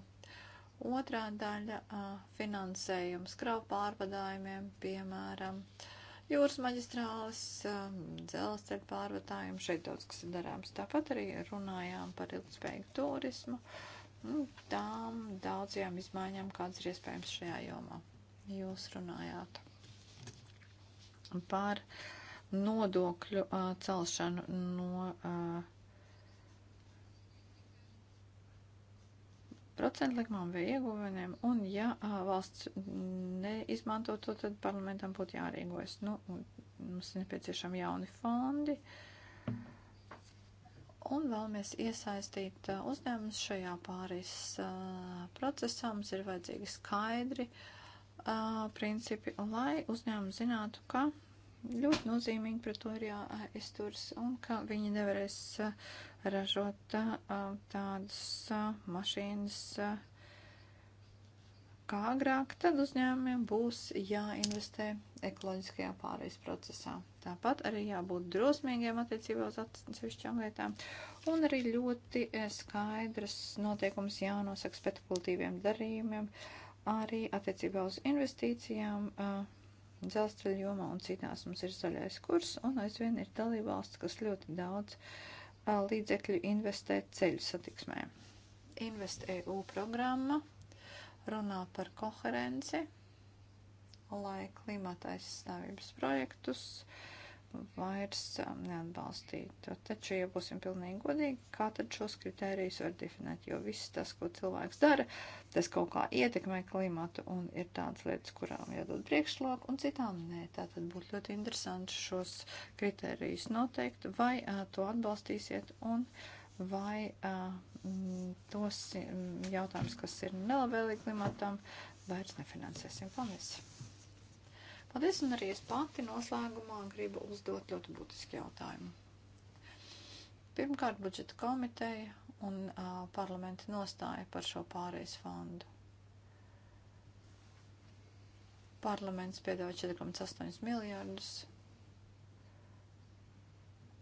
Otrā daļa - finansējums kravu pārvadājumiem, piemēram, jūras maģistrāles, dzelzceļa pārvadājumu. Šeit daudz kas ir darāms. Tāpat arī runājām par ilgspējīgu turismu. Nu, tām daudzajām izmaiņām, kādas ir iespējams šajā jomā jūs runājāt par nodokļu uh, celšanu no uh, procentu likmām vai ieguvumiem, un ja uh, valsts neizmanto to, tad parlamentam būtu jārīgojas. Nu, mums ir nepieciešami jauni fondi. Un vēlamies iesaistīt uzņēmumus šajā pāris uh, procesā. Mums ir vajadzīgi skaidri uh, uh, principi, lai uzņēmumi zinātu, ka ļoti nozīmīgi pret to ir jāizturs un ka viņi nevarēs ražot uh, tādas uh, mašīnas uh, kā agrāk, tad uzņēmumiem būs jāinvestē ekoloģiskajā pārejas procesā. Tāpat arī jābūt drosmīgiem attiecībā uz atsevišķām lietām un arī ļoti skaidrs noteikums jānosaka spekulatīviem darījumiem. Uh, arī attiecībā uz investīcijām dzelzceļa jomā un citās mums ir zaļais kurs, un aizvien ir dalībvalsts, kas ļoti daudz līdzekļu investē ceļu satiksmē. Invest EU programma runā par koherenci, lai klimata aizstāvības projektus uh, vairs um, neatbalstītu. Taču, ja būsim pilnīgi godīgi, kā tad šos kritērijus var definēt, jo viss tas, ko cilvēks dara, tas kaut kā ietekmē klimatu un ir tādas lietas, kurām jādod priekšlāk un citām nē. Tātad būtu ļoti interesanti šos kritērijus noteikt, vai uh, to atbalstīsiet un vai uh, tos jautājumus, kas ir nelabvēlīgi klimatam, vairs nefinansēsim. Paldies! Paldies, un arī es pati noslēgumā gribu uzdot ļoti būtisku jautājumu. Pirmkārt, budžeta komiteja un uh, parlamenta nostāja par šo pārejas fondu. Parlaments piedāvā 4,8 miljārdus,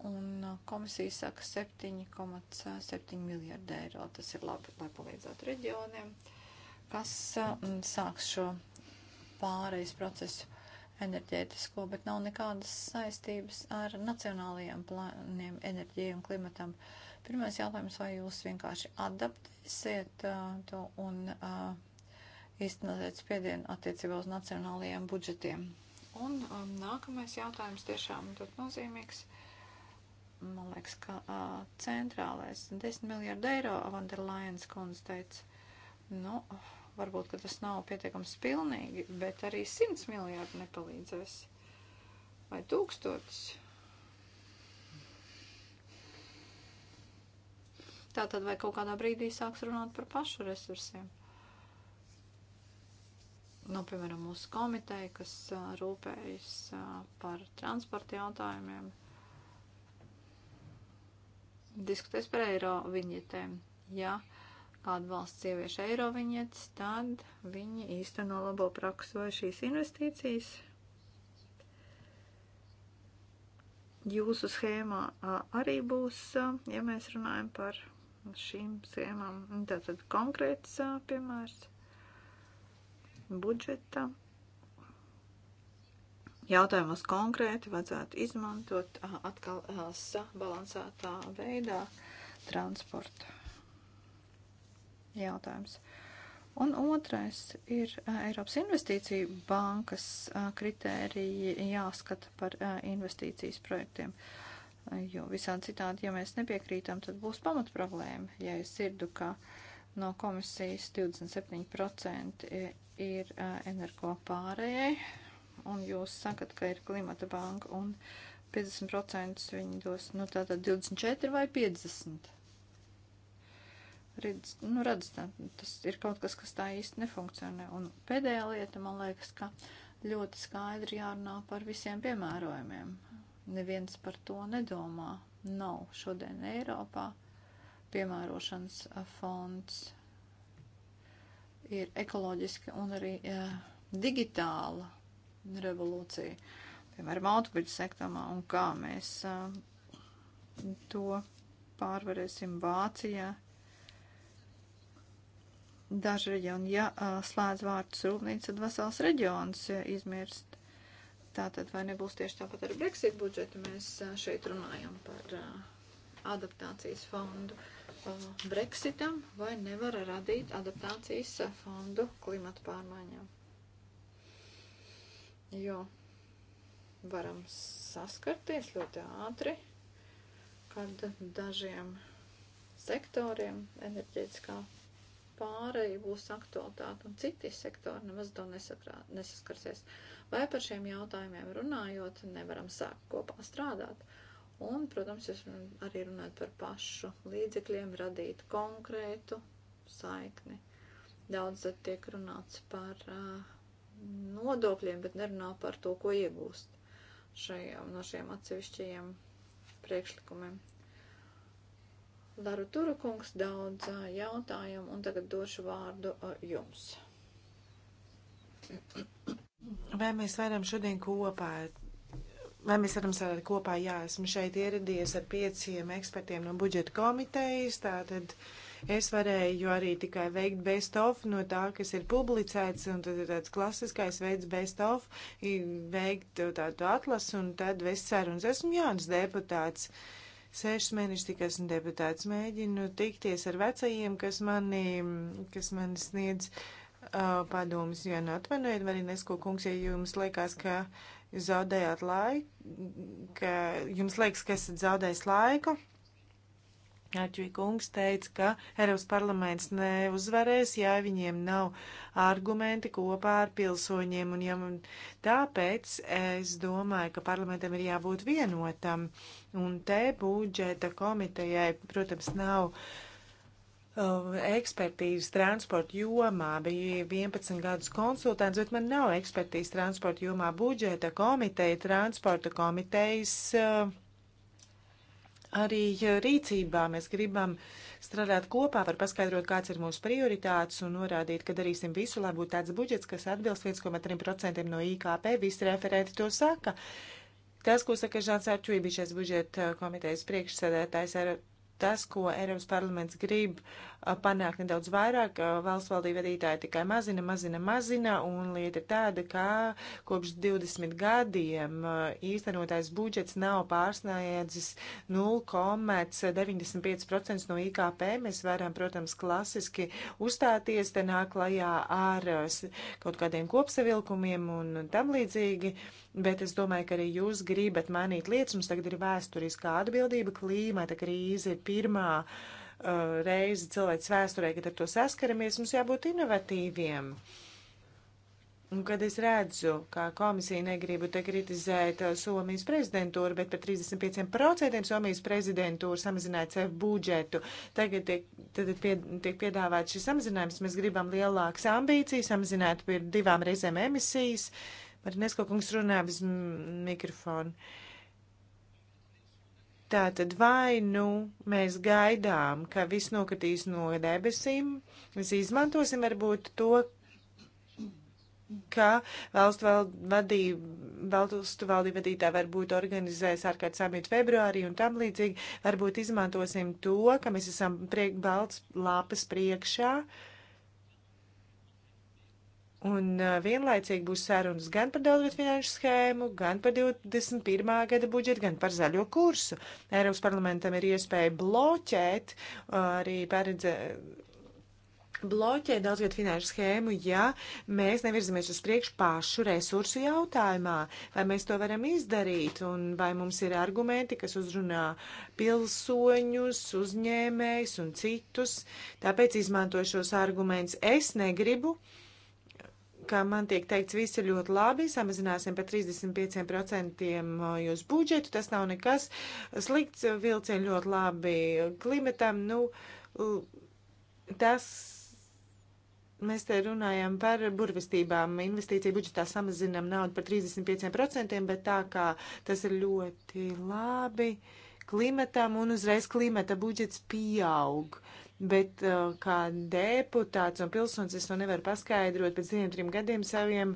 un komisija saka 7,7 miljardi eiro. Tas ir labi, lai palīdzētu reģioniem, kas sāks šo pārejas procesu enerģētisko, bet nav nekādas saistības ar nacionālajiem plāniem enerģiju un klimatam. Pirmais jautājums, vai jūs vienkārši adaptēsiet uh, to un uh, īstenosiet spiedienu attiecībā uz nacionālajiem budžetiem? Un um, nākamais jautājums tiešām ļoti nozīmīgs. Man liekas, ka uh, centrālais 10 miljārdu eiro Vanderlainas kundze teica, nu, uh, varbūt, ka tas nav pietiekams pilnīgi, bet arī 100 miljārdi nepalīdzēs. Vai tūkstotis. Tā tad vai kaut kādā brīdī sāks runāt par pašu resursiem? Nu, piemēram, mūsu komiteja, kas rūpējas par transporta jautājumiem, diskutēs par eiro viņietēm. Ja? Uh, atbalsts sieviešu eiro viņietas, tad viņi īsteno labo praksu vai šīs investīcijas. Jūsu schēmā arī būs, ja mēs runājam par šīm schēmām, tātad konkrēts piemērs budžeta jautājumus konkrēti vajadzētu izmantot atkal sabalansētā veidā transporta jautājums. Un otrais ir Eiropas investīciju bankas kritēriji jāskata par investīcijas projektiem. Jo visādi citādi, ja mēs nepiekrītam, tad būs pamat problēma. Ja es dzirdu, ka no komisijas 27% ir energo pārējai, un jūs sakat, ka ir klimata banka, un 50% viņi dos, nu tātad 24 vai 50% redz, nu, redz tā, tas ir kaut kas, kas tā īsti nefunkcionē. Un pēdējā lieta, man liekas, ka ļoti skaidri jārunā par visiem piemērojumiem. Neviens par to nedomā. Nav šodien Eiropā piemērošanas eh, fonds ir ekoloģiska un arī jā, eh, digitāla revolūcija, piemēram, autobuļu sektamā, un kā mēs jā, eh, to pārvarēsim Vācijā daži reģioni. Ja slēdz vārtus rūpnīca, tad vesels reģions izmirst. Tātad vai nebūs tieši tāpat ar Brexit budžetu? Mēs šeit runājam par adaptācijas fondu Brexitam vai nevar radīt adaptācijas fondu klimata pārmaiņām. Jo varam saskarties ļoti ātri, kad dažiem sektoriem enerģētiskā pāreju būs aktualitāte, un citi sektori nemaz to nesakrā, nesaskarsies. Vai par šiem jautājumiem runājot, nevaram sākt kopā strādāt. Un, protams, jūs arī runājat par pašu līdzekļiem, radīt konkrētu saikni. Daudz tiek runāts par uh, nodokļiem, bet nerunā par to, ko iegūst šajām, no šiem atsevišķajiem priekšlikumiem. Laru Turu kungs daudz jautājumu un tagad došu vārdu jums. Vai mēs varam šodien kopā, vai mēs varam strādāt kopā? Jā, esmu šeit ieradies ar pieciem ekspertiem no budžeta komitejas, tātad es varēju arī tikai veikt best of no tā, kas ir publicēts, un tad ir tāds klasiskais veids best of, veikt tādu atlasu, un tad vest sarunas. Esmu jauns deputāts. Uh, Sešas mēnešus tikai esmu deputāts. Mēģinu tikties ar vecajiem, kas mani, kas mani sniedz uh, padomus. Ja nu atvainojiet, Varinesko kungs, ja jums liekas, ka jūs zaudējāt laiku, ka jums liekas, ka esat zaudējis laiku. Āķuī kungs teica, ka Eiropas parlaments neuzvarēs, ja viņiem nav argumenti kopā ar pilsoņiem, un ja tāpēc es domāju, ka parlamentam ir jābūt vienotam, un te budžeta komitejai, protams, nav uh, ekspertīzes transporta jomā, biju 11 gadus konsultants, bet man nav ekspertīzes transporta jomā budžeta komiteja, transporta komitejas uh, arī rīcībā. Mēs gribam strādāt kopā, var paskaidrot, kāds ir mūsu prioritātes un norādīt, ka darīsim visu, lai būtu tāds budžets, kas atbilst 1,3% no IKP. Visi referēti to saka. Tas, ko saka Žants Arčūī, bija šais budžeta komitejas priekšsēdētājs, ir tas, ko Eiropas parlaments grib panākt nedaudz vairāk. Valsts valdība vadītāji tikai mazina, mazina, mazina, un lieta ir tāda, ka kopš 20 gadiem īstenotais budžets nav pārsniedzis 0,95% no IKP. Mēs varam, protams, klasiski uzstāties, te nāk lajā ar kaut kādiem kopsavilkumiem un tam līdzīgi, bet es domāju, ka arī jūs gribat mainīt lietas. Mums tagad ir vēsturiskā atbildība, klīmata krīze ir pirmā. Uh, Eh, reizi cilvēks vēsturē, kad ar to saskaramies, mums jābūt inovatīviem. Un, kad es redzu, kā komisija negribu te kritizēt eh, Somijas prezidentūru, bet par 35% Somijas prezidentūra samazināja sev budžetu, tagad tiek, tad pie, tiek piedāvāts šis samazinājums. Mēs gribam lielākas ambīcijas, samazināt par divām reizēm emisijas. Marines Kokungs runā bez mikrofona. Uh, Tātad vai nu mēs gaidām, ka viss nokritīs no debesīm, mēs izmantosim varbūt to, ka valstu val vadība, valstu valdība vadītā varbūt organizēs ārkārtas samitu februārī un tam līdzīgi, varbūt izmantosim to, ka mēs esam priek, balts lāpas priekšā. Uh, Un vienlaicīgi būs sarunas gan par daudzgad finanšu schēmu, gan par 21. gada budžetu, gan par zaļo kursu. Eiropas parlamentam ir iespēja bloķēt arī paredze, bloķēt daudzgad finanšu schēmu, ja mēs nevirzamies uz priekšu pašu resursu jautājumā. Vai mēs to varam izdarīt un vai mums ir argumenti, kas uzrunā pilsoņus, uzņēmējs un citus. Tāpēc izmantoju šos argumentus. Es negribu. Uh, ka man tiek teikts, viss ir ļoti labi, samazināsim par 35% uh, jūs budžetu, tas nav nekas slikts, uh, vilcien ļoti labi klimatam, nu, tas, mēs te runājam par burvestībām, investīcija budžetā samazinam naudu par 35%, bet tā kā tas ir ļoti labi klimatam un uzreiz klimata budžets pieaug. Uh, bet uh, kā deputāts un pilsonis es to nevaru paskaidrot pēc diviem, trim gadiem saviem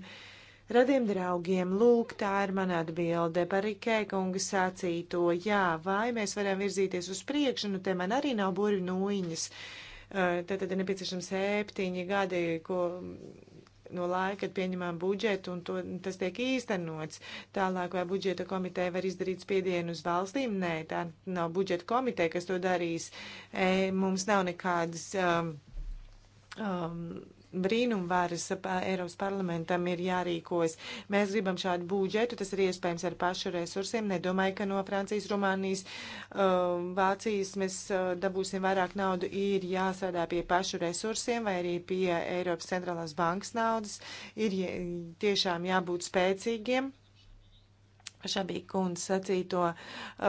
radiem draugiem. Lūk, tā ir mana atbilde par Rikē kunga sacīto. Jā, vai mēs varam virzīties uz priekšu, nu te man arī nav burvi nūjiņas. Uh, tad, tad ir nepieciešams septiņi gadi, ko no laika, kad pieņemām budžetu, un to, tas tiek īstenots. Tālāk, vai budžeta komiteja var izdarīt spiedienu uz valstīm? Nē, tā nav budžeta komiteja, kas to darīs. E, mums nav nekādas. Um, um, brīnumvāris Eiropas parlamentam ir jārīkojas. Mēs gribam šādu budžetu, tas ir iespējams ar pašu resursiem. Nedomāju, ka no Francijas, Rumānijas, um, Vācijas mēs uh, dabūsim vairāk naudu. Ir jāsādā pie pašu resursiem vai arī pie Eiropas centrālās bankas naudas. Ir tiešām jābūt spēcīgiem. Šabīka kundze sacīto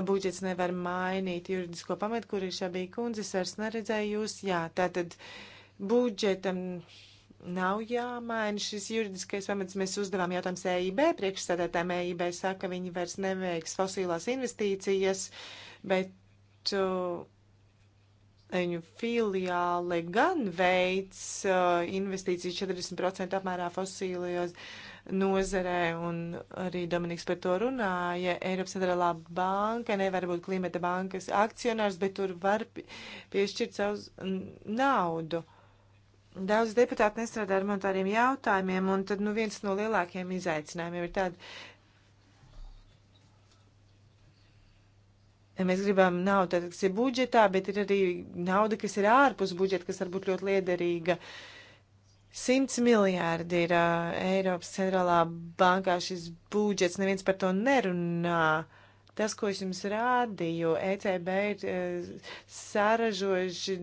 budžets nevar mainīt juridisko pamatu, kur ir šabīka kundze, es vairs neredzēju jūs. Jā, tātad budžetam. Um, nav jāmaina šis juridiskais pamats. Mēs uzdevām jautājumu EIB, priekšsēdētājiem EIB saka, ka viņi vairs neveiks fosilās investīcijas, bet uh, viņu filiāli gan veids uh, investīcijas 40% apmērā fosīlajos nozerē, un arī Dominiks par to runāja. Eiropas centrālā banka nevar būt klimata bankas akcionārs, bet tur var piešķirt savu naudu. Daudz deputāti nestrādā ar monetāriem jautājumiem, un tad nu, viens no lielākajiem izaicinājumiem ir tāds. Ja mēs gribam naudu, kas ir budžetā, bet ir arī nauda, kas ir ārpus budžeta, kas var būt ļoti liederīga. 100 miljārdi ir uh, Eiropas centrālā bankā šis budžets, neviens par to nerunā. Tas, ko es jums rādīju, ECB ir uh, saražojuši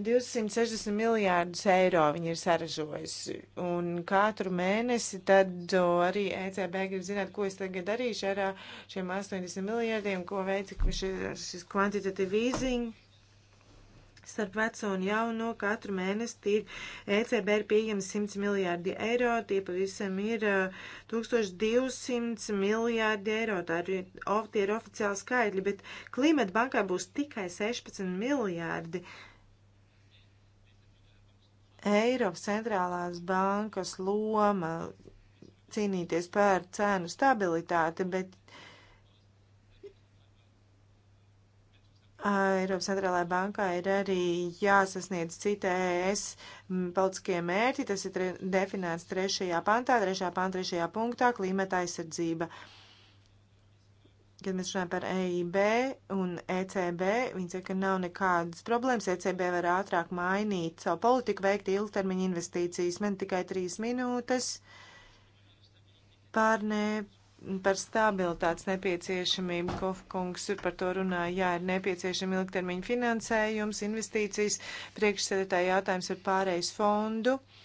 260 miljārdus eiro viņi ir saražojusi. Un katru mēnesi tad arī ECB grib zināt, ko es tagad darīšu ar šiem 80 miljārdiem, ko veica šis, šis quantitative easing. Starp veco un jauno katru mēnesi tiek ECB ir pieejami 100 miljārdi eiro, tie pavisam ir 1200 miljārdi eiro, tā ir, of, tie ir oficiāli skaitļi, bet klimata bankā būs tikai 16 miljārdi eiro Eiropas centrālās bankas loma cīnīties par cēnu stabilitāti, bet Eiropas centrālajā bankā ir arī jāsasniedz citi ES politiskie mērķi, tas ir tre, definēts trešajā pantā, trešā pantā, trešajā punktā - klimata aizsardzība. Uh, Kad mēs runājam par EIB un ECB, viņi saka, ka nav nekādas problēmas. ECB var ātrāk mainīt savu politiku, veikt ilgtermiņa investīcijas. Man tikai trīs minūtes par, ne, par stabilitātes nepieciešamību. Kofkungs par to runāja, jā, ir nepieciešama ilgtermiņa finansējums, investīcijas. Priekšsēdētāji jautājums par pārējais fondu. Uh,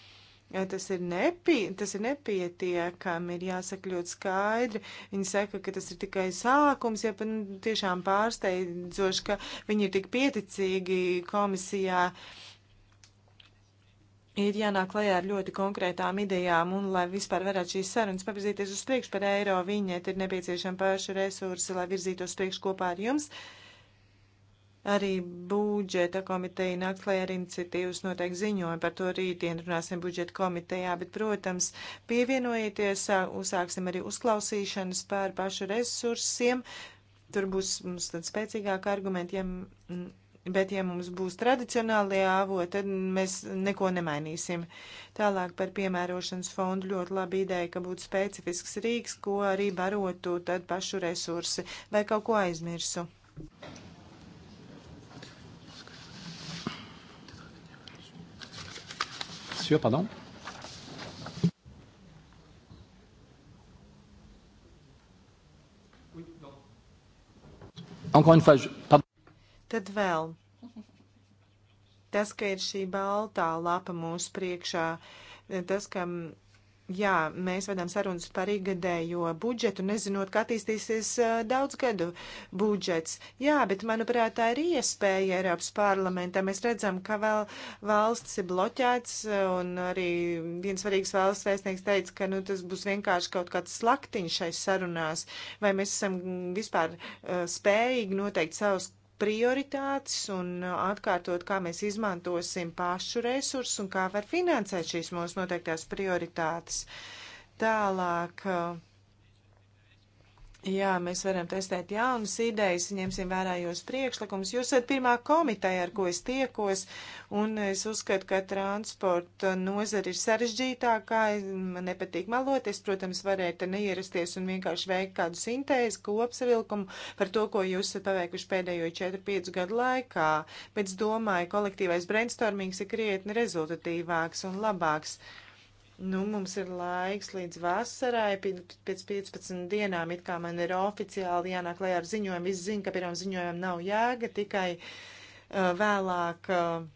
Tas ir, nepie, tas ir nepietiekami, ir jāsaka ļoti skaidri. Viņi saka, ka tas ir tikai sākums, ja nu, tiešām pārsteidzoši, ka viņi ir tik pieticīgi komisijā. Ir jānāk klajā ar ļoti konkrētām idejām, un, lai vispār varētu šīs sarunas pavirzīties uz priekšu par eiro, viņiet ir nepieciešama pašu resursi, lai virzītos priekšu kopā ar jums. Uh, Arī budžeta komiteja nāks klajā ar iniciatīvas noteikti ziņojumu, par to rītdien runāsim budžeta komitejā, bet, protams, pievienojieties, uzsāksim arī uzklausīšanas par pašu resursiem. Tur būs mums tad spēcīgāk argumenti, ja Bet, ja mums būs tradicionālie avoti, tad mēs neko nemainīsim. Tālāk par piemērošanas fondu ļoti laba ideja, ka būtu specifisks rīks, ko arī barotu tad pašu resursi. Vai kaut ko aizmirsu? Monsieur, pardon. Encore une fois, je... Pardon. Tad vēl. Tas, ka ir šī baltā lapa mūsu priekšā, tas, ka Jā, mēs vedām sarunas par ikgadējo budžetu, nezinot, kā attīstīsies uh, daudzgadu budžets. Jā, bet, manuprāt, tā ir iespēja Eiropas parlamentā. Mēs redzam, ka vēl valsts ir bloķēts, un arī viens svarīgs valsts vēstnieks teica, ka nu, tas būs vienkārši kaut kāds slaktiņš šai sarunās, vai mēs esam vispār uh, spējīgi noteikt savus prioritātes un uh, atkārtot, kā mēs izmantosim pašu resursus un kā var finansēt šīs mūsu noteiktās prioritātes. Tālāk. Uh, Jā, mēs varam testēt jaunas idejas, ņemsim vērā jūs priekšlikums. Jūs esat pirmā komiteja, ar ko es tiekos, un es uzskatu, ka transporta nozara ir sarežģītākā. Man nepatīk maloties, protams, varēja te neierasties un vienkārši veikt kādu sintēzi, kopsavilkumu par to, ko jūs esat paveikuši pēdējo 4-5 gadu laikā. Bet es domāju, kolektīvais brainstormings ir krietni rezultatīvāks un labāks. Uh, Nu, mums ir laiks līdz vasarai, pēc 15 dienām, it kā man ir oficiāli jānāk lai ar ziņojumu. Visi zina, ka pirmam ziņojumam nav jēga, tikai uh, vēlāk. Uh,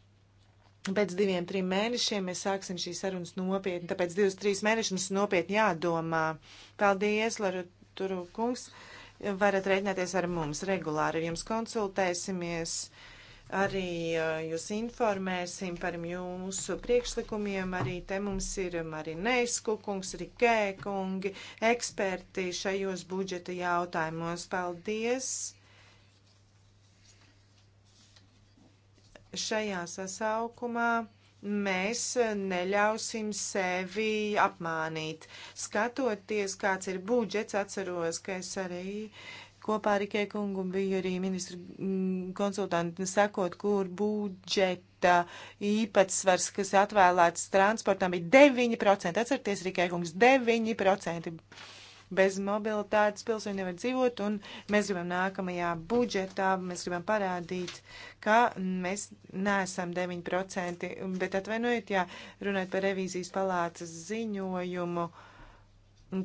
Pēc diviem, trim mēnešiem mēs sāksim šīs sarunas nopietni, tāpēc divas, trīs mēnešus mums nopietni jādomā. Paldies, Laru Turu kungs, varat reiķināties ar mums regulāri, ar jums konsultēsimies. Uh, arī jūs informēsim par jūsu priekšlikumiem. Arī te mums ir Marinesku kungs, Rikē kungi, eksperti šajos budžeta jautājumos. Paldies! Šajā sasaukumā mēs neļausim sevi apmānīt. Skatoties, kāds ir budžets, atceros, ka es arī uh, Kopā ar Rikē kungu bija arī ministra mm, konsultanti sakot, kur budžeta īpatsvars, kas atvēlēts transportam, bija 9%. Atcerieties, Rikē kungs, 9%. Bez mobilitātes pilsoņi nevar dzīvot, un mēs gribam nākamajā budžetā, mēs gribam parādīt, ka mēs neesam 9%, bet atvainojiet, jā, runājot par revīzijas palātas ziņojumu. Uh,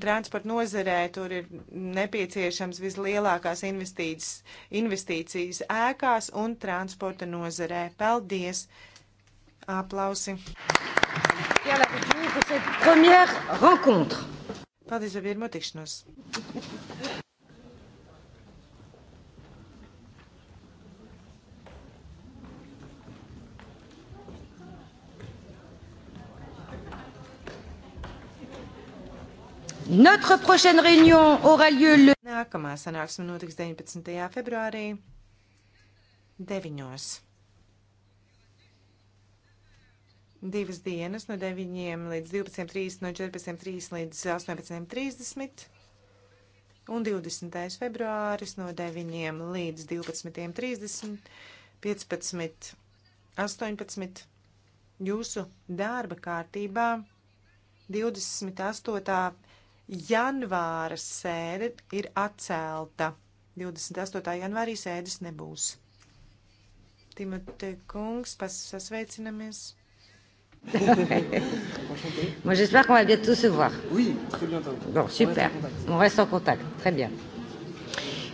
Transporta nozarē tur ir nepieciešams vislielākās investīcijas, investīcijas ēkās un transporta nozarē. Paldies! Aplausi! Paldies par pirmo tikšanos! Notre prochaine réunion aura lieu le... Nākamā sanāksme notiks 19. februārī 9. Divas dienas no 9 līdz 12.30, no 14.30 līdz 18.30 un 20. februāris no 9 līdz 12.30, 15, 18. Jūsu darba kārtībā 28 janvāra sēde ir atcelta. 28. janvārī sēdes nebūs. Timote Kungs, pasasveicinamies. *laughs* Moi j'espère qu'on va bientôt se voir. Oui, très bientôt. Bon, super. On reste en contact. Très bien.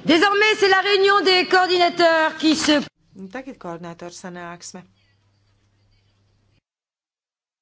Désormais, c'est la réunion des coordinateurs qui se. Tagad koordinātors sanāksme.